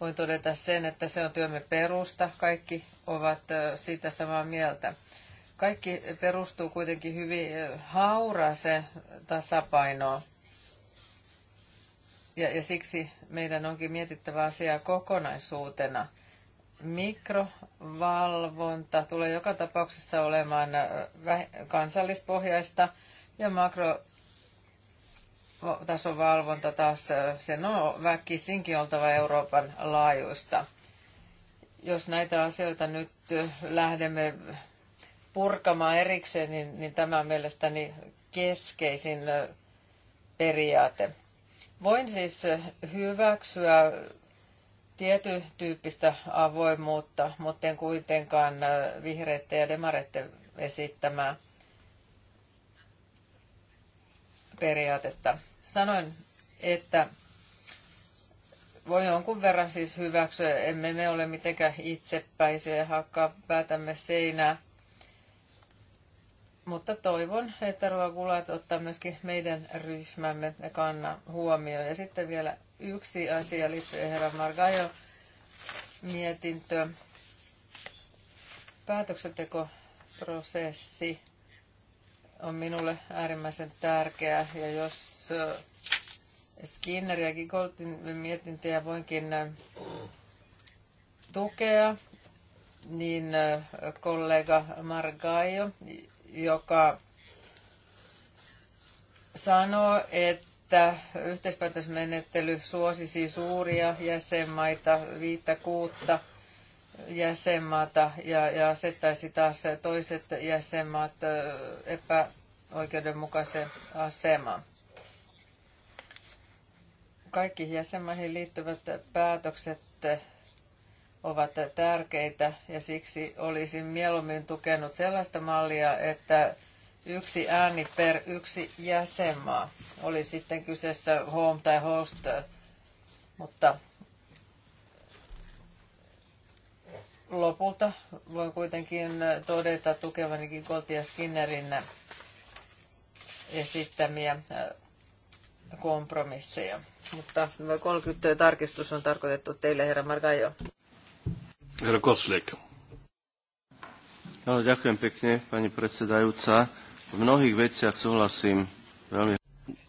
voin todeta sen, että se on työmme perusta. Kaikki ovat äh, siitä samaa mieltä. Kaikki perustuu kuitenkin hyvin äh, hauraaseen tasapainoon. Ja, ja siksi meidän onkin mietittävä asiaa kokonaisuutena. Mikrovalvonta tulee joka tapauksessa olemaan kansallispohjaista ja makro tasovalvonta taas, sen on väkisinkin oltava Euroopan laajuista. Jos näitä asioita nyt lähdemme purkamaan erikseen, niin, niin tämä on mielestäni keskeisin periaate. Voin siis hyväksyä tietyn tyyppistä avoimuutta, mutta en kuitenkaan vihreitä ja demareiden esittämää periaatetta. Sanoin, että voi jonkun verran siis hyväksyä. Emme me ole mitenkään itsepäisiä ja hakkaa päätämme seinää. Mutta toivon, että ruokulat ottaa myöskin meidän ryhmämme ja kannan huomioon. Ja sitten vielä yksi asia liittyen herra Margajo mietintö. Päätöksentekoprosessi on minulle äärimmäisen tärkeä. Ja jos äh, Skinner ja Gigoltin mietintöjä voinkin äh, tukea, niin äh, kollega Margaio, joka sanoo, että yhteispäätösmenettely suosisi suuria jäsenmaita, viittä kuutta jäsenmaata ja, ja asettaisi taas toiset jäsenmaat epäoikeudenmukaisen asemaan. Kaikki jäsenmaihin liittyvät päätökset ovat tärkeitä ja siksi olisin mieluummin tukenut sellaista mallia, että yksi ääni per yksi jäsenmaa. Oli sitten kyseessä home tai host, mutta Lopulta voin kuitenkin todeta tukevanikin Koltia Skinnerin esittämiä äh, kompromisseja. Mutta 30 tarkistus on tarkoitettu teille, herra Margajo. Herra Koslik. Áno, ďakujem pekne, pani predsedajúca. V mnohých veciach súhlasím veľmi...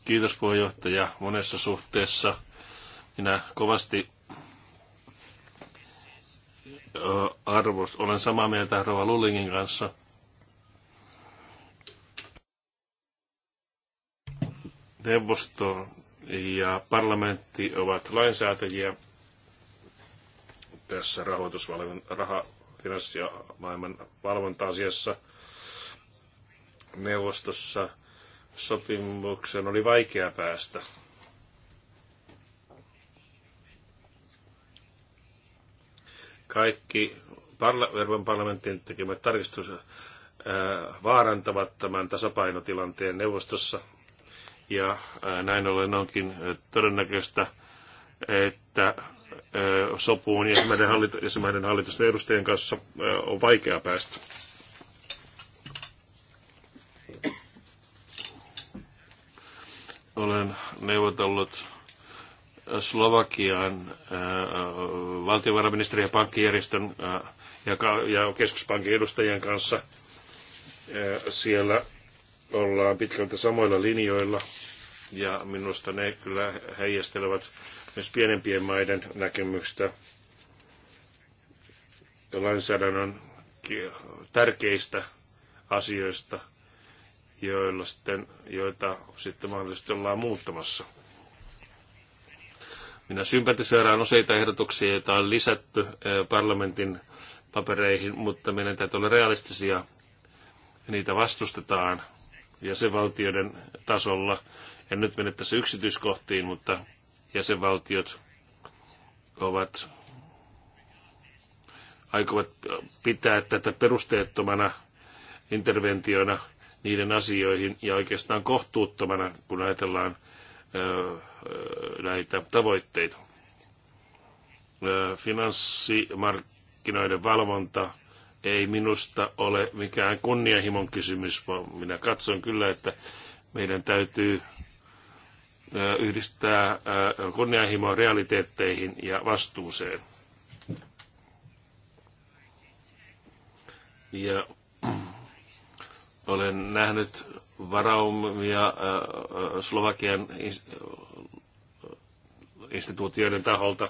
Kiitos puheenjohtaja. Monessa suhteessa minä kovasti arvost. Olen samaa mieltä Rova Lullingin kanssa. Neuvosto ja parlamentti ovat lainsäätäjiä tässä rahoitusvalvon, raha, finanssi- ja maailman valvonta-asiassa neuvostossa sopimuksen oli vaikea päästä Kaikki parla- Euroopan parlamentin tekemät tarkistus äh, vaarantavat tämän tasapainotilanteen neuvostossa. Ja äh, näin ollen onkin äh, todennäköistä, että sopuun jäsenmaiden, hallit- jäsenmaiden hallitusten edustajien kanssa on vaikea päästä. Olen neuvotellut Slovakian äh, valtiovarainministeriön pankkijärjestön äh, ja keskuspankin edustajien kanssa. Äh, siellä ollaan pitkälti samoilla linjoilla ja minusta ne kyllä heijastelevat myös pienempien maiden näkemystä lainsäädännön tärkeistä asioista, joilla sitten, joita sitten mahdollisesti ollaan muuttamassa. Minä sympatiseeraan useita ehdotuksia, joita on lisätty parlamentin papereihin, mutta meidän täytyy olla realistisia. Niitä vastustetaan jäsenvaltioiden tasolla. En nyt mene tässä yksityiskohtiin, mutta jäsenvaltiot ovat aikovat pitää tätä perusteettomana interventiona niiden asioihin ja oikeastaan kohtuuttomana, kun ajatellaan näitä tavoitteita. Finanssimarkkinoiden valvonta ei minusta ole mikään kunnianhimon kysymys, vaan minä katson kyllä, että meidän täytyy yhdistää kunnianhimoa realiteetteihin ja vastuuseen. Ja olen nähnyt Äh, äh, Slovakian äh, instituutioiden taholta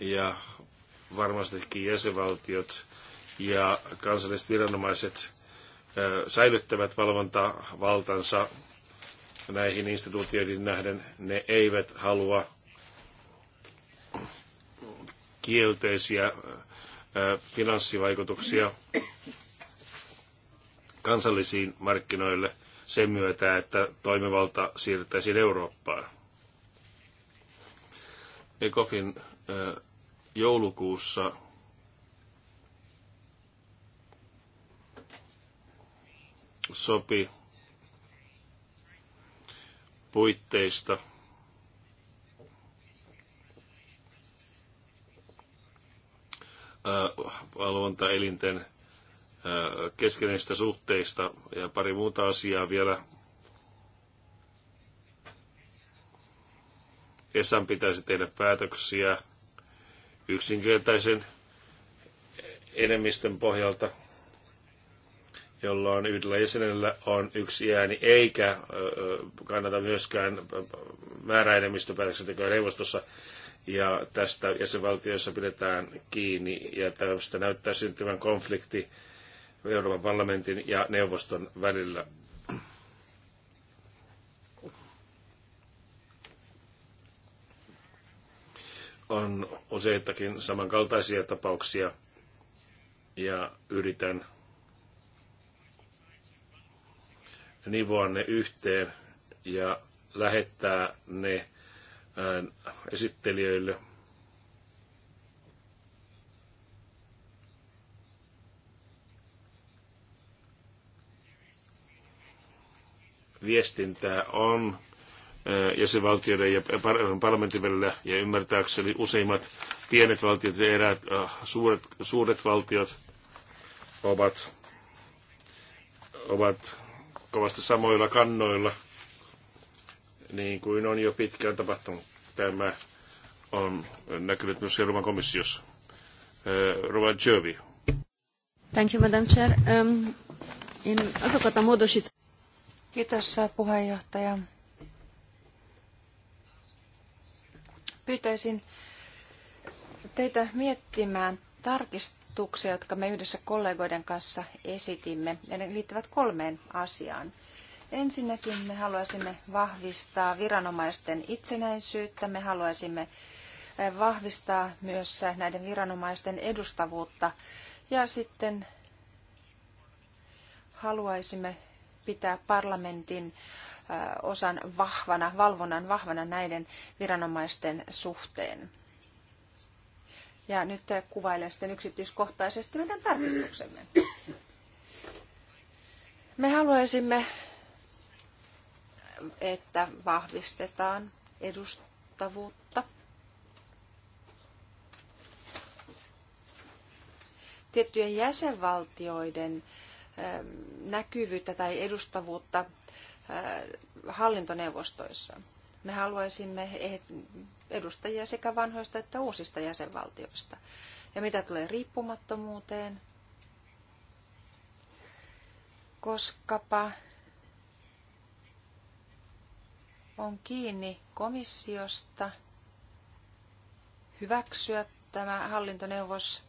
ja varmastikin jäsenvaltiot ja kansalliset viranomaiset äh, säilyttävät valvontavaltansa näihin instituutioihin nähden. Ne eivät halua kielteisiä finanssivaikutuksia kansallisiin markkinoille sen myötä, että toimivalta siirrettäisiin Eurooppaan. ECOFin joulukuussa sopi puitteista valvontaelinten keskeneistä suhteista ja pari muuta asiaa vielä. Esan pitäisi tehdä päätöksiä yksinkertaisen enemmistön pohjalta, jolloin yhdellä jäsenellä on yksi ääni, eikä kannata myöskään määräenemmistöpäätöksentekoa neuvostossa ja tästä jäsenvaltioissa pidetään kiinni, ja tästä näyttää syntyvän konflikti Euroopan parlamentin ja neuvoston välillä. On useitakin samankaltaisia tapauksia ja yritän nivoa ne yhteen ja lähettää ne esittelijöille – viestintää on jäsenvaltioiden ja parlamentin välillä, ja ymmärtääkseni useimmat pienet valtiot ja eräät suuret, suuret valtiot ovat, ovat kovasti samoilla kannoilla, niin kuin on jo pitkään tapahtunut. Tämä on näkynyt myös Euroopan komissiossa. Rova Thank you, Madam Chair. Um, in, Kiitos puheenjohtaja. Pyytäisin teitä miettimään tarkistuksia, jotka me yhdessä kollegoiden kanssa esitimme, ja ne liittyvät kolmeen asiaan. Ensinnäkin me haluaisimme vahvistaa viranomaisten itsenäisyyttä, me haluaisimme eh, vahvistaa myös näiden viranomaisten edustavuutta ja sitten haluaisimme pitää parlamentin osan vahvana, valvonnan vahvana näiden viranomaisten suhteen. Ja nyt kuvailen sitten yksityiskohtaisesti meidän tarkistuksemme. Me haluaisimme, että vahvistetaan edustavuutta. Tiettyjen jäsenvaltioiden äh, Ähm, näkyvyyttä tai edustavuutta äh, hallintoneuvostoissa. Me haluaisimme eh, edustajia sekä vanhoista että uusista jäsenvaltioista. Ja mitä tulee riippumattomuuteen, koskapa on kiinni komissiosta hyväksyä tämä hallintoneuvos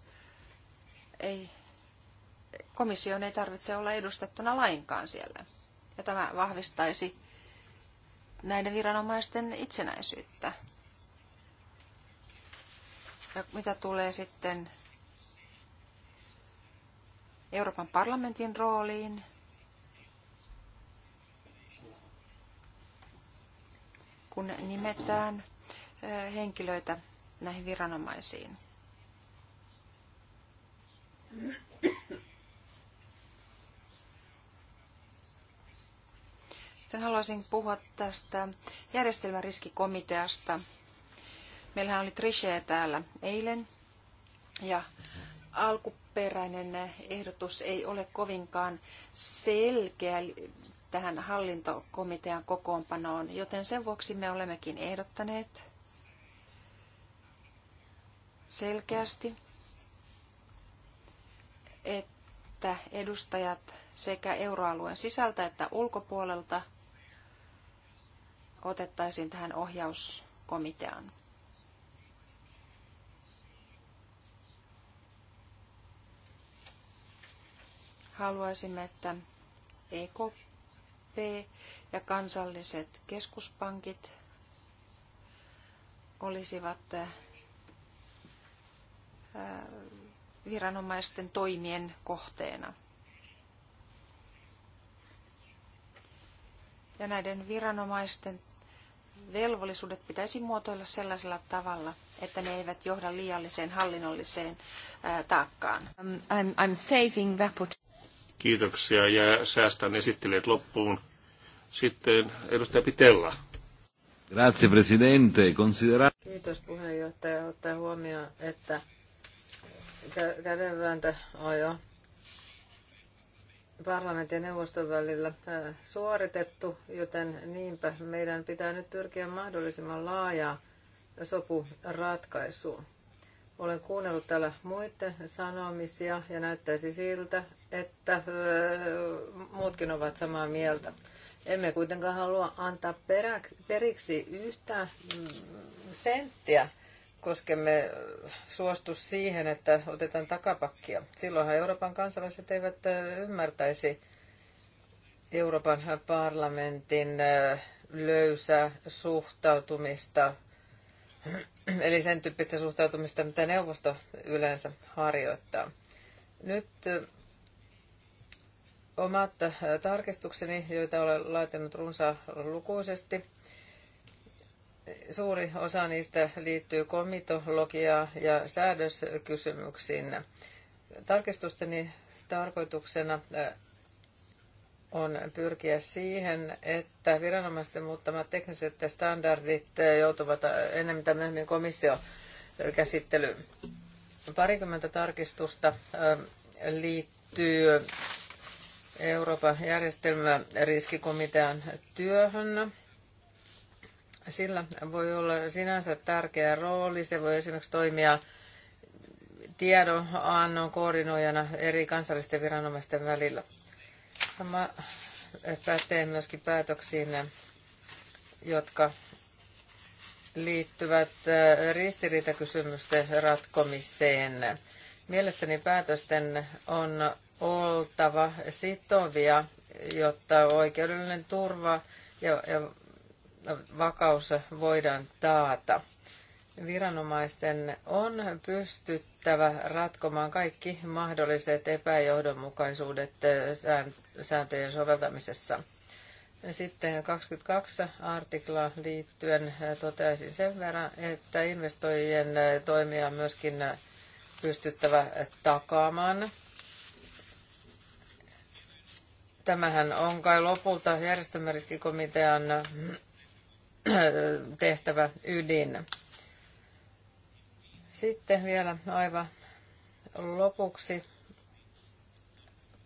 ei komission ei tarvitse olla edustettuna lainkaan siellä. Ja tämä vahvistaisi näiden viranomaisten itsenäisyyttä. Ja mitä tulee sitten Euroopan parlamentin rooliin, kun nimetään henkilöitä näihin viranomaisiin. Mm-hmm. Sitten haluaisin puhua tästä järjestelmäriskikomiteasta. Meillähän oli Trichet täällä eilen ja alkuperäinen ehdotus ei ole kovinkaan selkeä tähän hallintokomitean kokoonpanoon, joten sen vuoksi me olemmekin ehdottaneet selkeästi, että edustajat sekä euroalueen sisältä että ulkopuolelta – otettaisiin tähän ohjauskomiteaan. Haluaisimme, että EKP ja kansalliset keskuspankit olisivat viranomaisten toimien kohteena. Ja näiden viranomaisten velvollisuudet pitäisi muotoilla sellaisella tavalla, että ne eivät johda liialliseen hallinnolliseen taakkaan. Um, I'm, I'm saving Kiitoksia ja säästän esittelijät loppuun. Sitten edustaja Pitella. Grazie Presidente. Considera... Kiitos puheenjohtaja. Ottaa huomioon, että kädenvääntö on jo parlamentin ja neuvoston välillä suoritettu, joten niinpä meidän pitää nyt pyrkiä mahdollisimman laajaa sopuratkaisuun. Olen kuunnellut täällä muiden sanomisia ja näyttäisi siltä, että muutkin ovat samaa mieltä. Emme kuitenkaan halua antaa periksi yhtä mm, senttiä koskemme äh, suostu siihen, että otetaan takapakkia. Silloinhan Euroopan kansalaiset eivät äh, ymmärtäisi Euroopan parlamentin äh, löysää suhtautumista, eli sen tyyppistä suhtautumista, mitä neuvosto yleensä harjoittaa. Nyt omat tarkistukseni, joita olen laitanut runsaan lukuisesti, suuri osa niistä liittyy komitologiaan ja säädöskysymyksiin. Tarkistusteni tarkoituksena äh, on pyrkiä siihen, että viranomaisten muuttamat tekniset standardit äh, joutuvat äh, enemmän tai myöhemmin komissiokäsittelyyn. Parikymmentä tarkistusta liittyy Euroopan järjestelmäriskikomitean työhön sillä voi olla sinänsä tärkeä rooli. Se voi esimerkiksi toimia tiedonannon koordinoijana eri kansallisten viranomaisten välillä. Sama pätee myöskin päätöksiin, jotka liittyvät äh, ristiriitakysymysten ratkomiseen. Mielestäni päätösten on oltava sitovia, jotta oikeudellinen turva ja, ja vakaus voidaan taata. Viranomaisten on pystyttävä ratkomaan kaikki mahdolliset epäjohdonmukaisuudet äh, sääntöjen soveltamisessa. Sitten 22 artiklaa liittyen äh, toteaisin sen verran, että investoijien äh, toimia on myöskin pystyttävä takaamaan. Tämähän on kai lopulta järjestelmäriskikomitean tehtävä ydin. Sitten vielä aivan lopuksi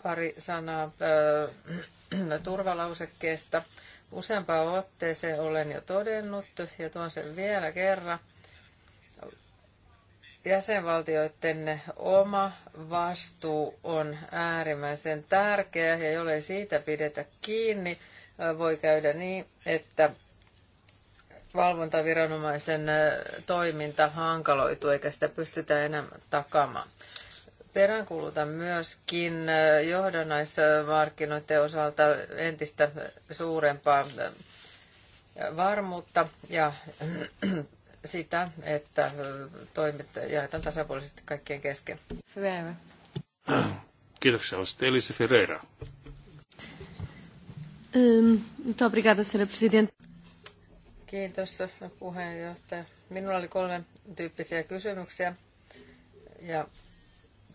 pari sanaa äh, turvalausekkeesta. useampaa otteeseen olen jo todennut ja tuon sen vielä kerran. Jäsenvaltioiden oma vastuu on äärimmäisen tärkeä ja jollei siitä pidetä kiinni, äh, voi käydä niin, että valvontaviranomaisen toiminta hankaloituu eikä sitä pystytä enää takaamaan. Peräänkuulutan myöskin johdannaismarkkinoiden osalta entistä suurempaa varmuutta ja sitä, että toimet jaetaan tasapuolisesti kaikkien kesken. Hyvä. Kiitoksia. Sitten Elisa Ferreira. Ehm, muito obrigada, senhora Presidente. Kiitos puheenjohtaja. Minulla oli kolme tyyppisiä kysymyksiä ja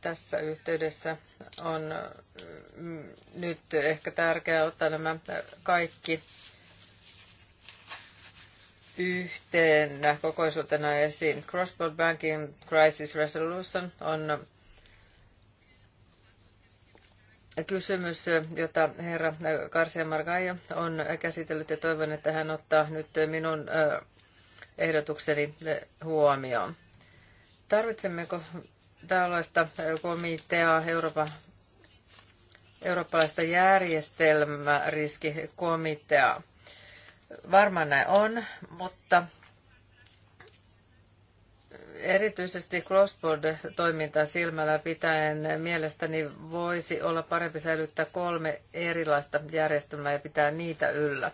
tässä yhteydessä on mm, nyt ehkä tärkeää ottaa nämä kaikki yhteen kokoisuutena esiin. Cross-border banking crisis resolution on kysymys, jota herra Karsia Margaio on käsitellyt ja toivon, että hän ottaa nyt minun ehdotukseni huomioon. Tarvitsemmeko tällaista komiteaa Euroopan eurooppalaista järjestelmäriskikomiteaa. Varmaan näin on, mutta Erityisesti cross-border-toimintaa silmällä pitäen mielestäni voisi olla parempi säilyttää kolme erilaista järjestelmää ja pitää niitä yllä.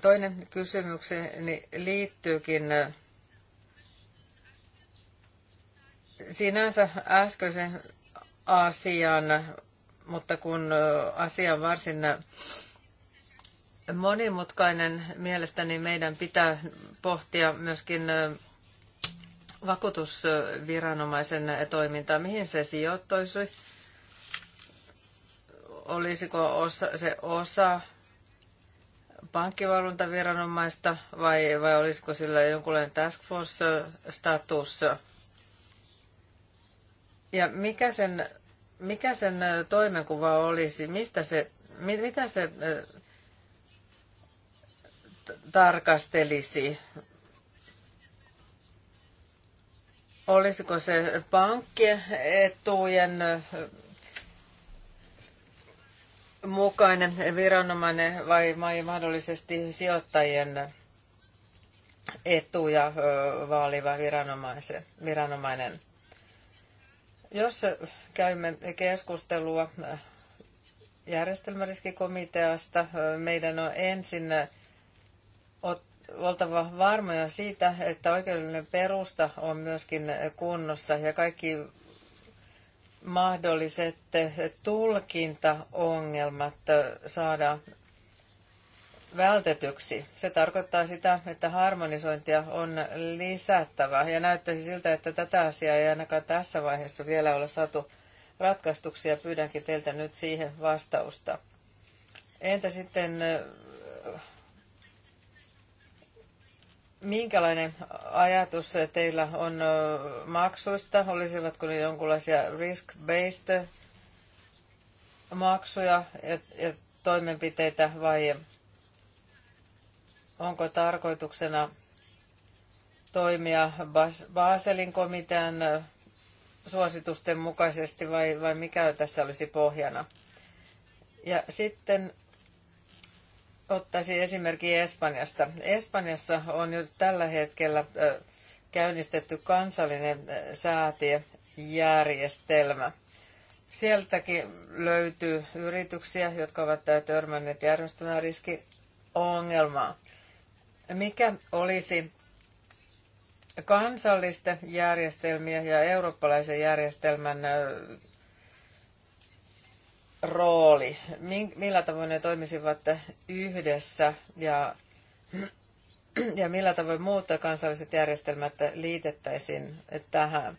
Toinen kysymykseni liittyykin äh, sinänsä äskeisen asian, mutta kun äh, asia on varsin äh, monimutkainen. Mielestäni meidän pitää pohtia myöskin vakuutusviranomaisen toimintaa, mihin se sijoittuisi, olisiko osa, se osa pankkivalvontaviranomaista vai, vai olisiko sillä jonkunlainen task force-status. Ja mikä sen, mikä sen toimenkuva olisi, mistä se, mit, mitä se tarkastelisi. Olisiko se pankkietujen mukainen viranomainen vai mahdollisesti sijoittajien etuja vaaliva viranomainen? Jos käymme keskustelua järjestelmäriskikomiteasta, meidän on ensin oltava varmoja siitä, että oikeudellinen perusta on myöskin kunnossa ja kaikki mahdolliset tulkintaongelmat saada vältetyksi. Se tarkoittaa sitä, että harmonisointia on lisättävä ja näyttäisi siltä, että tätä asiaa ei ainakaan tässä vaiheessa vielä ole saatu ratkaistuksi ja pyydänkin teiltä nyt siihen vastausta. Entä sitten minkälainen ajatus teillä on maksuista? Olisivatko ne jonkinlaisia risk-based maksuja ja, ja toimenpiteitä vai onko tarkoituksena toimia Baselin komitean suositusten mukaisesti vai, vai mikä tässä olisi pohjana? Ja sitten ottaisin esimerkin Espanjasta. Espanjassa on nyt tällä hetkellä käynnistetty kansallinen säätiejärjestelmä. Sieltäkin löytyy yrityksiä, jotka ovat törmänneet järjestelmän riskiongelmaa. Mikä olisi kansallisten järjestelmien ja eurooppalaisen järjestelmän rooli, millä tavoin ne toimisivat yhdessä ja, ja millä tavoin muut kansalliset järjestelmät liitettäisiin tähän.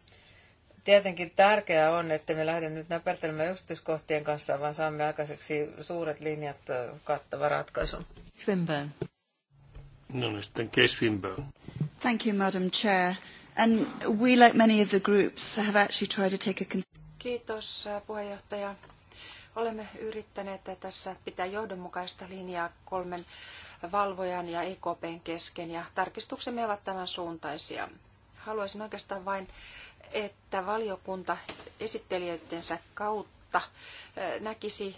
Tietenkin tärkeää on, että me lähde nyt näpertelemään yksityiskohtien kanssa, vaan saamme aikaiseksi suuret linjat kattava ratkaisu. Swinburne. No niin, sitten Case Swinburne. Thank you, Madam Chair. And we, like many of the groups, have actually tried to take a... Kiitos, äh, puheenjohtaja Olemme yrittäneet tässä pitää johdonmukaista linjaa kolmen valvojan ja EKPn kesken ja tarkistuksemme ovat tämän suuntaisia. Haluaisin oikeastaan vain, että valiokunta esittelijöidensä kautta näkisi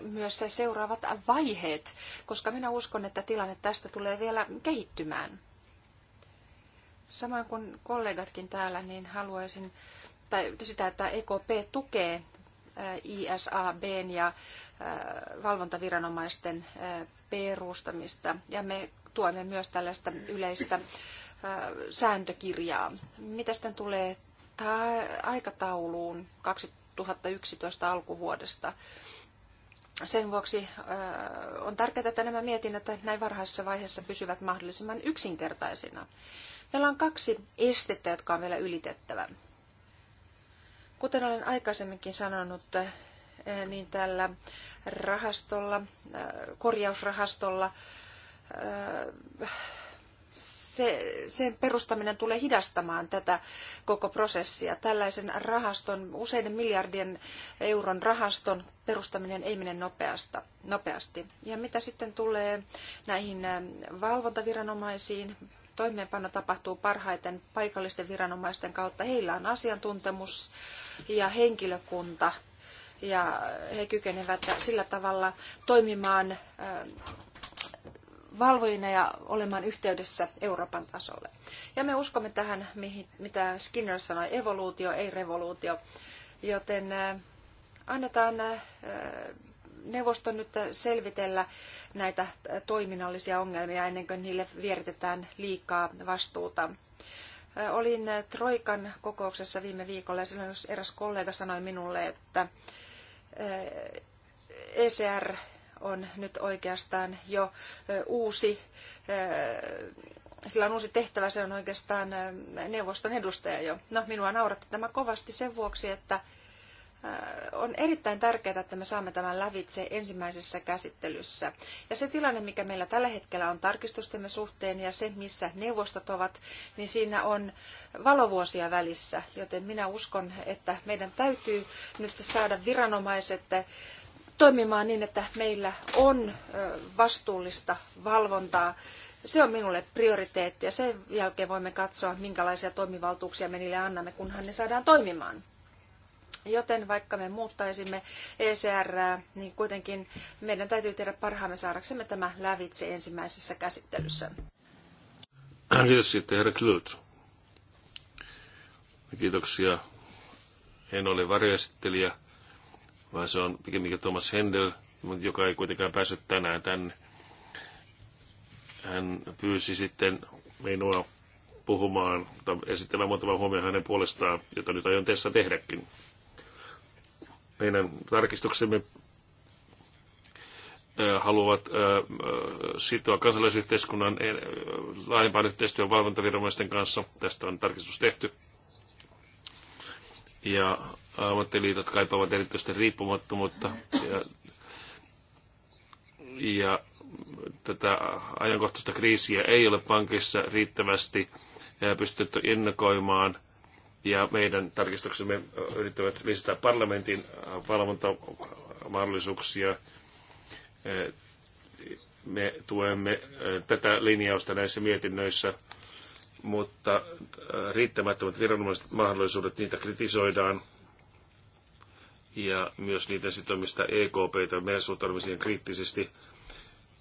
myös seuraavat vaiheet, koska minä uskon, että tilanne tästä tulee vielä kehittymään. Samoin kuin kollegatkin täällä, niin haluaisin tai sitä, että EKP tukee ISABn ja äh, valvontaviranomaisten äh, perustamista. Ja me tuemme myös tällaista yleistä äh, sääntökirjaa. Mitä sitten tulee aikatauluun 2011 alkuvuodesta? Sen vuoksi on tärkeää, että nämä mietinnät näin varhaisessa vaiheessa pysyvät mahdollisimman yksinkertaisina. Meillä on kaksi estettä, jotka on vielä ylitettävä. Kuten olen aikaisemminkin sanonut, eh, niin tällä rahastolla, eh, korjausrahastolla, eh, se, sen perustaminen tulee hidastamaan tätä koko prosessia. Tällaisen rahaston, useiden miljardien euron rahaston perustaminen ei mene nopeasta, nopeasti. Ja mitä sitten tulee näihin valvontaviranomaisiin, toimeenpano tapahtuu parhaiten paikallisten viranomaisten kautta. Heillä on asiantuntemus ja henkilökunta ja he kykenevät sillä tavalla toimimaan äh, valvojina ja olemaan yhteydessä Euroopan tasolle. Ja me uskomme tähän, mitä Skinner sanoi, evoluutio, ei revoluutio. Joten äh, annetaan äh, neuvoston nyt selvitellä näitä toiminnallisia ongelmia ennen kuin niille vieritetään liikaa vastuuta. Olin Troikan kokouksessa viime viikolla ja silloin eräs kollega sanoi minulle, että ECR on nyt oikeastaan jo uusi, sillä on uusi tehtävä, se on oikeastaan neuvoston edustaja jo. No, minua nauratti tämä kovasti sen vuoksi, että Äh, on erittäin tärkeää, että me saamme tämän lävitse ensimmäisessä käsittelyssä. Ja se tilanne, mikä meillä tällä hetkellä on tarkistustemme suhteen ja se, missä neuvostot ovat, niin siinä on valovuosia välissä. Joten minä uskon, että meidän täytyy nyt saada viranomaiset toimimaan niin, että meillä on vastuullista valvontaa se on minulle prioriteetti ja sen jälkeen voimme katsoa, minkälaisia toimivaltuuksia me niille annamme, kunhan ne saadaan toimimaan. Joten vaikka me muuttaisimme ECR, niin kuitenkin meidän täytyy tehdä parhaamme saadaksemme tämä lävitse ensimmäisessä käsittelyssä. Äh, kiitos sitten, Kiitoksia. En ole varjoesittelijä, vaan se on pikemminkin Thomas Hendel, joka ei kuitenkaan päässyt tänään tänne. Hän pyysi sitten minua puhumaan tai esittämään muutaman huomioon hänen puolestaan, jota nyt aion tässä tehdäkin meidän tarkistuksemme haluavat sitoa kansalaisyhteiskunnan laajempaan yhteistyön valvontaviranomaisten kanssa. Tästä on tarkistus tehty. Ja ammattiliitot kaipaavat erityisesti riippumattomuutta. Ja, ja tätä ajankohtaista kriisiä ei ole pankissa riittävästi pystytty ennakoimaan – ja meidän tarkistuksemme yrittävät lisätä parlamentin valvontamahdollisuuksia. Me tuemme tätä linjausta näissä mietinnöissä, mutta riittämättömät viranomaiset mahdollisuudet, niitä kritisoidaan ja myös niiden sitomista EKPtä me suhtaudumme siihen kriittisesti,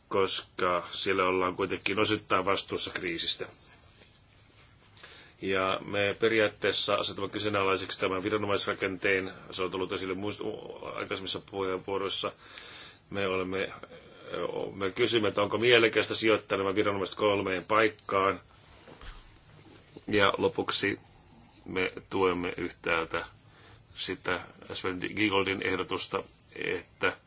koska siellä ollaan kuitenkin osittain vastuussa kriisistä. Ja me periaatteessa asetamme kyseenalaiseksi tämän viranomaisrakenteen. Se on tullut esille aikaisemmissa puheenvuoroissa. Me olemme me kysymme, että onko mielekästä sijoittaa nämä viranomaiset kolmeen paikkaan. Ja lopuksi me tuemme yhtäältä sitä Sven Gigoldin ehdotusta, että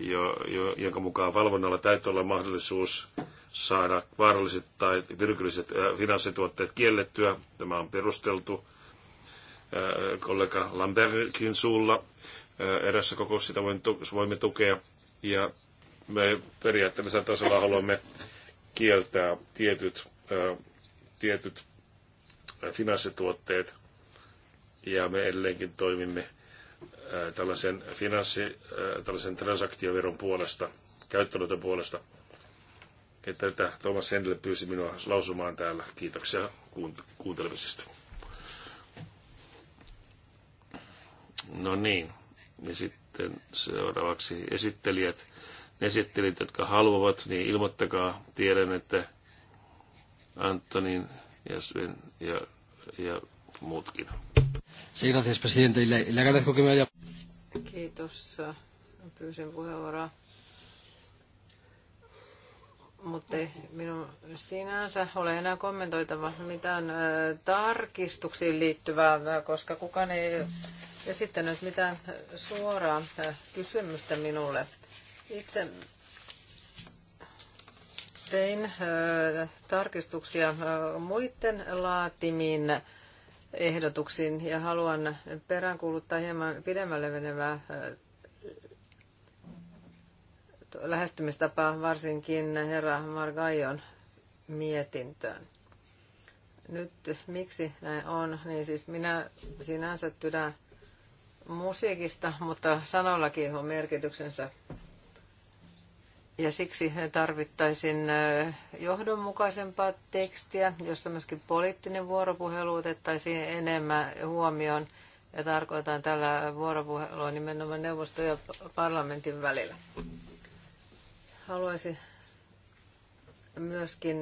jo, jo, jonka mukaan valvonnalla täytyy olla mahdollisuus saada vaaralliset tai myrkylliset äh, finanssituotteet kiellettyä. Tämä on perusteltu äh, kollega Lambertin suulla äh, erässä kokouksessa sitä voimme tukea. Ja me periaatteellisella tasolla haluamme kieltää tietyt, tietyt finanssituotteet. Ja me edelleenkin toimimme tällaisen, finanssi, tällaisen transaktioveron puolesta, käyttöönoton puolesta – että tätä Thomas Hendel pyysi minua lausumaan täällä. Kiitoksia kuuntelemisesta. No niin, ja sitten seuraavaksi esittelijät. Esittelijät, jotka haluavat, niin ilmoittakaa. Tiedän, että Antonin ja Sven ja, ja muutkin. Sí, gracias, presidente. le, le agradezco que me haya... Kiitos. Pyysin puheenvuoroa mutta ei minun sinänsä ole enää kommentoitava mitään tarkistuksiin liittyvää, koska kukaan ei esittänyt mitään suoraa kysymystä minulle. Itse tein tarkistuksia muiden laatimiin ehdotuksiin ja haluan peräänkuuluttaa hieman pidemmälle menevää lähestymistapa varsinkin herra Margaion mietintöön. Nyt miksi näin on, niin siis minä sinänsä tydän musiikista, mutta sanollakin on merkityksensä. Ja siksi tarvittaisin johdonmukaisempaa tekstiä, jossa myöskin poliittinen vuoropuhelu otettaisiin enemmän huomioon. Ja tarkoitan tällä vuoropuhelua nimenomaan neuvosto ja parlamentin välillä haluaisin myöskin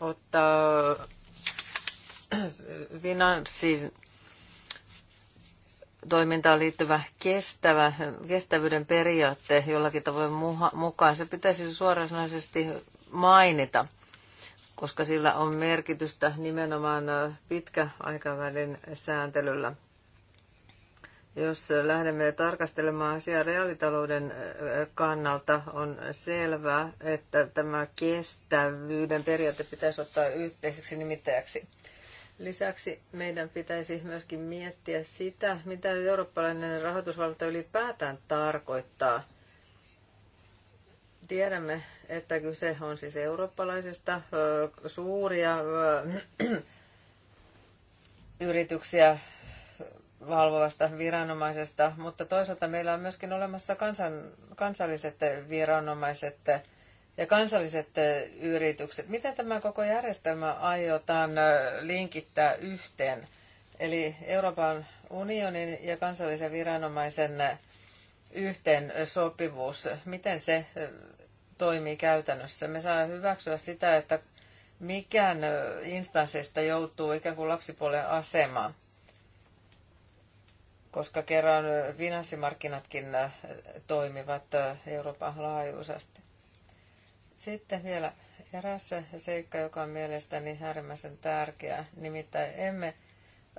ottaa finanssin toimintaan liittyvä kestävä, kestävyyden periaatte jollakin tavoin mukaan. Se pitäisi suoranaisesti mainita, koska sillä on merkitystä nimenomaan pitkäaikavälin sääntelyllä. Jos lähdemme tarkastelemaan asiaa reaalitalouden kannalta, on selvää, että tämä kestävyyden periaate pitäisi ottaa yhteiseksi nimittäjäksi. Lisäksi meidän pitäisi myöskin miettiä sitä, mitä eurooppalainen rahoitusvalta ylipäätään tarkoittaa. Tiedämme, että kyse on siis eurooppalaisista suuria yrityksiä valvovasta viranomaisesta, mutta toisaalta meillä on myöskin olemassa kansan, kansalliset viranomaiset ja kansalliset yritykset. Miten tämä koko järjestelmä aiotaan linkittää yhteen? Eli Euroopan unionin ja kansallisen viranomaisen yhteen sopivuus, miten se toimii käytännössä? Me saa hyväksyä sitä, että mikään instansseista joutuu ikään kuin lapsipuolen asemaan koska kerran finanssimarkkinatkin äh, toimivat äh, Euroopan laajuisesti. Sitten vielä eräs seikka, joka on mielestäni äärimmäisen tärkeä. Nimittäin emme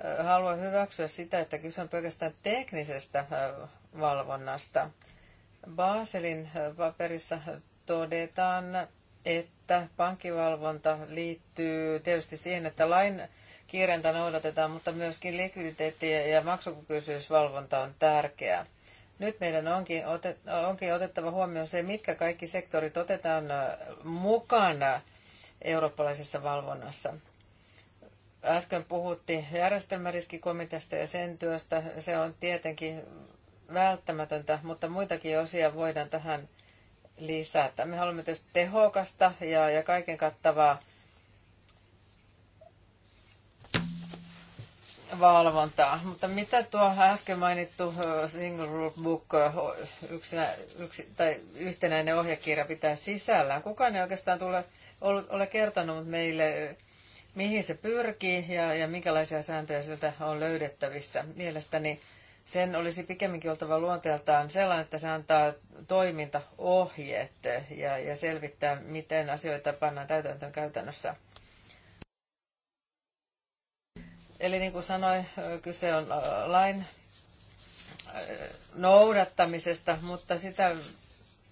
äh, halua hyväksyä sitä, että kyse on pelkästään teknisestä valvonnasta. Baselin paperissa todetaan, että että pankkivalvonta liittyy tietysti siihen, että lain kiireitä noudatetaan, mutta myöskin likviditeetti ja maksukykyisyysvalvonta on tärkeää. Nyt meidän onkin, otet, onkin otettava huomioon se, mitkä kaikki sektorit otetaan äh, mukana eurooppalaisessa valvonnassa. Äsken puhuttiin järjestelmäriskikomiteasta ja sen työstä. Se on tietenkin välttämätöntä, mutta muitakin osia voidaan tähän lisätä. Me haluamme tietysti tehokasta ja, ja kaiken kattavaa valvontaa. Mutta mitä tuo äsken mainittu Single Rule Book, yksinä, yksi, tai yhtenäinen ohjekirja pitää sisällään? Kukaan ei oikeastaan tule, ole kertonut meille, mihin se pyrkii ja, ja minkälaisia sääntöjä sieltä on löydettävissä. Mielestäni sen olisi pikemminkin oltava luonteeltaan sellainen, että se antaa toimintaohjeet ja, ja selvittää, miten asioita pannaan täytäntöön käytännössä. Eli niin kuin sanoin, kyse on äh, lain äh, noudattamisesta, mutta sitä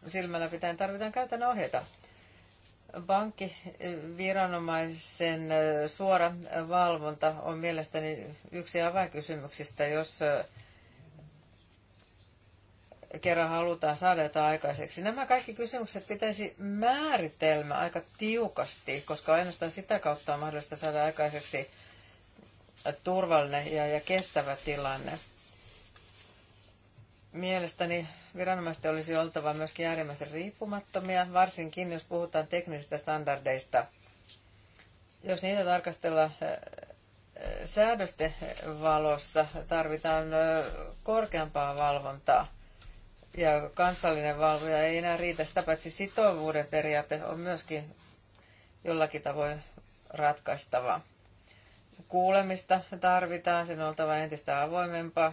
silmällä pitäen tarvitaan käytännön ohjeita. Pankkiviranomaisen äh, suora valvonta on mielestäni yksi avainkysymyksistä, jos kerran halutaan saada jotain aikaiseksi. Nämä kaikki kysymykset pitäisi määritelmä aika tiukasti, koska ainoastaan sitä kautta on mahdollista saada aikaiseksi turvallinen ja, ja kestävä tilanne. Mielestäni viranomaisten olisi oltava myöskin äärimmäisen riippumattomia, varsinkin jos puhutaan teknisistä standardeista. Jos niitä tarkastellaan eh, eh, säädösten valossa tarvitaan eh, korkeampaa valvontaa ja kansallinen valvoja ei enää riitä. Sitä paitsi sitovuuden periaate on myöskin jollakin tavoin ratkaistava. Kuulemista tarvitaan, sen on oltava entistä avoimempaa.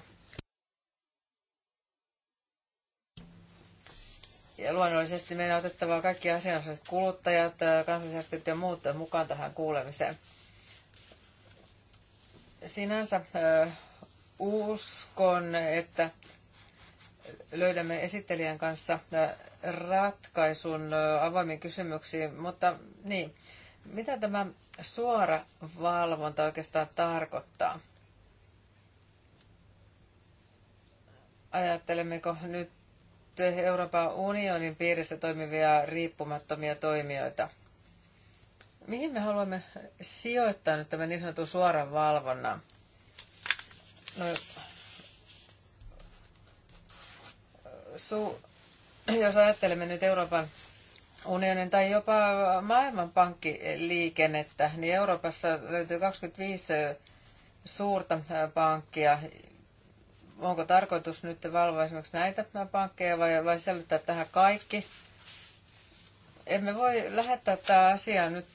Ja luonnollisesti meidän on otettava kaikki asianosaiset kuluttajat, kansallisjärjestöt ja muut mukaan tähän kuulemiseen. Sinänsä uskon, että löydämme esittelijän kanssa äh, ratkaisun äh, avoimiin kysymyksiin, mutta niin, mitä tämä suora valvonta oikeastaan tarkoittaa? Ajattelemmeko nyt Euroopan unionin piirissä toimivia riippumattomia toimijoita? Mihin me haluamme sijoittaa nyt tämän niin sanotun suoran valvonnan? No, Su jos ajattelemme nyt Euroopan unionin tai jopa liikennettä, niin Euroopassa löytyy 25 suurta pankkia. Onko tarkoitus nyt valvoa esimerkiksi näitä pankkeja vai, vai selvittää tähän kaikki? Emme voi lähettää tämä asia nyt,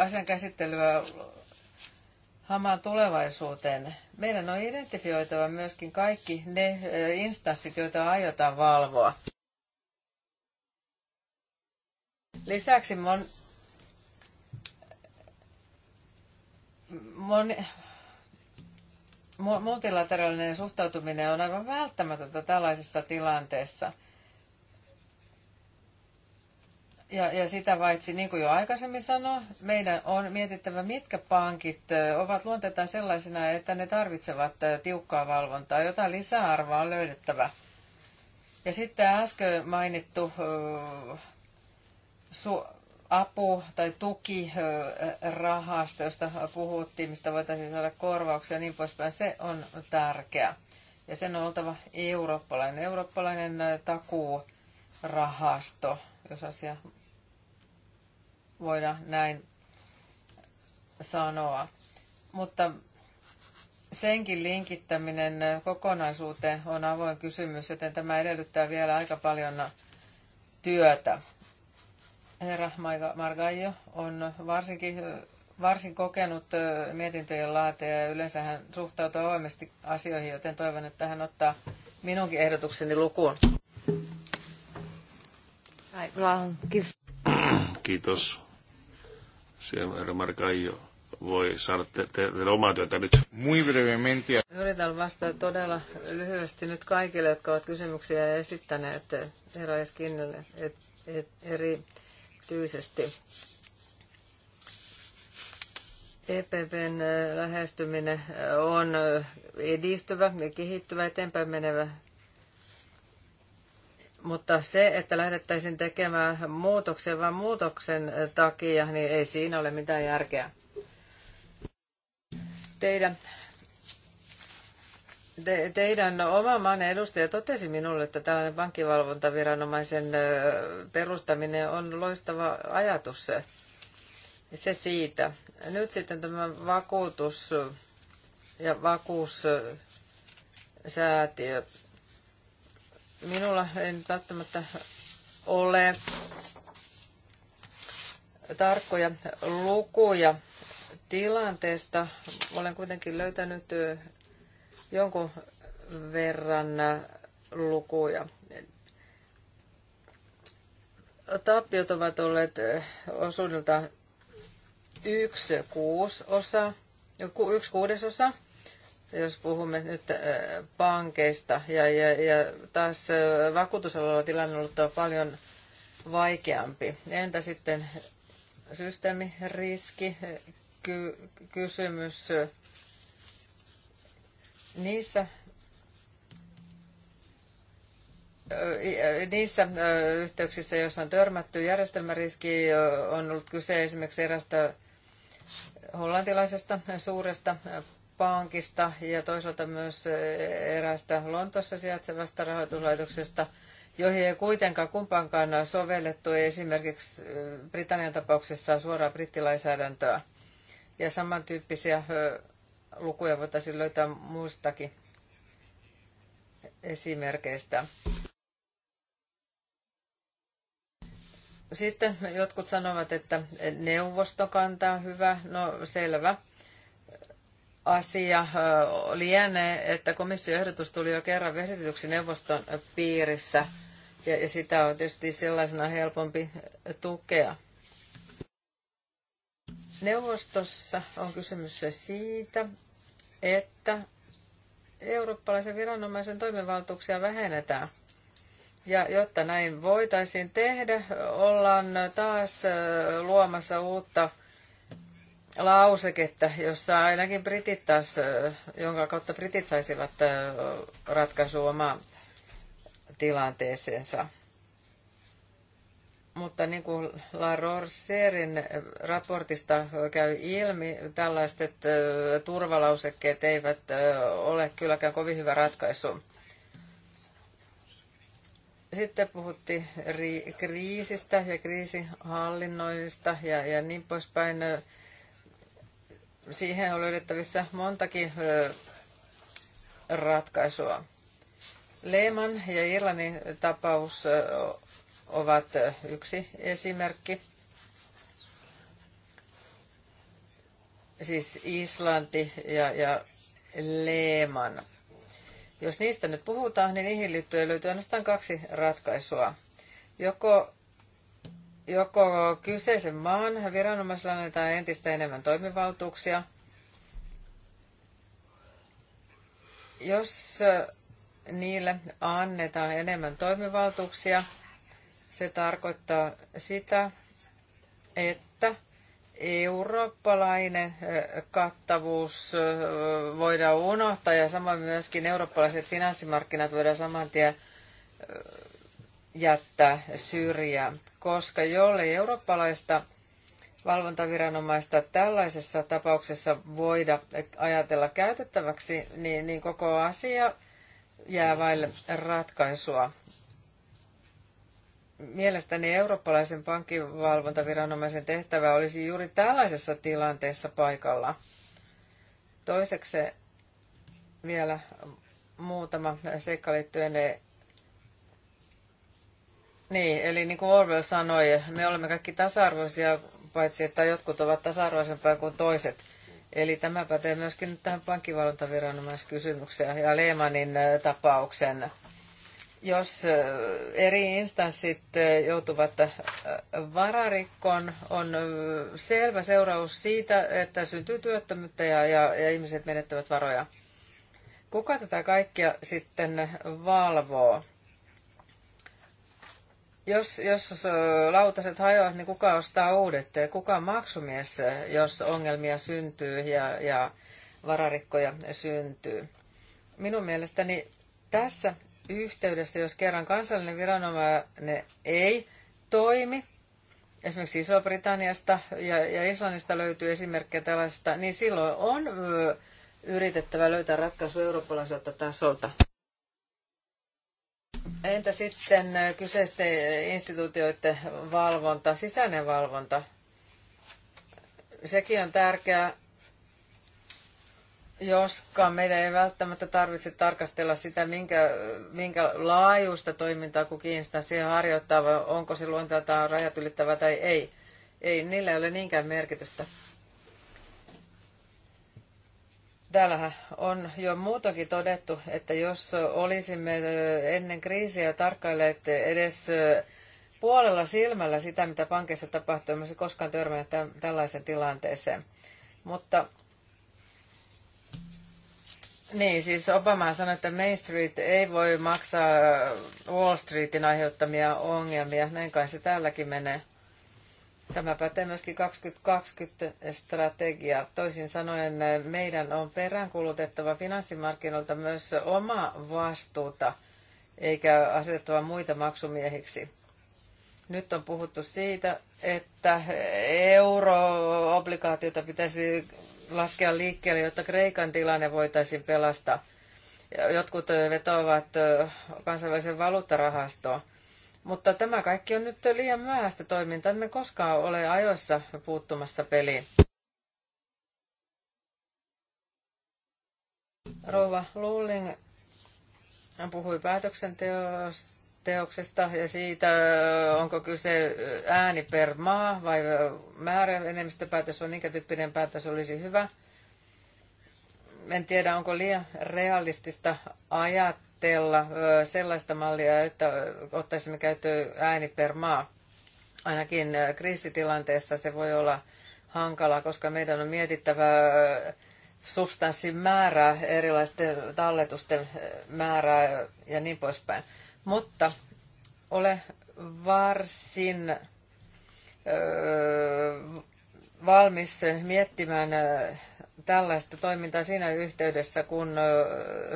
asian käsittelyä hamaan tulevaisuuteen. Meidän on identifioitava myöskin kaikki ne instanssit, joita aiotaan valvoa. Lisäksi mon, mon, multilateraalinen suhtautuminen on aivan välttämätöntä tällaisessa tilanteessa – ja, ja sitä vaitsi, niin kuin jo aikaisemmin sanoin, meidän on mietittävä, mitkä pankit ovat luonteeltaan sellaisina, että ne tarvitsevat tiukkaa valvontaa. Jotain lisäarvoa on löydettävä. Ja sitten äsken mainittu apu tai tuki rahasta, josta puhuttiin, mistä voitaisiin saada korvauksia ja niin poispäin, se on tärkeä. Ja sen on oltava eurooppalainen, eurooppalainen takuurahasto, jos asia voida näin sanoa. Mutta senkin linkittäminen kokonaisuuteen on avoin kysymys, joten tämä edellyttää vielä aika paljon työtä. Herra Margaio on varsinkin, varsin kokenut mietintöjen laateja ja yleensä hän suhtautuu avoimesti asioihin, joten toivon, että hän ottaa minunkin ehdotukseni lukuun. Kiitos. Siellä Markaio voi voy a hacer te, omaa työtä nyt. Muy brevemente. Yritän vastata todella lyhyesti nyt kaikille, jotka ovat kysymyksiä esittäneet Herra Eskinnelle et, et, erityisesti. EPPn äh, lähestyminen on äh, edistyvä ja kehittyvä eteenpäin menevä mutta se, että lähdettäisiin tekemään muutoksen vaan muutoksen takia, niin ei siinä ole mitään järkeä. Teidän, te, teidän oma maan edustaja totesi minulle, että tällainen pankkivalvontaviranomaisen perustaminen on loistava ajatus. Se, se siitä. Nyt sitten tämä vakuutus ja vakuussäätiö Minulla ei nyt välttämättä ole tarkkoja lukuja tilanteesta. Olen kuitenkin löytänyt jonkun verran lukuja. Tappiot ovat olleet osuudelta yksi kuusosa, yksi kuudesosa jos puhumme nyt äh, pankeista, ja, ja, ja taas äh, vakuutusalalla tilanne on ollut paljon vaikeampi. Entä sitten systeemiriski, äh, ky- kysymys niissä niissä yhteyksissä, joissa on törmätty järjestelmäriski, on ollut kyse esimerkiksi erästä hollantilaisesta suuresta pankista ja toisaalta myös eräästä Lontossa sijaitsevasta rahoituslaitoksesta, joihin ei kuitenkaan kumpaankaan sovellettu esimerkiksi Britannian tapauksessa suoraa brittilainsäädäntöä. Ja samantyyppisiä lukuja voitaisiin löytää muistakin esimerkeistä. Sitten jotkut sanovat, että neuvostokanta kantaa hyvä, no selvä asia lienee, että komission ehdotus tuli jo kerran vesitetyksi neuvoston piirissä ja, ja sitä on tietysti sellaisena helpompi tukea. Neuvostossa on kysymys siitä, että eurooppalaisen viranomaisen toimivaltuuksia vähennetään. Ja jotta näin voitaisiin tehdä, ollaan taas luomassa uutta lauseketta, jossa ainakin britit taas, jonka kautta britit saisivat ratkaisua omaa tilanteeseensa. Mutta niin kuin La Rorserin raportista käy ilmi, tällaiset turvalausekkeet eivät ole kylläkään kovin hyvä ratkaisu. Sitten puhuttiin kriisistä ja kriisihallinnoinnista ja, ja niin poispäin. Siihen on löydettävissä montakin ratkaisua. Lehman ja Irlannin tapaus ovat yksi esimerkki. Siis Islanti ja, ja Lehman. Jos niistä nyt puhutaan, niin niihin liittyen löytyy ainoastaan kaksi ratkaisua. Joko joko kyseisen maan viranomaisilla annetaan entistä enemmän toimivaltuuksia, jos äh, niille annetaan enemmän toimivaltuuksia, se tarkoittaa sitä, että eurooppalainen äh, kattavuus äh, voidaan unohtaa ja samoin myöskin eurooppalaiset finanssimarkkinat voidaan saman tien jättää syrjään, koska jollei eurooppalaista valvontaviranomaista tällaisessa tapauksessa voida ajatella käytettäväksi, niin, niin koko asia jää vaille ratkaisua. Mielestäni eurooppalaisen pankkivalvontaviranomaisen tehtävä olisi juuri tällaisessa tilanteessa paikalla. Toiseksi vielä muutama seikka liittyen niin, eli niin kuin Orwell sanoi, me olemme kaikki tasa-arvoisia, paitsi että jotkut ovat tasa-arvoisempia kuin toiset. Eli tämä pätee myöskin nyt tähän pankkivalvontaviranomaiskysymykseen ja Lehmanin äh, tapauksen. Jos äh, eri instanssit äh, joutuvat vararikkoon, on selvä seuraus siitä, että syntyy työttömyyttä ja, ja, ja ihmiset menettävät varoja. Kuka tätä kaikkia sitten valvoo? jos, jos lautaset hajoavat, niin kuka ostaa uudet? Kuka on maksumies, jos ongelmia syntyy ja, ja vararikkoja syntyy? Minun mielestäni tässä yhteydessä, jos kerran kansallinen viranomainen ei toimi, esimerkiksi Iso-Britanniasta ja, ja Islannista löytyy esimerkkejä tällaisesta, niin silloin on yritettävä löytää ratkaisu eurooppalaiselta tasolta. Entä sitten kyseisten instituutioiden valvonta, sisäinen valvonta? Sekin on tärkeää, joska meidän ei välttämättä tarvitse tarkastella sitä, minkä, minkä laajuista toimintaa kukin instanssi harjoittaa, vai onko se luonteeltaan rajat ylittävä tai ei. Ei, niillä ei ole niinkään merkitystä. Täällähän on jo muutokin todettu, että jos olisimme ennen kriisiä tarkkailleet edes puolella silmällä sitä, mitä pankeissa tapahtuu, emme koskaan törmänneet tällaisen tilanteeseen. Mutta niin, siis Obama sanoi, että Main Street ei voi maksaa Wall Streetin aiheuttamia ongelmia. Näin kai se täälläkin menee. Tämä pätee myöskin 2020 strategia Toisin sanoen meidän on peräänkulutettava finanssimarkkinoilta myös oma vastuuta, eikä asetettava muita maksumiehiksi. Nyt on puhuttu siitä, että euroobligaatiota pitäisi laskea liikkeelle, jotta Kreikan tilanne voitaisiin pelastaa. Jotkut vetoavat kansainvälisen valuuttarahastoon mutta tämä kaikki on nyt liian myöhäistä toimintaa. Emme koskaan ole ajoissa puuttumassa peliin. Rouva hän puhui päätöksenteoksesta ja siitä, onko kyse ääni per maa vai määräenemmistöpäätös on minkä tyyppinen päätös olisi hyvä – en tiedä, onko liian realistista ajatella sellaista mallia, että ottaisimme käyttöön ääni per maa. Ainakin kriisitilanteessa se voi olla hankalaa, koska meidän on mietittävä substanssin määrää, erilaisten talletusten määrää ja niin poispäin. Mutta ole varsin valmis miettimään tällaista toimintaa siinä yhteydessä, kun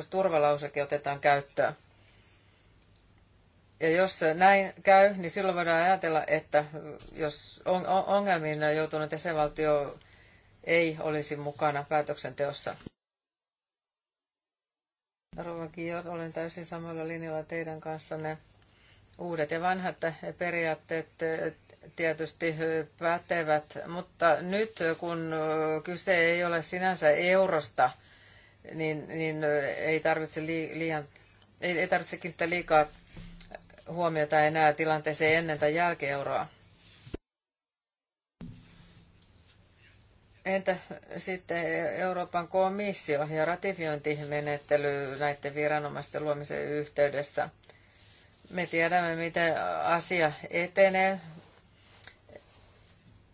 turvalauseke otetaan käyttöön. Ja jos näin käy, niin silloin voidaan ajatella, että jos ongelmiin joutunut jäsenvaltio ei olisi mukana päätöksenteossa. Rova Kiot, olen täysin samalla linjalla teidän kanssanne. Uudet ja vanhat periaatteet tietysti pätevät, mutta nyt kun kyse ei ole sinänsä eurosta, niin, niin ei tarvitse liian, ei, ei tarvitse kiinnittää liikaa huomiota enää tilanteeseen ennen tai jälkeen euroa. Entä sitten Euroopan komissio ja ratifiointimenettely näiden viranomaisten luomisen yhteydessä? Me tiedämme, miten asia etenee.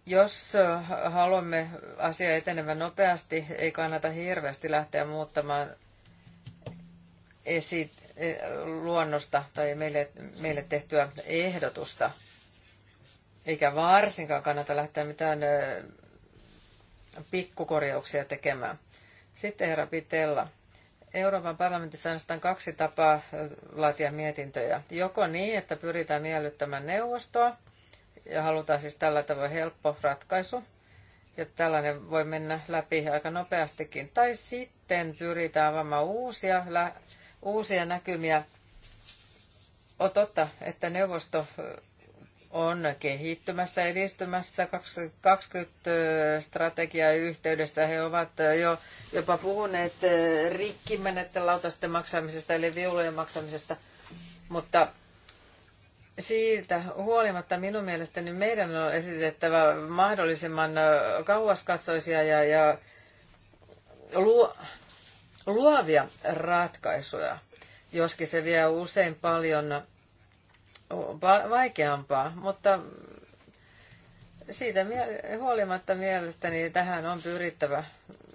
Jos haluamme asia etenevän nopeasti, ei kannata hirveästi lähteä muuttamaan esi- e, luonnosta tai meille, meille tehtyä ehdotusta. Eikä varsinkaan kannata lähteä mitään pikkukorjauksia tekemään. Sitten herra Pitella. Euroopan parlamentissa on kaksi tapaa laatia mietintöjä. Joko niin, että pyritään miellyttämään neuvostoa, ja halutaan siis tällä tavoin helppo ratkaisu. Ja tällainen voi mennä läpi aika nopeastikin. Tai sitten pyritään avaamaan uusia, lä, uusia näkymiä. O, totta, että neuvosto on kehittymässä, edistymässä 20 strategiaa yhteydessä. He ovat jo jopa puhuneet rikkimenettä lautasten maksamisesta eli viulujen maksamisesta. Mutta siitä huolimatta minun mielestäni meidän on esitettävä mahdollisimman kauaskatsoisia ja, ja luo, luovia ratkaisuja, joskin se vie usein paljon vaikeampaa, mutta siitä huolimatta mielestäni tähän on pyrittävä.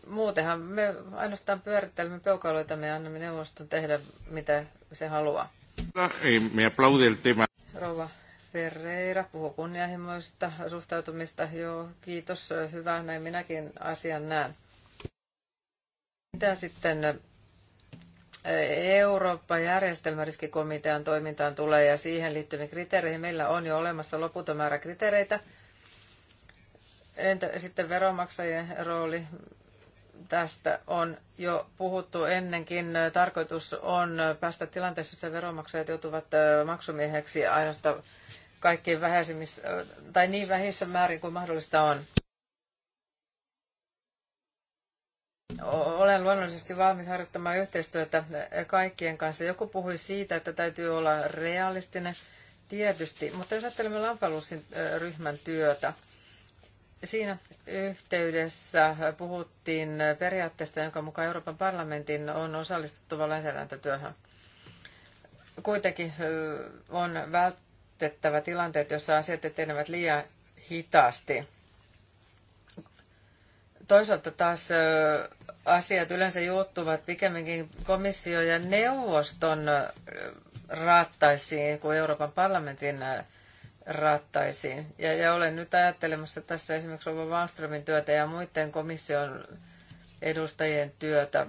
Muutenhan me ainoastaan pyörittelemme peukaloita me annamme neuvoston tehdä mitä se haluaa. Me aplaude el Rouva Ferreira puhuu kunnianhimoista suhtautumista. Joo, kiitos. Hyvä, näin minäkin asian näen. Mitä sitten eh, Euroopan järjestelmäriskikomitean toimintaan tulee ja siihen liittyviin kriteereihin? Meillä on jo olemassa loputon määrä kriteereitä. Entä sitten veronmaksajien rooli? Tästä on jo puhuttu ennenkin. Tarkoitus on päästä tilanteessa, jossa veronmaksajat joutuvat maksumieheksi ainoastaan kaikkein vähäisimmissä, tai niin vähissä määrin kuin mahdollista on. Olen luonnollisesti valmis harjoittamaan yhteistyötä kaikkien kanssa. Joku puhui siitä, että täytyy olla realistinen, tietysti, mutta jos ajattelemme Lampelussin ryhmän työtä, Siinä yhteydessä puhuttiin periaatteesta, jonka mukaan Euroopan parlamentin on osallistuttava lainsäädäntötyöhön. Kuitenkin on vältettävä tilanteet, joissa asiat etenevät liian hitaasti. Toisaalta taas asiat yleensä juuttuvat pikemminkin komissio ja neuvoston rattaisiin kuin Euroopan parlamentin rattaisiin. Ja, ja olen nyt ajattelemassa tässä esimerkiksi Rova Wallströmin työtä ja muiden komission edustajien työtä.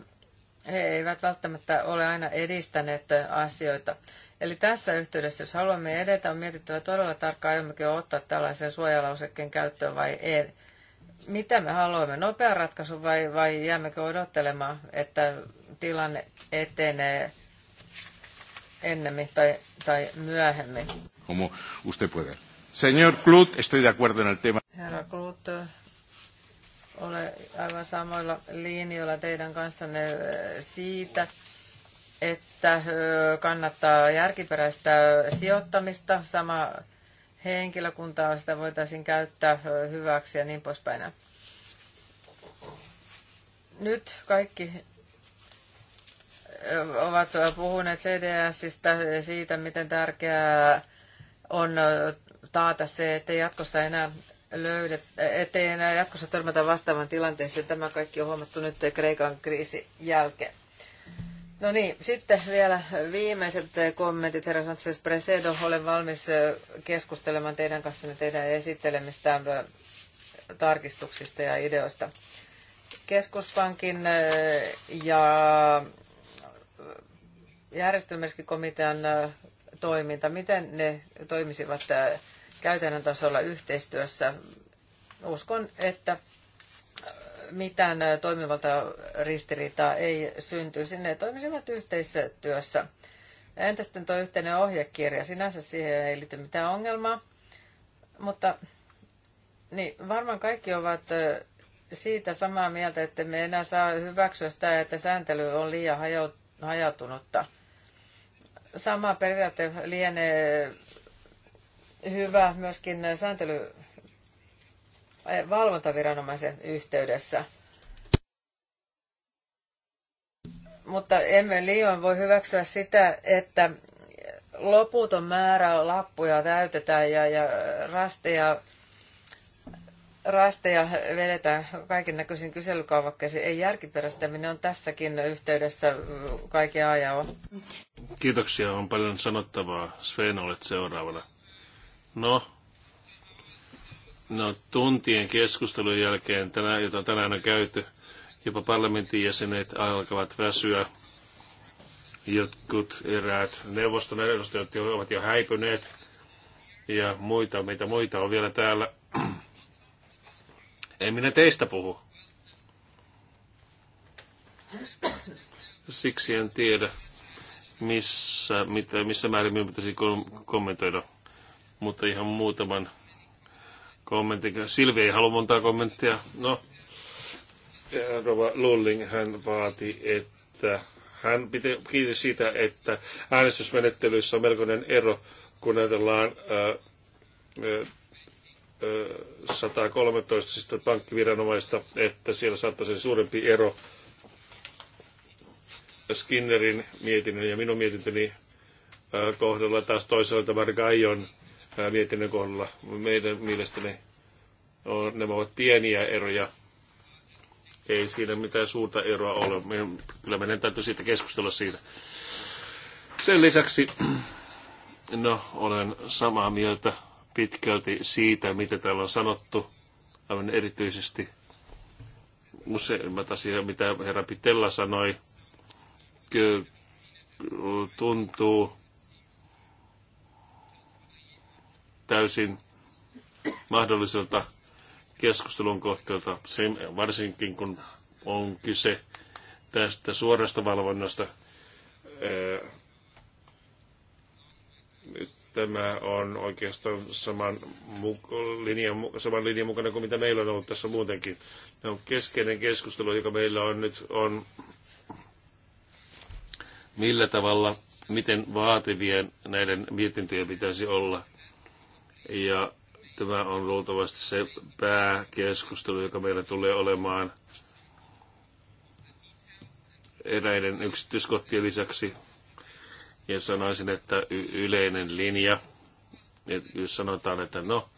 He eivät välttämättä ole aina edistäneet asioita. Eli tässä yhteydessä, jos haluamme edetä, on mietittävä todella tarkkaan, aiommeko ottaa tällaisen suojalausekkeen käyttöön vai ei. Mitä me haluamme, nopea ratkaisu vai, vai jäämmekö odottelemaan, että tilanne etenee ennemmin tai, tai myöhemmin? como usted puede ver. Señor Clut, estoy de acuerdo en el tema. Herra Clut, ole aivan samoilla linjoilla teidän kanssanne eh, siitä, että eh, kannattaa järkiperäistä sijoittamista. Sama henkilökuntaa sitä voitaisiin käyttää eh, hyväksi ja niin poispäin. Nyt kaikki ovat puhuneet CDSistä ja siitä, miten tärkeää on taata se, että jatkossa enää löydet, ettei enää jatkossa törmätä vastaavan tilanteeseen. Tämä kaikki on huomattu nyt Kreikan kriisin jälkeen. No niin, sitten vielä viimeiset kommentit, herra Sanchez Presedo. Olen valmis keskustelemaan teidän kanssanne teidän esittelemistään tarkistuksista ja ideoista. Keskuspankin ja järjestelmäskin komitean toiminta, miten ne toimisivat käytännön tasolla yhteistyössä. Uskon, että mitään toimivalta ristiriitaa ei syntyisi. Ne toimisivat työssä. Entä sitten tuo yhteinen ohjekirja? Sinänsä siihen ei liity mitään ongelmaa, mutta niin, varmaan kaikki ovat siitä samaa mieltä, että me enää saa hyväksyä sitä, että sääntely on liian hajautunutta. Sama periaate lienee hyvä myöskin sääntely eh, valvontaviranomaisen yhteydessä. Mutta emme liioin voi hyväksyä sitä, että loputon määrä lappuja täytetään ja, ja rasteja rasteja vedetään kaiken näköisiin kyselykaavakkeisiin. Ei järkiperäistäminen on tässäkin yhteydessä kaiken ajan. Kiitoksia, on paljon sanottavaa. Sven, olet seuraavana. No, no tuntien keskustelun jälkeen, tänään, jota tänään on käyty, jopa parlamentin jäsenet alkavat väsyä. Jotkut eräät neuvoston edustajat ovat jo häipyneet ja muita, mitä muita on vielä täällä en minä teistä puhu. Siksi en tiedä, missä, mitä, missä määrin minun pitäisi kommentoida. Mutta ihan muutaman kommentin. Silvi ei halua montaa kommenttia. No, Rova Lulling, hän vaati, että hän piti kiinni siitä, että äänestysmenettelyissä on melkoinen ero, kun ajatellaan 113 siis pankkiviranomaista, että siellä saattaisi suurempi ero Skinnerin mietinnön ja minun mietintöni kohdalla taas toisaalta Gaion mietinnön kohdalla. Meidän mielestäni on, nämä ovat pieniä eroja. Ei siinä mitään suurta eroa ole. Meidän, kyllä meidän täytyy siitä keskustella siitä. Sen lisäksi, no olen samaa mieltä pitkälti siitä, mitä täällä on sanottu, aivan erityisesti useimmat asiat, mitä herra Pitella sanoi, tuntuu täysin mahdolliselta keskustelun kohteelta, varsinkin kun on kyse tästä suorasta valvonnasta tämä on oikeastaan saman, linjan, saman linjan mukana kuin mitä meillä on ollut tässä muutenkin. Ne on keskeinen keskustelu, joka meillä on nyt, on millä tavalla, miten vaativien näiden mietintöjen pitäisi olla. Ja tämä on luultavasti se pääkeskustelu, joka meillä tulee olemaan eräiden yksityiskohtien lisäksi ja sanoisin, että yleinen linja, että jos sanotaan, että no,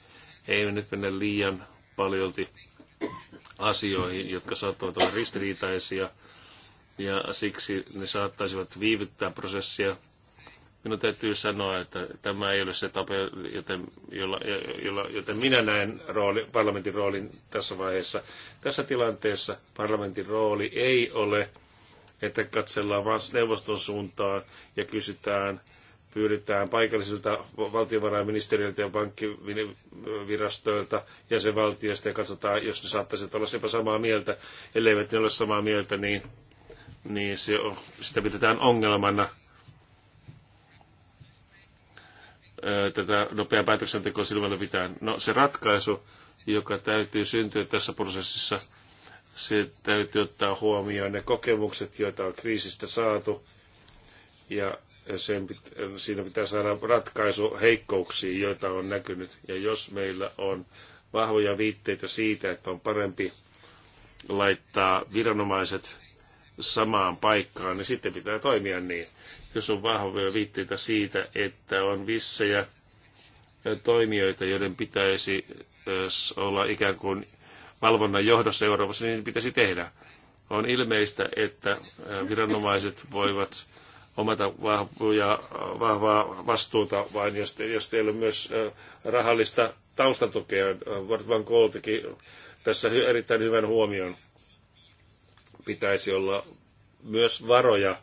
ei me nyt mennä liian paljolti asioihin, jotka saattavat olla ristiriitaisia, ja siksi ne saattaisivat viivyttää prosessia. Minun täytyy sanoa, että tämä ei ole se tapa, joten, jolla, jolla, joten minä näen rooli, parlamentin roolin tässä vaiheessa. Tässä tilanteessa parlamentin rooli ei ole että katsellaan vain neuvoston suuntaan ja kysytään, pyydetään paikallisilta valtiovarainministeriöltä ja pankkivirastoilta jäsenvaltioista ja katsotaan, jos ne saattaisivat olla jopa samaa mieltä. ellei ne ole samaa mieltä, niin, niin se, on, sitä pidetään ongelmana. Tätä nopeaa päätöksentekoa silmällä pitää. No se ratkaisu, joka täytyy syntyä tässä prosessissa – se täytyy ottaa huomioon ne kokemukset, joita on kriisistä saatu, ja sen pit, siinä pitää saada ratkaisu heikkouksiin, joita on näkynyt. Ja jos meillä on vahvoja viitteitä siitä, että on parempi laittaa viranomaiset samaan paikkaan, niin sitten pitää toimia niin. Jos on vahvoja viitteitä siitä, että on vissejä toimijoita, joiden pitäisi olla ikään kuin valvonnan johdossa Euroopassa, niin pitäisi tehdä. On ilmeistä, että äh, viranomaiset voivat omata vahvoja, äh, vahvaa vastuuta, vain jos, jos teillä on myös äh, rahallista taustatukea. World Bank teki tässä erittäin hyvän huomion. Pitäisi olla myös varoja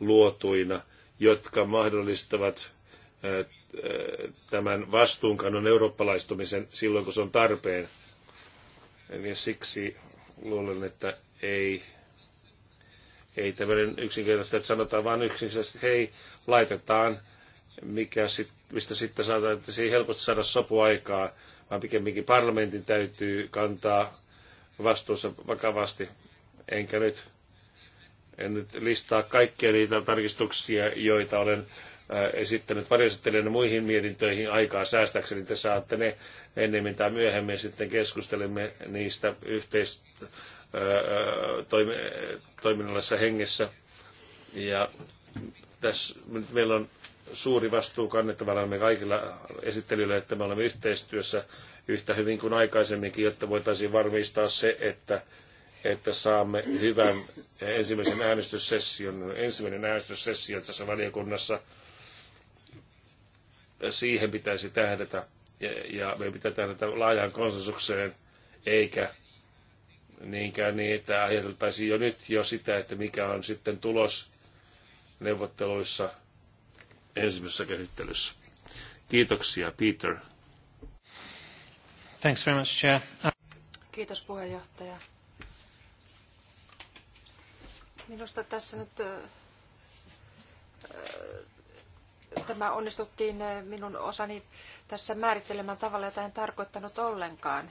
luotuina, jotka mahdollistavat tämän vastuunkannon eurooppalaistumisen silloin, kun se on tarpeen. Ja siksi luulen, että ei, ei tämmöinen yksinkertaisesti, että sanotaan vain yksinkertaisesti, että hei, laitetaan, mikä sit, mistä sitten saadaan, että se ei helposti saada sopuaikaa, vaan pikemminkin parlamentin täytyy kantaa vastuussa vakavasti. Enkä nyt, en nyt listaa kaikkia niitä tarkistuksia, joita olen Äh, esittänyt varjoesittelijöiden muihin mietintöihin aikaa säästäkseni. Te saatte ne ennemmin tai myöhemmin sitten keskustelemme niistä yhteistoiminnallisessa äh, äh, toiminnallisessa hengessä. Ja tässä nyt meillä on suuri vastuu kannettavana me kaikilla esittelyillä, että me olemme yhteistyössä yhtä hyvin kuin aikaisemminkin, jotta voitaisiin varmistaa se, että, että saamme hyvän ensimmäisen äänestyssession, ensimmäinen äänestyssessio tässä valiokunnassa siihen pitäisi tähdätä ja, ja meidän pitää tähdätä laajaan konsensukseen, eikä niinkään niin, että ajateltaisiin jo nyt jo sitä, että mikä on sitten tulos neuvotteluissa ensimmäisessä käsittelyssä. Kiitoksia, Peter. Thanks very much, Chair. Kiitos puheenjohtaja. Minusta tässä nyt tämä onnistuttiin eh, minun osani tässä määrittelemään tavalla, jota en tarkoittanut ollenkaan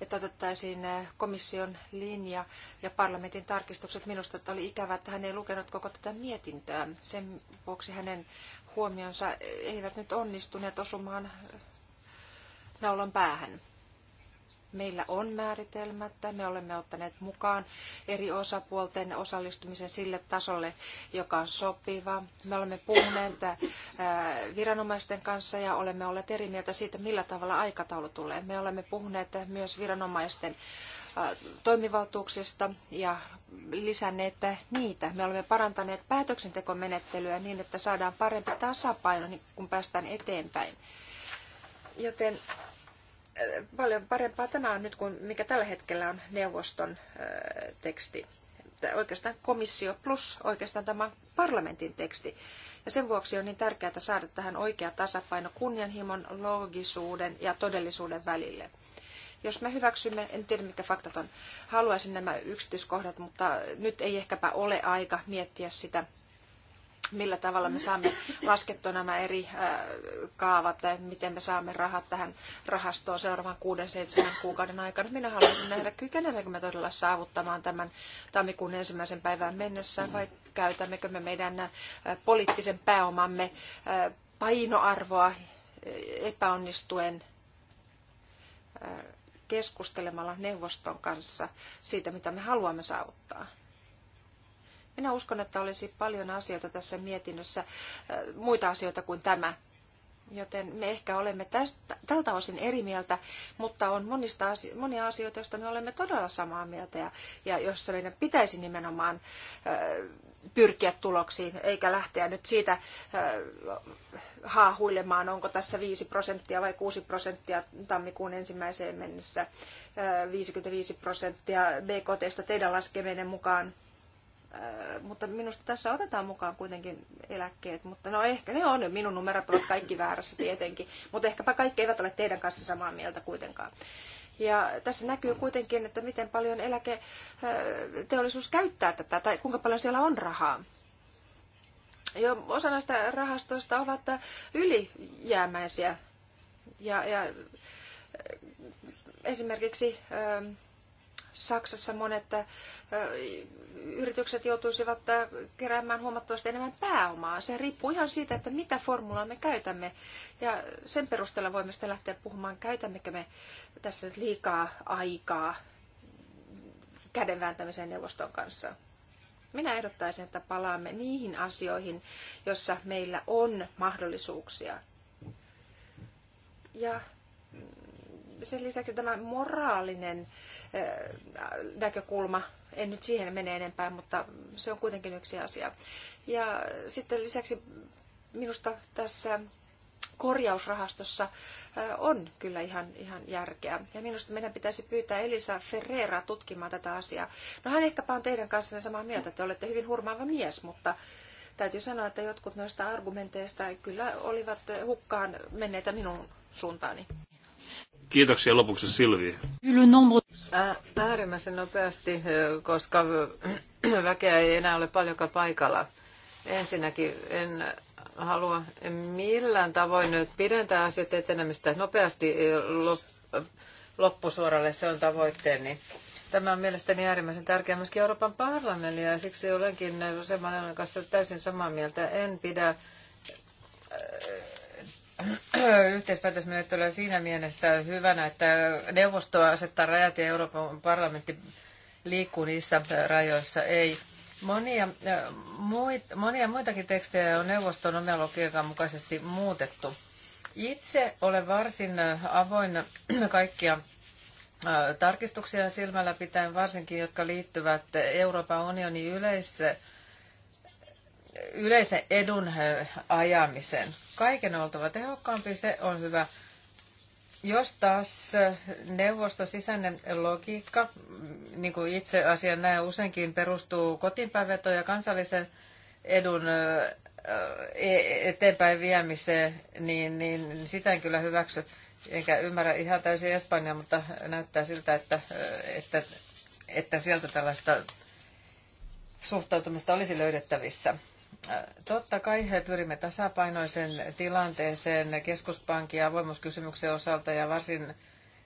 että otettaisiin eh, komission linja ja parlamentin tarkistukset. Minusta että oli ikävää, että hän ei lukenut koko tätä mietintöä. Sen vuoksi hänen huomionsa eh, eivät nyt onnistuneet osumaan naulan päähän. Meillä on määritelmät, me olemme ottaneet mukaan eri osapuolten osallistumisen sille tasolle, joka on sopiva. Me olemme puhuneet äh, viranomaisten kanssa ja olemme olleet eri mieltä siitä, millä tavalla aikataulu tulee. Me olemme puhuneet myös viranomaisten äh, toimivaltuuksista ja lisänneet niitä. Me olemme parantaneet päätöksentekomenettelyä niin, että saadaan parempi tasapaino, niin kun päästään eteenpäin. Joten paljon parempaa tämä on nyt kuin mikä tällä hetkellä on neuvoston teksti. Oikeastaan komissio plus oikeastaan tämä parlamentin teksti. Ja sen vuoksi on niin tärkeää saada tähän oikea tasapaino kunnianhimon, loogisuuden ja todellisuuden välille. Jos me hyväksymme, en tiedä mitkä faktat on, haluaisin nämä yksityiskohdat, mutta nyt ei ehkäpä ole aika miettiä sitä millä tavalla me saamme laskettua nämä eri äh, kaavat, miten me saamme rahat tähän rahastoon seuraavan kuuden, seitsemän kuukauden aikana. Minä haluaisin nähdä, kykenemmekö me todella saavuttamaan tämän tammikuun ensimmäisen päivän mennessä vai käytämmekö me meidän äh, poliittisen pääomamme äh, painoarvoa epäonnistuen keskustelemalla neuvoston kanssa siitä, mitä me haluamme saavuttaa. Minä uskon, että olisi paljon asioita tässä mietinnössä, äh, muita asioita kuin tämä. Joten me ehkä olemme tästä, tältä osin eri mieltä, mutta on monista asio- monia asioita, joista me olemme todella samaa mieltä ja, ja jossa meidän pitäisi nimenomaan ö, äh, pyrkiä tuloksiin, eikä lähteä nyt siitä ö, äh, haahuilemaan, onko tässä 5 prosenttia vai 6 prosenttia tammikuun ensimmäiseen mennessä, ö, 55 prosenttia BKTstä teidän laskeminen mukaan mutta minusta tässä otetaan mukaan kuitenkin eläkkeet, mutta no ehkä ne on, minun numerot ovat kaikki väärässä tietenkin, mutta ehkäpä kaikki eivät ole teidän kanssa samaa mieltä kuitenkaan. Ja tässä näkyy kuitenkin, että miten paljon eläketeollisuus käyttää tätä tai kuinka paljon siellä on rahaa. Jo osa näistä rahastoista ovat ylijäämäisiä. Ja, ja esimerkiksi Saksassa monet yritykset joutuisivat keräämään huomattavasti enemmän pääomaa. Se riippuu ihan siitä, että mitä formulaa me käytämme. Ja sen perusteella voimme sitten lähteä puhumaan, käytämmekö me tässä nyt liikaa aikaa kädenvääntämiseen neuvoston kanssa. Minä ehdottaisin, että palaamme niihin asioihin, joissa meillä on mahdollisuuksia. Ja sen lisäksi tämä moraalinen näkökulma, en nyt siihen mene enempää, mutta se on kuitenkin yksi asia. Ja sitten lisäksi minusta tässä korjausrahastossa on kyllä ihan, ihan järkeä. Ja minusta meidän pitäisi pyytää Elisa Ferreira tutkimaan tätä asiaa. No hän ehkäpä on teidän kanssanne samaa mieltä, että olette hyvin hurmaava mies, mutta täytyy sanoa, että jotkut noista argumenteista kyllä olivat hukkaan menneitä minun suuntaani. Kiitoksia lopuksi Silvi. Äärimmäisen nopeasti, koska väkeä ei enää ole paljonkaan paikalla. Ensinnäkin en halua millään tavoin nyt pidentää asiat etenemistä nopeasti loppusuoralle, se on tavoitteeni. Tämä on mielestäni äärimmäisen tärkeää myöskin Euroopan parlamentille ja siksi olenkin Semmanen kanssa täysin samaa mieltä. En pidä yhteispäätösmenettelyä siinä mielessä hyvänä, että neuvosto asettaa rajat ja Euroopan parlamentti liikkuu niissä rajoissa. Ei. Monia, äh, muit, monia muitakin tekstejä on neuvoston omelogiikan mukaisesti muutettu. Itse olen varsin äh, avoin kaikkia äh, tarkistuksia silmällä pitäen, varsinkin jotka liittyvät Euroopan unionin yleis- yleisen edun ajamisen. Kaiken oltava tehokkaampi, se on hyvä. Jos taas neuvosto sisäinen logiikka, mm, niin kuin itse asiassa näin useinkin, perustuu kotiinpäinveto ja kansallisen edun e, eteenpäin viemiseen, niin, niin sitä en kyllä hyväksy. Enkä ymmärrä ihan täysin Espanjaa, mutta näyttää siltä, että, että, että sieltä tällaista suhtautumista olisi löydettävissä. Totta kai he pyrimme tasapainoisen tilanteeseen keskuspankin ja avoimuuskysymyksen osalta ja varsin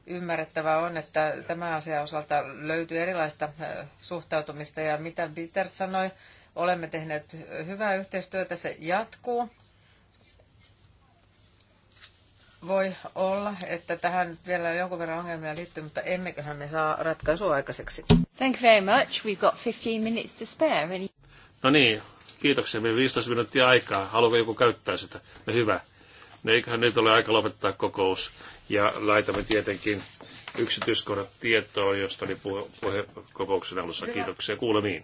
ymmärrettävää on, että tämä asia osalta löytyy erilaista äh, suhtautumista ja mitä Peter sanoi, olemme tehneet hyvää yhteistyötä, se jatkuu. Voi olla, että tähän vielä jonkun verran ongelmia liittyy, mutta emmeköhän me saa ratkaisua aikaiseksi. Thank you very much. We've got 15 minutes to spare. No niin, Kiitoksia, meillä on 15 minuuttia aikaa. Haluaako joku käyttää sitä? No hyvä. No eiköhän nyt ole aika lopettaa kokous. Ja laitamme tietenkin yksityiskohdat tietoon, josta oli puhe, puhe kokouksen alussa. Kiitoksia, kuulemiin.